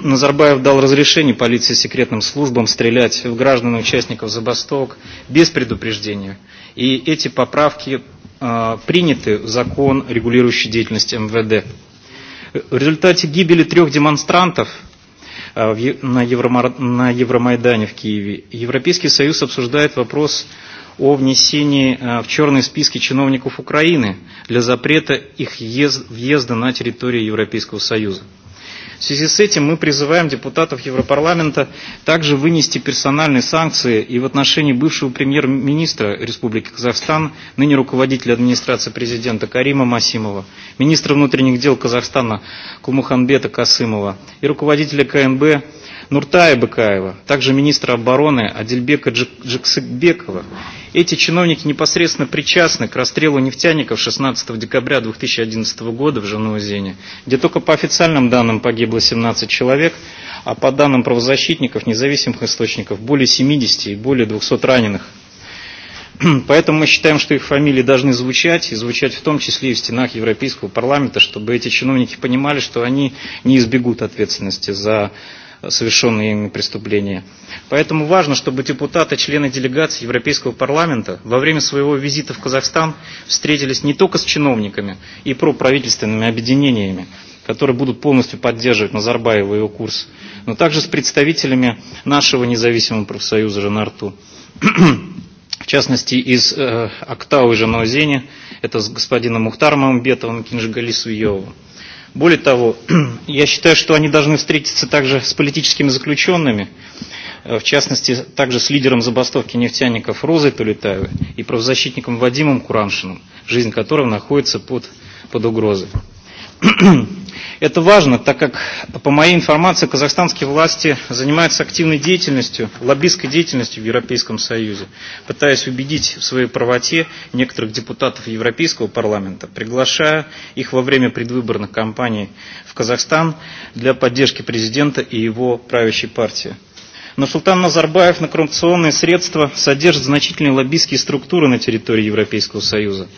Назарбаев дал разрешение полиции секретным службам стрелять в граждан и участников забастовок без предупреждения. И эти поправки э, приняты в закон, регулирующий деятельность МВД. В результате гибели трех демонстрантов на Евромайдане в Киеве Европейский Союз обсуждает вопрос о внесении в черные списки чиновников Украины для запрета их въезда на территорию Европейского Союза. В связи с этим мы призываем депутатов Европарламента также вынести персональные санкции и в отношении бывшего премьер-министра Республики Казахстан, ныне руководителя администрации президента Карима Масимова, министра внутренних дел Казахстана Кумуханбета Касымова и руководителя КНБ Нуртая Быкаева, также министра обороны Адильбека Джексыкбекова Эти чиновники непосредственно причастны к расстрелу нефтяников 16 декабря 2011 года в Жанаузене, где только по официальным данным погибло 17 человек, а по данным правозащитников, независимых источников, более 70 и более 200 раненых. Поэтому мы считаем, что их фамилии должны звучать, и звучать в том числе и в стенах Европейского парламента, чтобы эти чиновники понимали, что они не избегут ответственности за совершенные ими преступления. Поэтому важно, чтобы депутаты, члены делегации Европейского парламента во время своего визита в Казахстан встретились не только с чиновниками и проправительственными объединениями, которые будут полностью поддерживать Назарбаева и его курс, но также с представителями нашего независимого профсоюза Жанарту. в частности, из э, Актау и Жанаузени, это с господином Мухтаром Амбетовым Кинжигалисуевым. Более того, я считаю, что они должны встретиться также с политическими заключенными, в частности, также с лидером забастовки нефтяников Розой Тулетаевой и правозащитником Вадимом Кураншиным, жизнь которого находится под, под угрозой. Это важно, так как, по моей информации, казахстанские власти занимаются активной деятельностью, лоббистской деятельностью в Европейском Союзе, пытаясь убедить в своей правоте некоторых депутатов Европейского парламента, приглашая их во время предвыборных кампаний в Казахстан для поддержки президента и его правящей партии. Но Султан Назарбаев на коррупционные средства содержит значительные лоббистские структуры на территории Европейского Союза –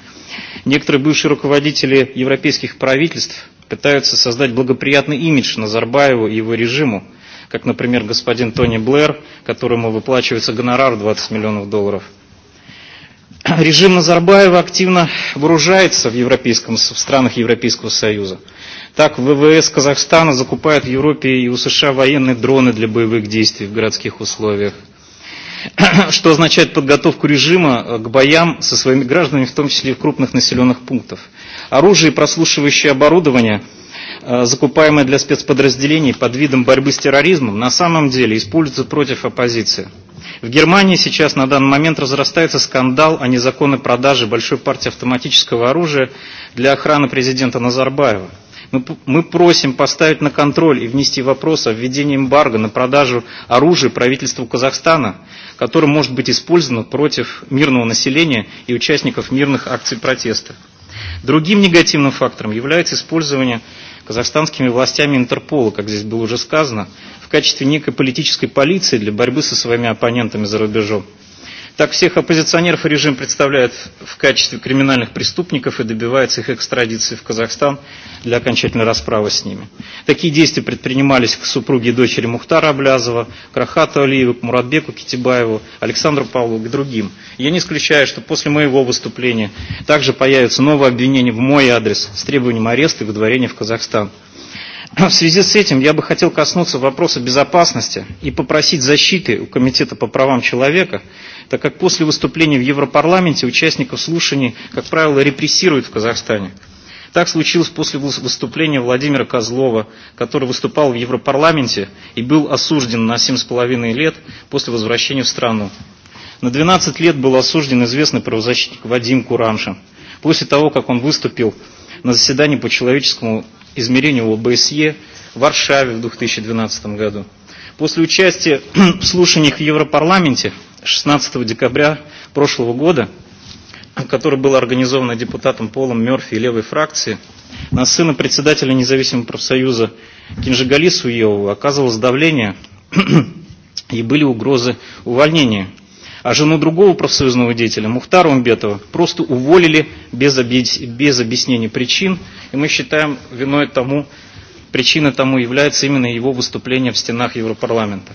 Некоторые бывшие руководители европейских правительств пытаются создать благоприятный имидж Назарбаеву и его режиму, как, например, господин Тони Блэр, которому выплачивается гонорар 20 миллионов долларов. Режим Назарбаева активно вооружается в, европейском, в странах Европейского Союза. Так, ВВС Казахстана закупает в Европе и у США военные дроны для боевых действий в городских условиях – что означает подготовку режима к боям со своими гражданами, в том числе и в крупных населенных пунктах. Оружие и прослушивающее оборудование, закупаемое для спецподразделений под видом борьбы с терроризмом, на самом деле используется против оппозиции. В Германии сейчас на данный момент разрастается скандал о незаконной продаже большой партии автоматического оружия для охраны президента Назарбаева – Мы просим поставить на контроль и внести вопрос о введении эмбарго на продажу оружия правительству Казахстана, которое может быть использовано против мирного населения и участников мирных акций протеста. Другим негативным фактором является использование казахстанскими властями Интерпола, как здесь было уже сказано, в качестве некой политической полиции для борьбы со своими оппонентами за рубежом. Так всех оппозиционеров режим представляет в качестве криминальных преступников и добивается их экстрадиции в Казахстан для окончательной расправы с ними. Такие действия предпринимались к супруге и дочери Мухтара Аблязова, к Рахату Алиеву, к Муратбеку Китибаеву, Александру Павлову и другим. Я не исключаю, что после моего выступления также появятся новые обвинения в мой адрес с требованием ареста и выдворения в Казахстан. В связи с этим я бы хотел коснуться вопроса безопасности и попросить защиты у Комитета по правам человека так как после выступления в Европарламенте участников слушаний, как правило, репрессируют в Казахстане. Так случилось после выступления Владимира Козлова, который выступал в Европарламенте и был осужден на 7,5 лет после возвращения в страну. На 12 лет был осужден известный правозащитник Вадим Куранша После того, как он выступил на заседании по человеческому измерению ОБСЕ в Варшаве в 2012 году. После участия в слушаниях в Европарламенте 16 декабря прошлого года, которое было организовано депутатом Полом Мерфи и левой фракции, на сына председателя независимого профсоюза Кинжигали Суеву оказывалось давление и были угрозы увольнения. А жену другого профсоюзного деятеля, Мухтара Умбетова, просто уволили без, объяс... без объяснения причин. И мы считаем виной тому, причиной тому является именно его выступление в стенах Европарламента.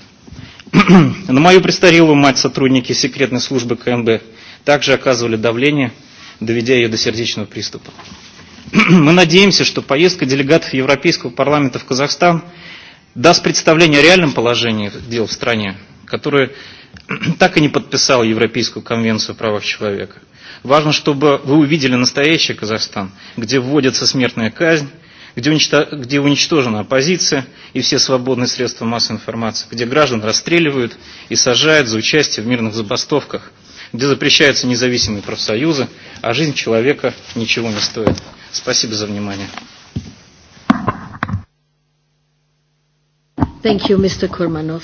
На мою престарелую мать сотрудники секретной службы КМБ также оказывали давление, доведя ее до сердечного приступа. Мы надеемся, что поездка делегатов Европейского парламента в Казахстан даст представление о реальном положении дел в стране, которое так и не подписало Европейскую конвенцию о правах человека. Важно, чтобы вы увидели настоящий Казахстан, где вводится смертная казнь, где, уничтожена оппозиция и все свободные средства массовой информации, где граждан расстреливают и сажают за участие в мирных забастовках, где запрещаются независимые профсоюзы, а жизнь человека ничего не стоит. Спасибо за внимание. Thank you, Mr. Kurmanov.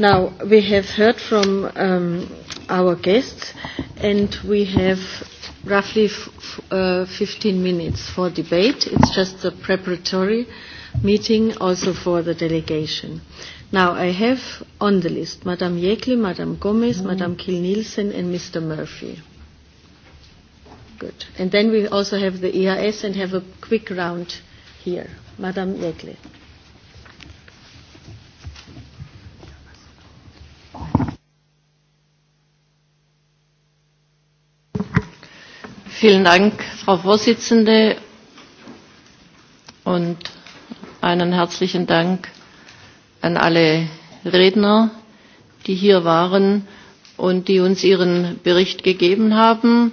Now, we have heard from um, our guests, and we have roughly f uh, 15 minutes for debate. It's just a preparatory meeting also for the delegation. Now I have on the list Madame Yekli, Madame Gomez, mm. Madame Kiel-Nielsen and Mr. Murphy. Good. And then we also have the EIS and have a quick round here. Madame Yekli. Vielen Dank, Frau Vorsitzende, und einen herzlichen Dank an alle Redner, die hier waren und die uns ihren Bericht gegeben haben.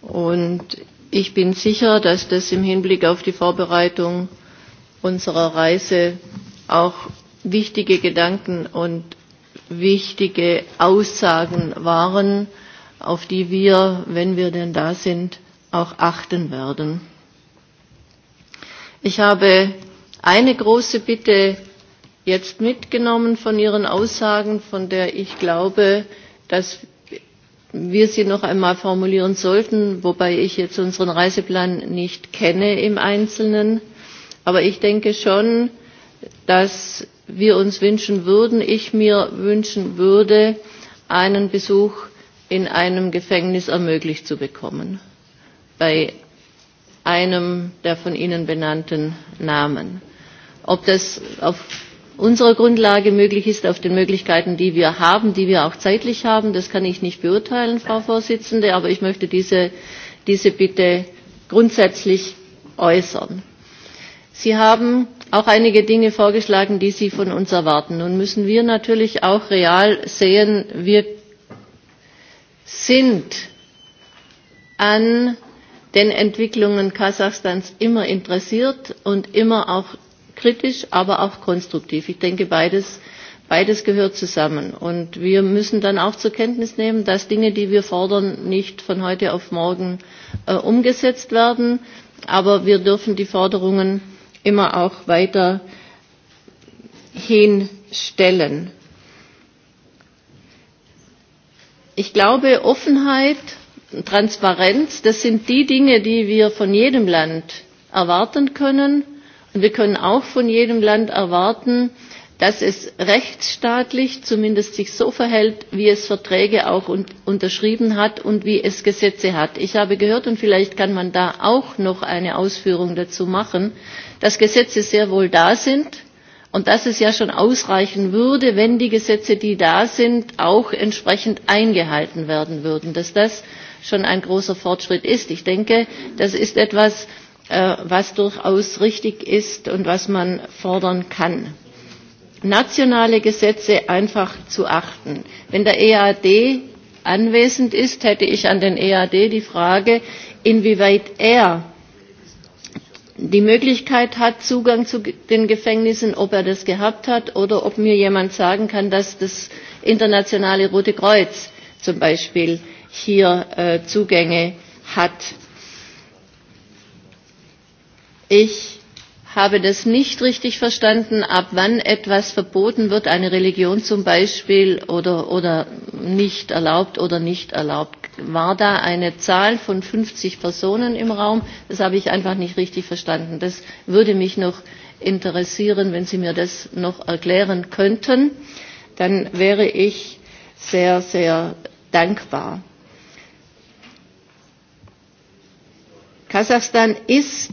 Und ich bin sicher, dass das im Hinblick auf die Vorbereitung unserer Reise auch wichtige Gedanken und wichtige Aussagen waren, auf die wir, wenn wir denn da sind, auch achten werden. Ich habe eine große Bitte jetzt mitgenommen von Ihren Aussagen, von der ich glaube, dass wir sie noch einmal formulieren sollten, wobei ich jetzt unseren Reiseplan nicht kenne im Einzelnen. Aber ich denke schon, dass wir uns wünschen würden, ich mir wünschen würde, einen Besuch in einem Gefängnis ermöglicht zu bekommen bei einem der von Ihnen benannten Namen. Ob das auf unserer Grundlage möglich ist, auf den Möglichkeiten, die wir haben, die wir auch zeitlich haben, das kann ich nicht beurteilen, Frau Vorsitzende, aber ich möchte diese, diese Bitte grundsätzlich äußern. Sie haben auch einige Dinge vorgeschlagen, die Sie von uns erwarten. Nun müssen wir natürlich auch real sehen, wir sind an den Entwicklungen Kasachstans immer interessiert und immer auch kritisch, aber auch konstruktiv. Ich denke, beides, beides gehört zusammen. Und wir müssen dann auch zur Kenntnis nehmen, dass Dinge, die wir fordern, nicht von heute auf morgen äh, umgesetzt werden. Aber wir dürfen die Forderungen immer auch weiter hinstellen. Ich glaube, Offenheit Transparenz, das sind die Dinge, die wir von jedem Land erwarten können. Und wir können auch von jedem Land erwarten, dass es rechtsstaatlich zumindest sich so verhält, wie es Verträge auch unterschrieben hat und wie es Gesetze hat. Ich habe gehört, und vielleicht kann man da auch noch eine Ausführung dazu machen, dass Gesetze sehr wohl da sind und dass es ja schon ausreichen würde, wenn die Gesetze, die da sind, auch entsprechend eingehalten werden würden, dass das schon ein großer Fortschritt ist. Ich denke, das ist etwas, äh, was durchaus richtig ist und was man fordern kann. Nationale Gesetze einfach zu achten. Wenn der EAD anwesend ist, hätte ich an den EAD die Frage, inwieweit er die Möglichkeit hat, Zugang zu den Gefängnissen, ob er das gehabt hat oder ob mir jemand sagen kann, dass das internationale Rote Kreuz zum Beispiel hier äh, Zugänge hat. Ich habe das nicht richtig verstanden, ab wann etwas verboten wird, eine Religion zum Beispiel oder, oder nicht erlaubt oder nicht erlaubt. War da eine Zahl von 50 Personen im Raum? Das habe ich einfach nicht richtig verstanden. Das würde mich noch interessieren, wenn Sie mir das noch erklären könnten. Dann wäre ich sehr, sehr dankbar. kasachstan ist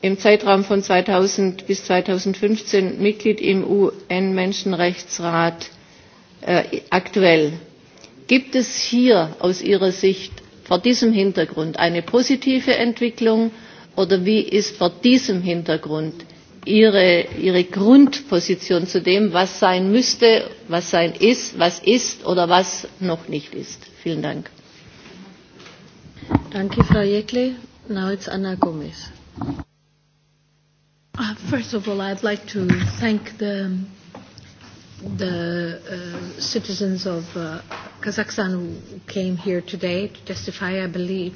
im zeitraum von 2000 bis 2015 Mitglied im UN Menschenrechtsrat äh, aktuell. Gibt es hier aus Ihrer Sicht vor diesem Hintergrund eine positive Entwicklung oder wie ist vor diesem Hintergrund Ihre, Ihre Grundposition zu dem, was sein müsste, was sein ist, was ist oder was noch nicht ist? Vielen Dank. Danke, Frau Jekle. Now it's Anna Gomez. Uh, first of all, I'd like to thank the, the uh, citizens of uh, Kazakhstan who came here today to testify. I believe,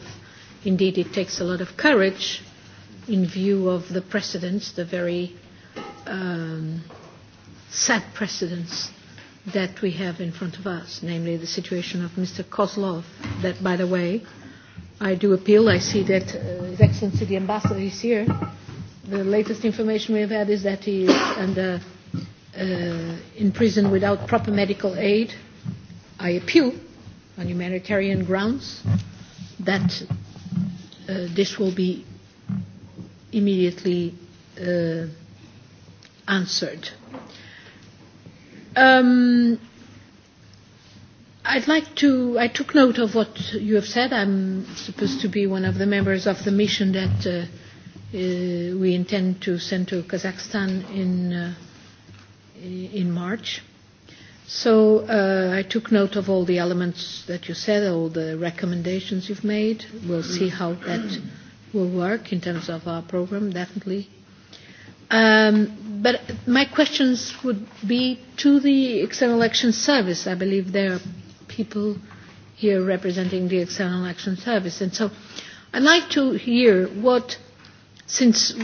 indeed, it takes a lot of courage in view of the precedents, the very um, sad precedents that we have in front of us, namely the situation of Mr. Kozlov, that, by the way, i do appeal. I see that uh, His Excellency the Ambassador is here. The latest information we have had is that he is under, uh, in prison without proper medical aid. I appeal on humanitarian grounds that uh, this will be immediately uh, answered. Um, I'd like to. I took note of what you have said. I'm supposed to be one of the members of the mission that uh, uh, we intend to send to Kazakhstan in uh, in March. So uh, I took note of all the elements that you said, all the recommendations you've made. We'll see how that will work in terms of our program, definitely. Um, but my questions would be to the External Action Service. I believe they are people here representing the External Action Service. And so I'd like to hear what, since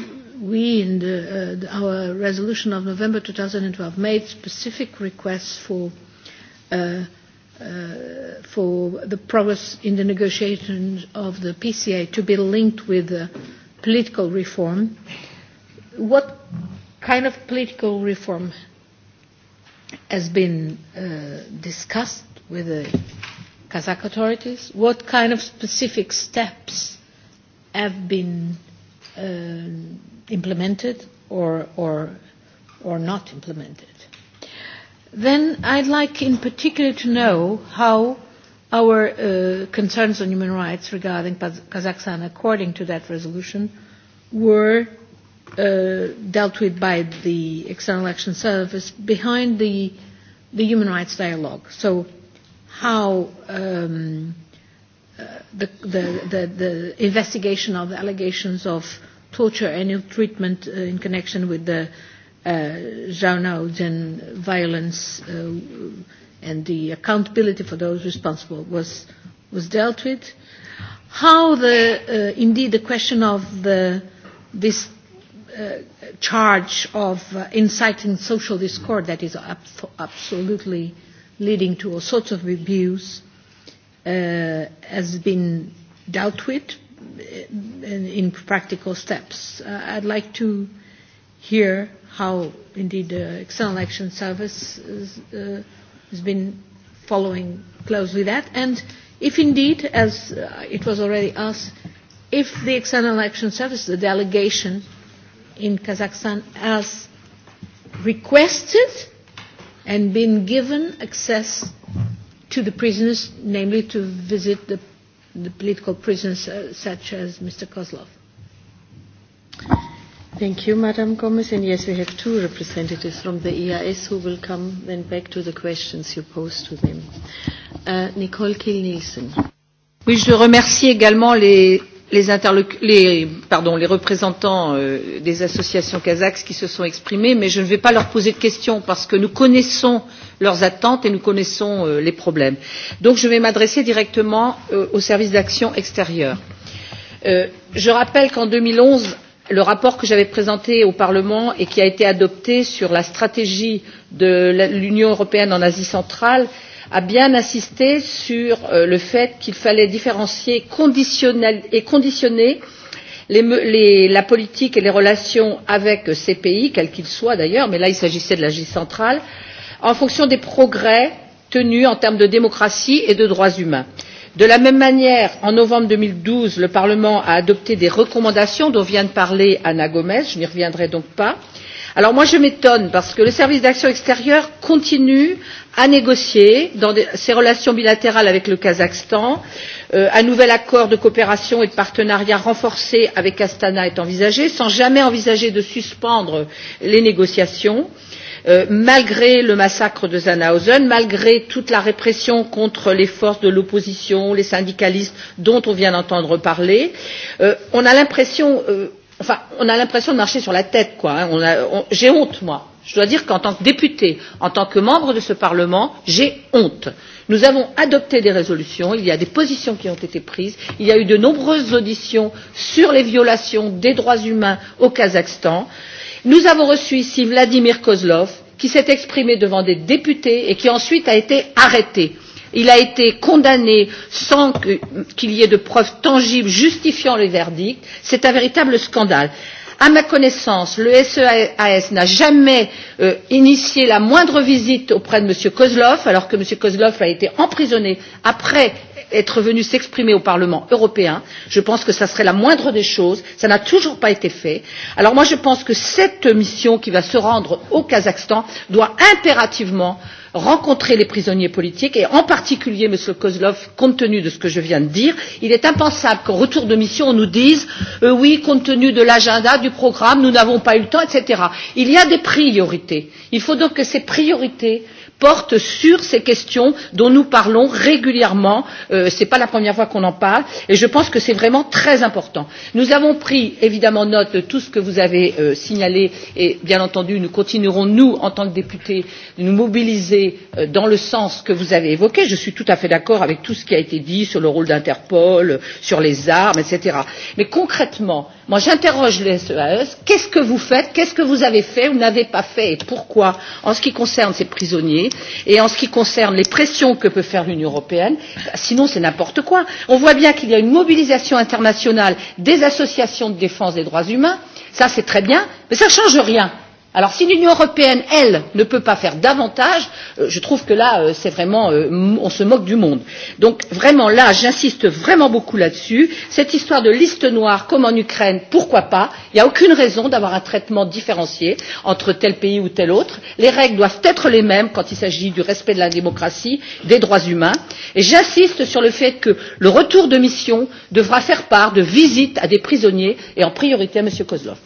we in the, uh, our resolution of November 2012 made specific requests for, uh, uh, for the progress in the negotiations of the PCA to be linked with the uh, political reform, what kind of political reform has been uh, discussed with the Kazakh authorities? What kind of specific steps have been uh, implemented or, or, or not implemented? Then I'd like in particular to know how our uh, concerns on human rights regarding Kazakhstan, according to that resolution, were uh, dealt with by the External Action Service behind the, the human rights dialogue. So how um, uh, the, the, the, the investigation of the allegations of torture and ill treatment uh, in connection with the uh, Zhao violence uh, and the accountability for those responsible was, was dealt with. How the, uh, indeed the question of the, this uh, charge of uh, inciting social discord that is ab- absolutely uh, leading to all sorts of abuse uh, has been dealt with uh, in, in practical steps. Uh, I'd like to hear how indeed the External Action Service is, uh, has been following closely that and if indeed, as uh, it was already asked, if the External Action Service, the delegation in Kazakhstan has requested and been given access to the prisoners, namely to visit the, the political prisoners uh, such as Mr. Kozlov. Thank you, Madam Gomez. And yes, we have two representatives from the EIS who will come then back to the questions you posed to them. Uh, Nicole Kiel-Nielsen. Oui, je remercie également les les, les, pardon, les représentants euh, des associations kazakhs qui se sont exprimés mais je ne vais pas leur poser de questions parce que nous connaissons leurs attentes et nous connaissons euh, les problèmes. donc je vais m'adresser directement euh, au service d'action extérieure. Euh, je rappelle qu'en deux mille onze le rapport que j'avais présenté au parlement et qui a été adopté sur la stratégie de l'union européenne en asie centrale a bien insisté sur euh, le fait qu'il fallait différencier et conditionner les, les, la politique et les relations avec ces pays, quels qu'ils soient d'ailleurs, mais là il s'agissait de l'Asie centrale, en fonction des progrès tenus en termes de démocratie et de droits humains. De la même manière, en novembre deux mille douze, le Parlement a adopté des recommandations dont vient de parler Anna Gomes, je n'y reviendrai donc pas, euh, alors moi je m'étonne parce que le service d'action extérieure continue à négocier dans ses relations bilatérales avec le kazakhstan euh, un nouvel accord de coopération et de partenariat renforcé avec astana est envisagé sans jamais envisager de suspendre les négociations euh, malgré le massacre de zhanaozen malgré toute la répression contre les forces de l'opposition, les syndicalistes dont on vient d'entendre parler, euh, on a l'impression euh, enfin on a l'impression de marcher sur la tête quoi hein, on on, j'ai honte moi je dois dire qu'en tant que député en tant que membre de ce parlement j'ai honte nous avons adopté des résolutions il y a des positions qui ont été prises il y a eu de nombreuses auditions sur les violations des droits humains au kazakhstan nous avons reçu ici vladimir kozlov qui s'est exprimé devant des députés et qui ensuite a été arrêté il a été condamné sans qu'il y ait de preuves tangibles justifiant le verdict c'est un véritable scandale. à ma connaissance le seas e n'a jamais euh, initié la moindre visite auprès de m. kozlov alors que m. kozlov a été emprisonné après être venu s'exprimer au parlement européen je pense que ce serait la moindre des choses cela n'a toujours pas été fait. alors moi je pense que cette mission qui va se rendre au kazakhstan doit impérativement rencontrer les prisonniers politiques et en particulier monsieur kozlov compte tenu de ce que je viens de dire il est impensable qu'en retour de mission on nous dise euh, oui compte tenu de l'agenda du programme nous n'avons pas eu le temps etc. il y a des priorités il faut donc que ces priorités porte sur ces questions dont nous parlons régulièrement euh, ce n'est pas la première fois qu'on en parle et je pense que c'est vraiment très important. nous avons pris évidemment note de tout ce que vous avez euh, signalé et bien entendu nous continuerons nous en tant que députés de nous mobiliser euh, dans le sens que vous avez évoqué je suis tout à fait d'accord avec tout ce qui a été dit sur le rôle d'interpol sur les armes etc. mais concrètement Moi, j'interroge les SEAES. E Qu'est-ce que vous faites Qu'est-ce que vous avez fait ou n'avez pas fait Et pourquoi En ce qui concerne ces prisonniers et en ce qui concerne les pressions que peut faire l'Union européenne, sinon c'est n'importe quoi. On voit bien qu'il y a une mobilisation internationale des associations de défense des droits humains. Ça, c'est très bien, mais ça ne change rien alors si l'union européenne elle ne peut pas faire davantage euh, je trouve que là euh, c'est vraiment euh, on se moque du monde. donc vraiment là j'insiste vraiment beaucoup là dessus cette histoire de liste noire comme en ukraine pourquoi pas il n'y a aucune raison d'avoir un traitement différencié entre tel pays ou tel autre les règles doivent être les mêmes quand il s'agit du respect de la démocratie des droits humains et j'insiste sur le fait que le retour de mission devra faire part de visites à des prisonniers et en priorité à m. kozlov.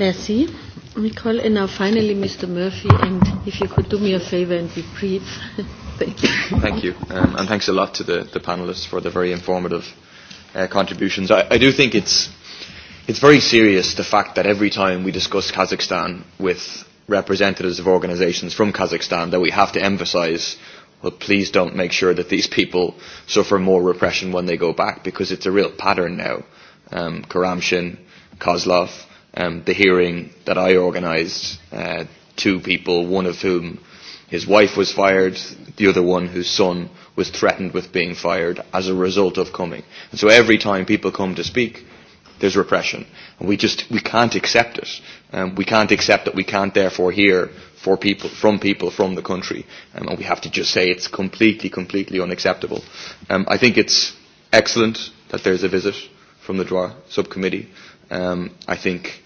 Merci. Nicole, and now finally, Mr. Murphy, and if you could do me a favor and be brief. *laughs* Thank you. Thank you. Um, and thanks a lot to the, the panelists for the very informative uh, contributions. I, I do think it's, it's very serious the fact that every time we discuss Kazakhstan with representatives of organizations from Kazakhstan that we have to emphasize well, please don't make sure that these people suffer more repression when they go back because it's a real pattern now. Um, Karamshin, Kozlov, um, the hearing that I organised, uh, two people, one of whom his wife was fired, the other one whose son was threatened with being fired as a result of coming. And so every time people come to speak, there's repression. And we just, we can't accept it. Um, we can't accept that we can't therefore hear for people, from people from the country. Um, and we have to just say it's completely, completely unacceptable. Um, I think it's excellent that there's a visit from the DRA subcommittee. Um, I think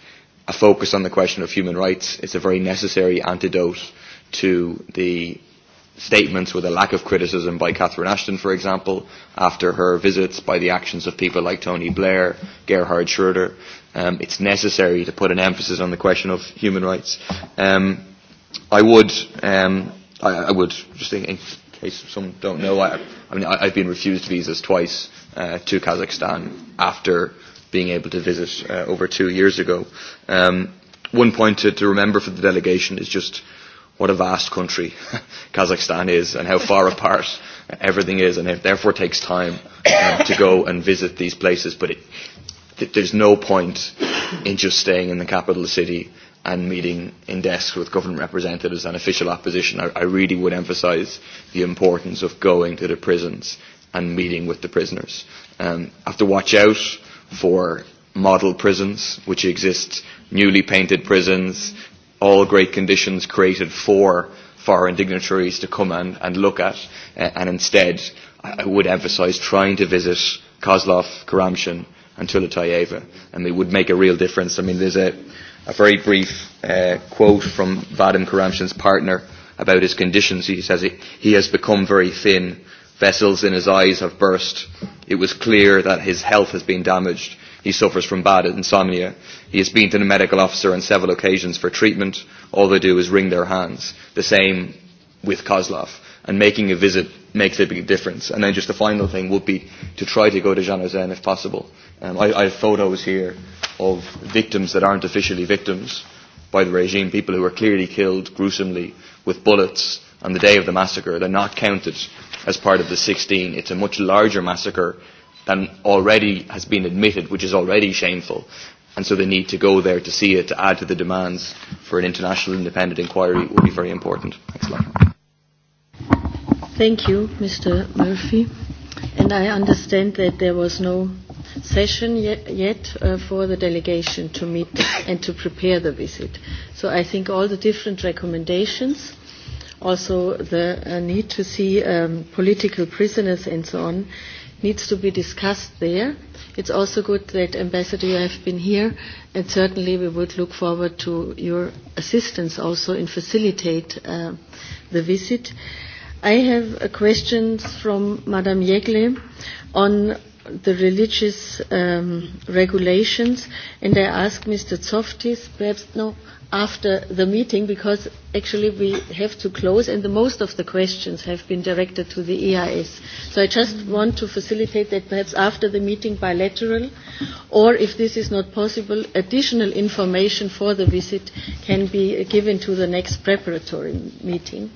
a focus on the question of human rights is a very necessary antidote to the statements with a lack of criticism by Catherine Ashton, for example, after her visits by the actions of people like Tony Blair, Gerhard Schroeder. Um, it's necessary to put an emphasis on the question of human rights. Um, I would, um, I, I would just think, in case some don't know, I, I mean, I, I've been refused visas twice uh, to Kazakhstan after being able to visit uh, over two years ago. Um, one point to, to remember for the delegation is just what a vast country *laughs* Kazakhstan is and how far apart everything is, and it therefore takes time uh, to go and visit these places. But it, th- there's no point in just staying in the capital city and meeting in desks with government representatives and official opposition. I, I really would emphasize the importance of going to the prisons and meeting with the prisoners. Um, have to watch out for model prisons, which exist, newly painted prisons, all great conditions created for foreign dignitaries to come and, and look at. Uh, and instead, I, would emphasise trying to visit Kozlov, Karamshin, and Tulatayeva, and they would make a real difference. I mean, there's a, a very brief uh, quote from Vadim Karamshin's partner about his conditions. He says he, he has become very thin vessels in his eyes have burst. It was clear that his health has been damaged. He suffers from bad insomnia. He has been to the medical officer on several occasions for treatment. All they do is wring their hands. The same with Kozlov. And making a visit makes a big difference. And then just the final thing would be to try to go to Zhanazen if possible. Um, I, I have photos here of victims that aren't officially victims by the regime, people who were clearly killed gruesomely with bullets on the day of the massacre. They're not counted as part of the 16. It's a much larger massacre than already has been admitted, which is already shameful. And so the need to go there to see it, to add to the demands for an international independent inquiry, would be very important. Thanks a lot. Thank you, Mr. Murphy. And I understand that there was no session yet, yet uh, for the delegation to meet and to prepare the visit. So I think all the different recommendations also the uh, need to see um, political prisoners and so on needs to be discussed there. It's also good that Ambassador you have been here and certainly we would look forward to your assistance also in facilitate uh, the visit. I have a uh, question from Madame Jegle on the religious um, regulations and I ask Mr. Tsoftis, perhaps, no, after the meeting because actually we have to close and the most of the questions have been directed to the EIS. So I just want to facilitate that perhaps after the meeting bilateral or if this is not possible, additional information for the visit can be given to the next preparatory meeting.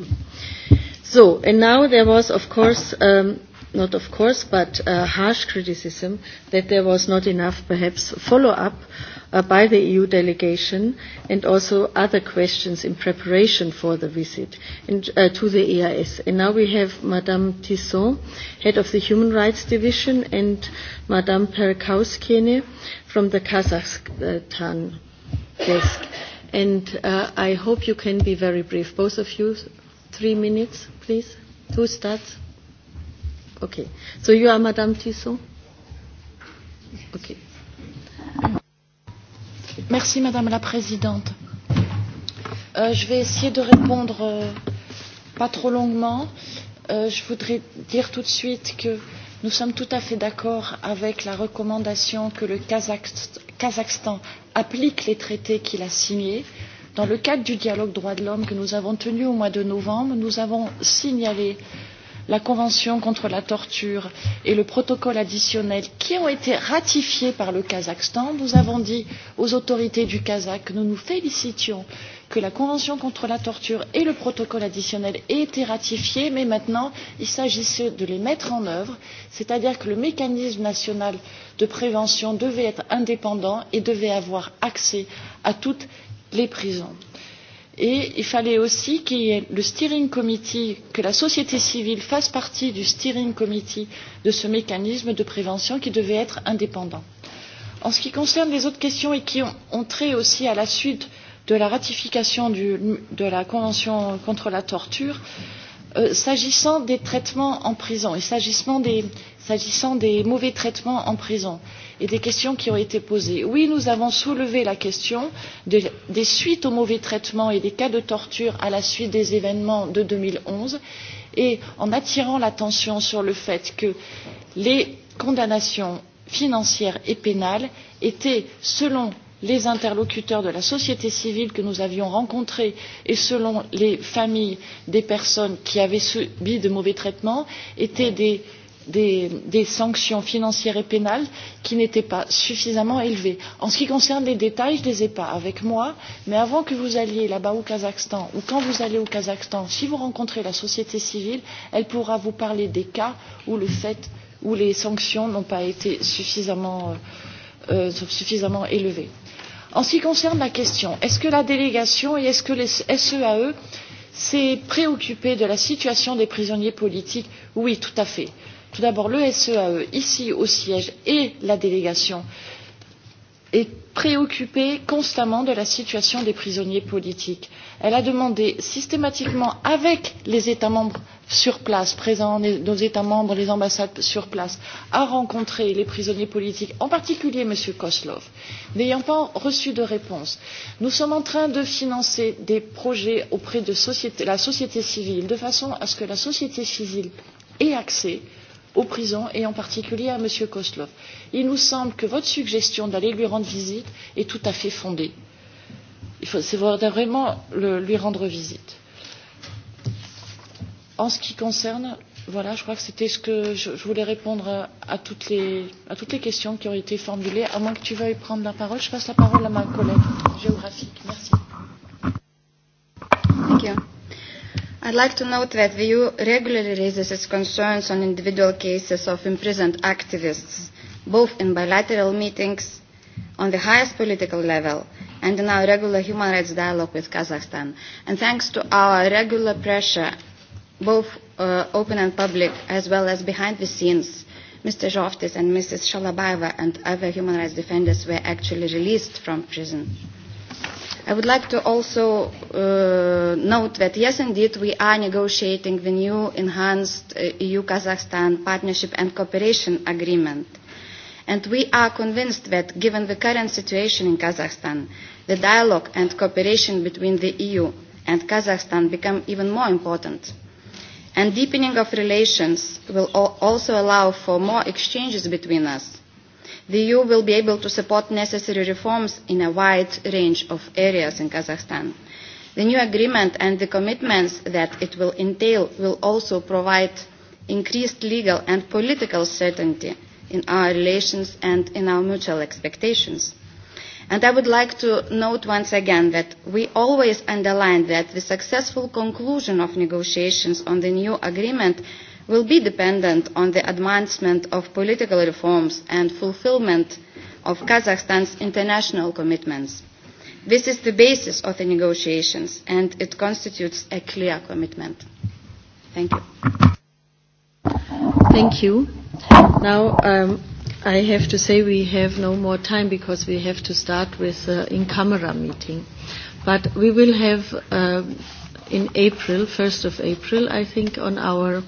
So, and now there was of course um, not of course, but uh, harsh criticism that there was not enough, perhaps, follow-up uh, by the EU delegation and also other questions in preparation for the visit and, uh, to the EIS. And now we have Madame Tisson, head of the Human Rights Division, and Madame Perkauskene from the Kazakhstan desk. And uh, I hope you can be very brief. Both of you, three minutes, please. Who starts? Okay. So you are Madame Tissot Okay. Merci Madame la Présidente. Euh, je vais essayer de répondre euh, pas trop longuement. Euh, je voudrais dire tout de suite que nous sommes tout à fait d'accord avec la recommandation que le Kazakhstan, applique les traités qu'il a signés. Dans le cadre du dialogue droits de l'homme que nous avons tenu au mois de novembre, nous avons signalé euh, la convention contre la torture et le protocole additionnel qui ont été ratifiés par le kazakhstan nous avons dit aux autorités du kazakh que nous nous félicitions que la convention contre la torture et le protocole additionnel aient été ratifiés mais maintenant il s'agissait de les mettre en œuvre c'est à dire que le mécanisme national de prévention devait être indépendant et devait avoir accès à toutes les prisons et il fallait aussi qu'il y ait le steering committee que la société civile fasse partie du steering committee de ce mécanisme de prévention qui devait être indépendant. en ce qui concerne les autres questions et qui ont, ont trait aussi à la suite de la ratification du, de la convention contre la torture euh, s'agissant des traitements en prison et s'agissant des, s'agissant des mauvais traitements en prison et des questions qui ont été posées. Oui, nous avons soulevé la question des suites aux mauvais traitements et des cas de torture à la suite des événements de deux mille onze et en attirant l'attention sur le fait que les condamnations financières et pénales étaient, selon les interlocuteurs de la société civile que nous avions rencontrés et selon les familles des personnes qui avaient subi de mauvais traitements étaient des des, sanctions financières et pénales qui n'étaient pas suffisamment élevées. En ce qui concerne les détails, je ne les ai pas avec moi, mais avant que vous alliez là-bas au Kazakhstan ou quand vous allez au Kazakhstan, si vous rencontrez la société civile, elle pourra vous parler des cas où, le fait, où les sanctions n'ont pas été suffisamment, euh, euh suffisamment élevées. En ce qui concerne la question, est-ce que la délégation et est-ce que les SEAE e s'est préoccupée de la situation des prisonniers politiques Oui, tout à fait tout d'abord le seae e, ici au siège et la délégation est préoccupée constamment de la situation des prisonniers politiques. elle a demandé systématiquement avec les états membres sur place présents nos états membres les ambassades sur place à rencontrer les prisonniers politiques en particulier m. kozlov. n'ayant pas reçu de réponse nous sommes en train de financer des projets auprès de société, la société civile de façon à ce que la société civile ait accès à aux prisons et en particulier à m. kozlov. il nous semble que votre suggestion d'aller lui rendre visite est tout à fait fondée. il faudrait vraiment le, lui rendre visite. en ce qui concerne voilà, je crois que c'était ce que je, voulais répondre à, à, toutes les, à toutes les questions qui ont été formulées. À moins que tu veuilles prendre la parole, je passe la parole à ma collègue géographique. Merci. I'd like to note that the EU regularly raises its concerns on individual cases of imprisoned activists, both in bilateral meetings on the highest political level and in our regular human rights dialogue with Kazakhstan. And thanks to our regular pressure, both uh, open and public, as well as behind the scenes, Mr. Zhovtis and Mrs. Shalabaeva and other human rights defenders were actually released from prison. I would like to also uh, note that, yes, indeed, we are negotiating the new enhanced uh, EU-Kazakhstan partnership and cooperation agreement. And we are convinced that, given the current situation in Kazakhstan, the dialogue and cooperation between the EU and Kazakhstan become even more important. And deepening of relations will also allow for more exchanges between us The EU will be able to support necessary reforms in a wide range of areas in Kazakhstan. The new agreement and the commitments that it will entail will also provide increased legal and political certainty in our relations and in our mutual expectations. And I would like to note once again that we always underline that the successful conclusion of negotiations on the new agreement will be dependent on the advancement of political reforms and fulfilment of Kazakhstan's international commitments. This is the basis of the negotiations and it constitutes a clear commitment. Thank you. Thank you. Now, um, I have to say we have no more time because we have to start with uh, in-camera meeting. But we will have uh, in April, 1st of April, I think, on our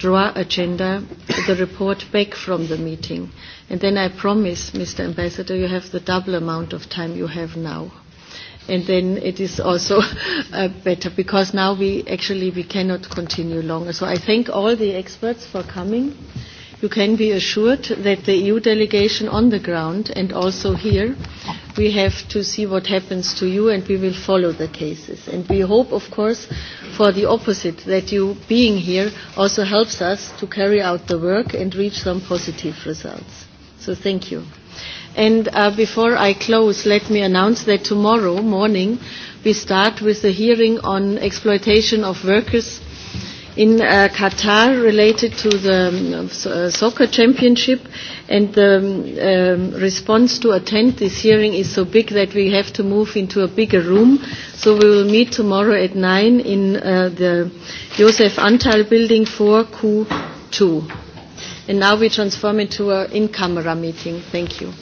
draw agenda, the report back from the meeting. And then I promise, Mr. Ambassador, you have the double amount of time you have now. And then it is also *laughs* uh, better because now we actually we cannot continue longer. So I thank all the experts for coming you can be assured that the EU delegation on the ground and also here, we have to see what happens to you and we will follow the cases. And we hope, of course, for the opposite, that you being here also helps us to carry out the work and reach some positive results. So thank you. And uh, before I close, let me announce that tomorrow morning we start with a hearing on exploitation of workers in uh, Qatar related to the um, uh, soccer championship and the um, um, response to attend this hearing is so big that we have to move into a bigger room. So we will meet tomorrow at 9 in uh, the Josef Antal building 4Q2. And now we transform into an in-camera meeting. Thank you.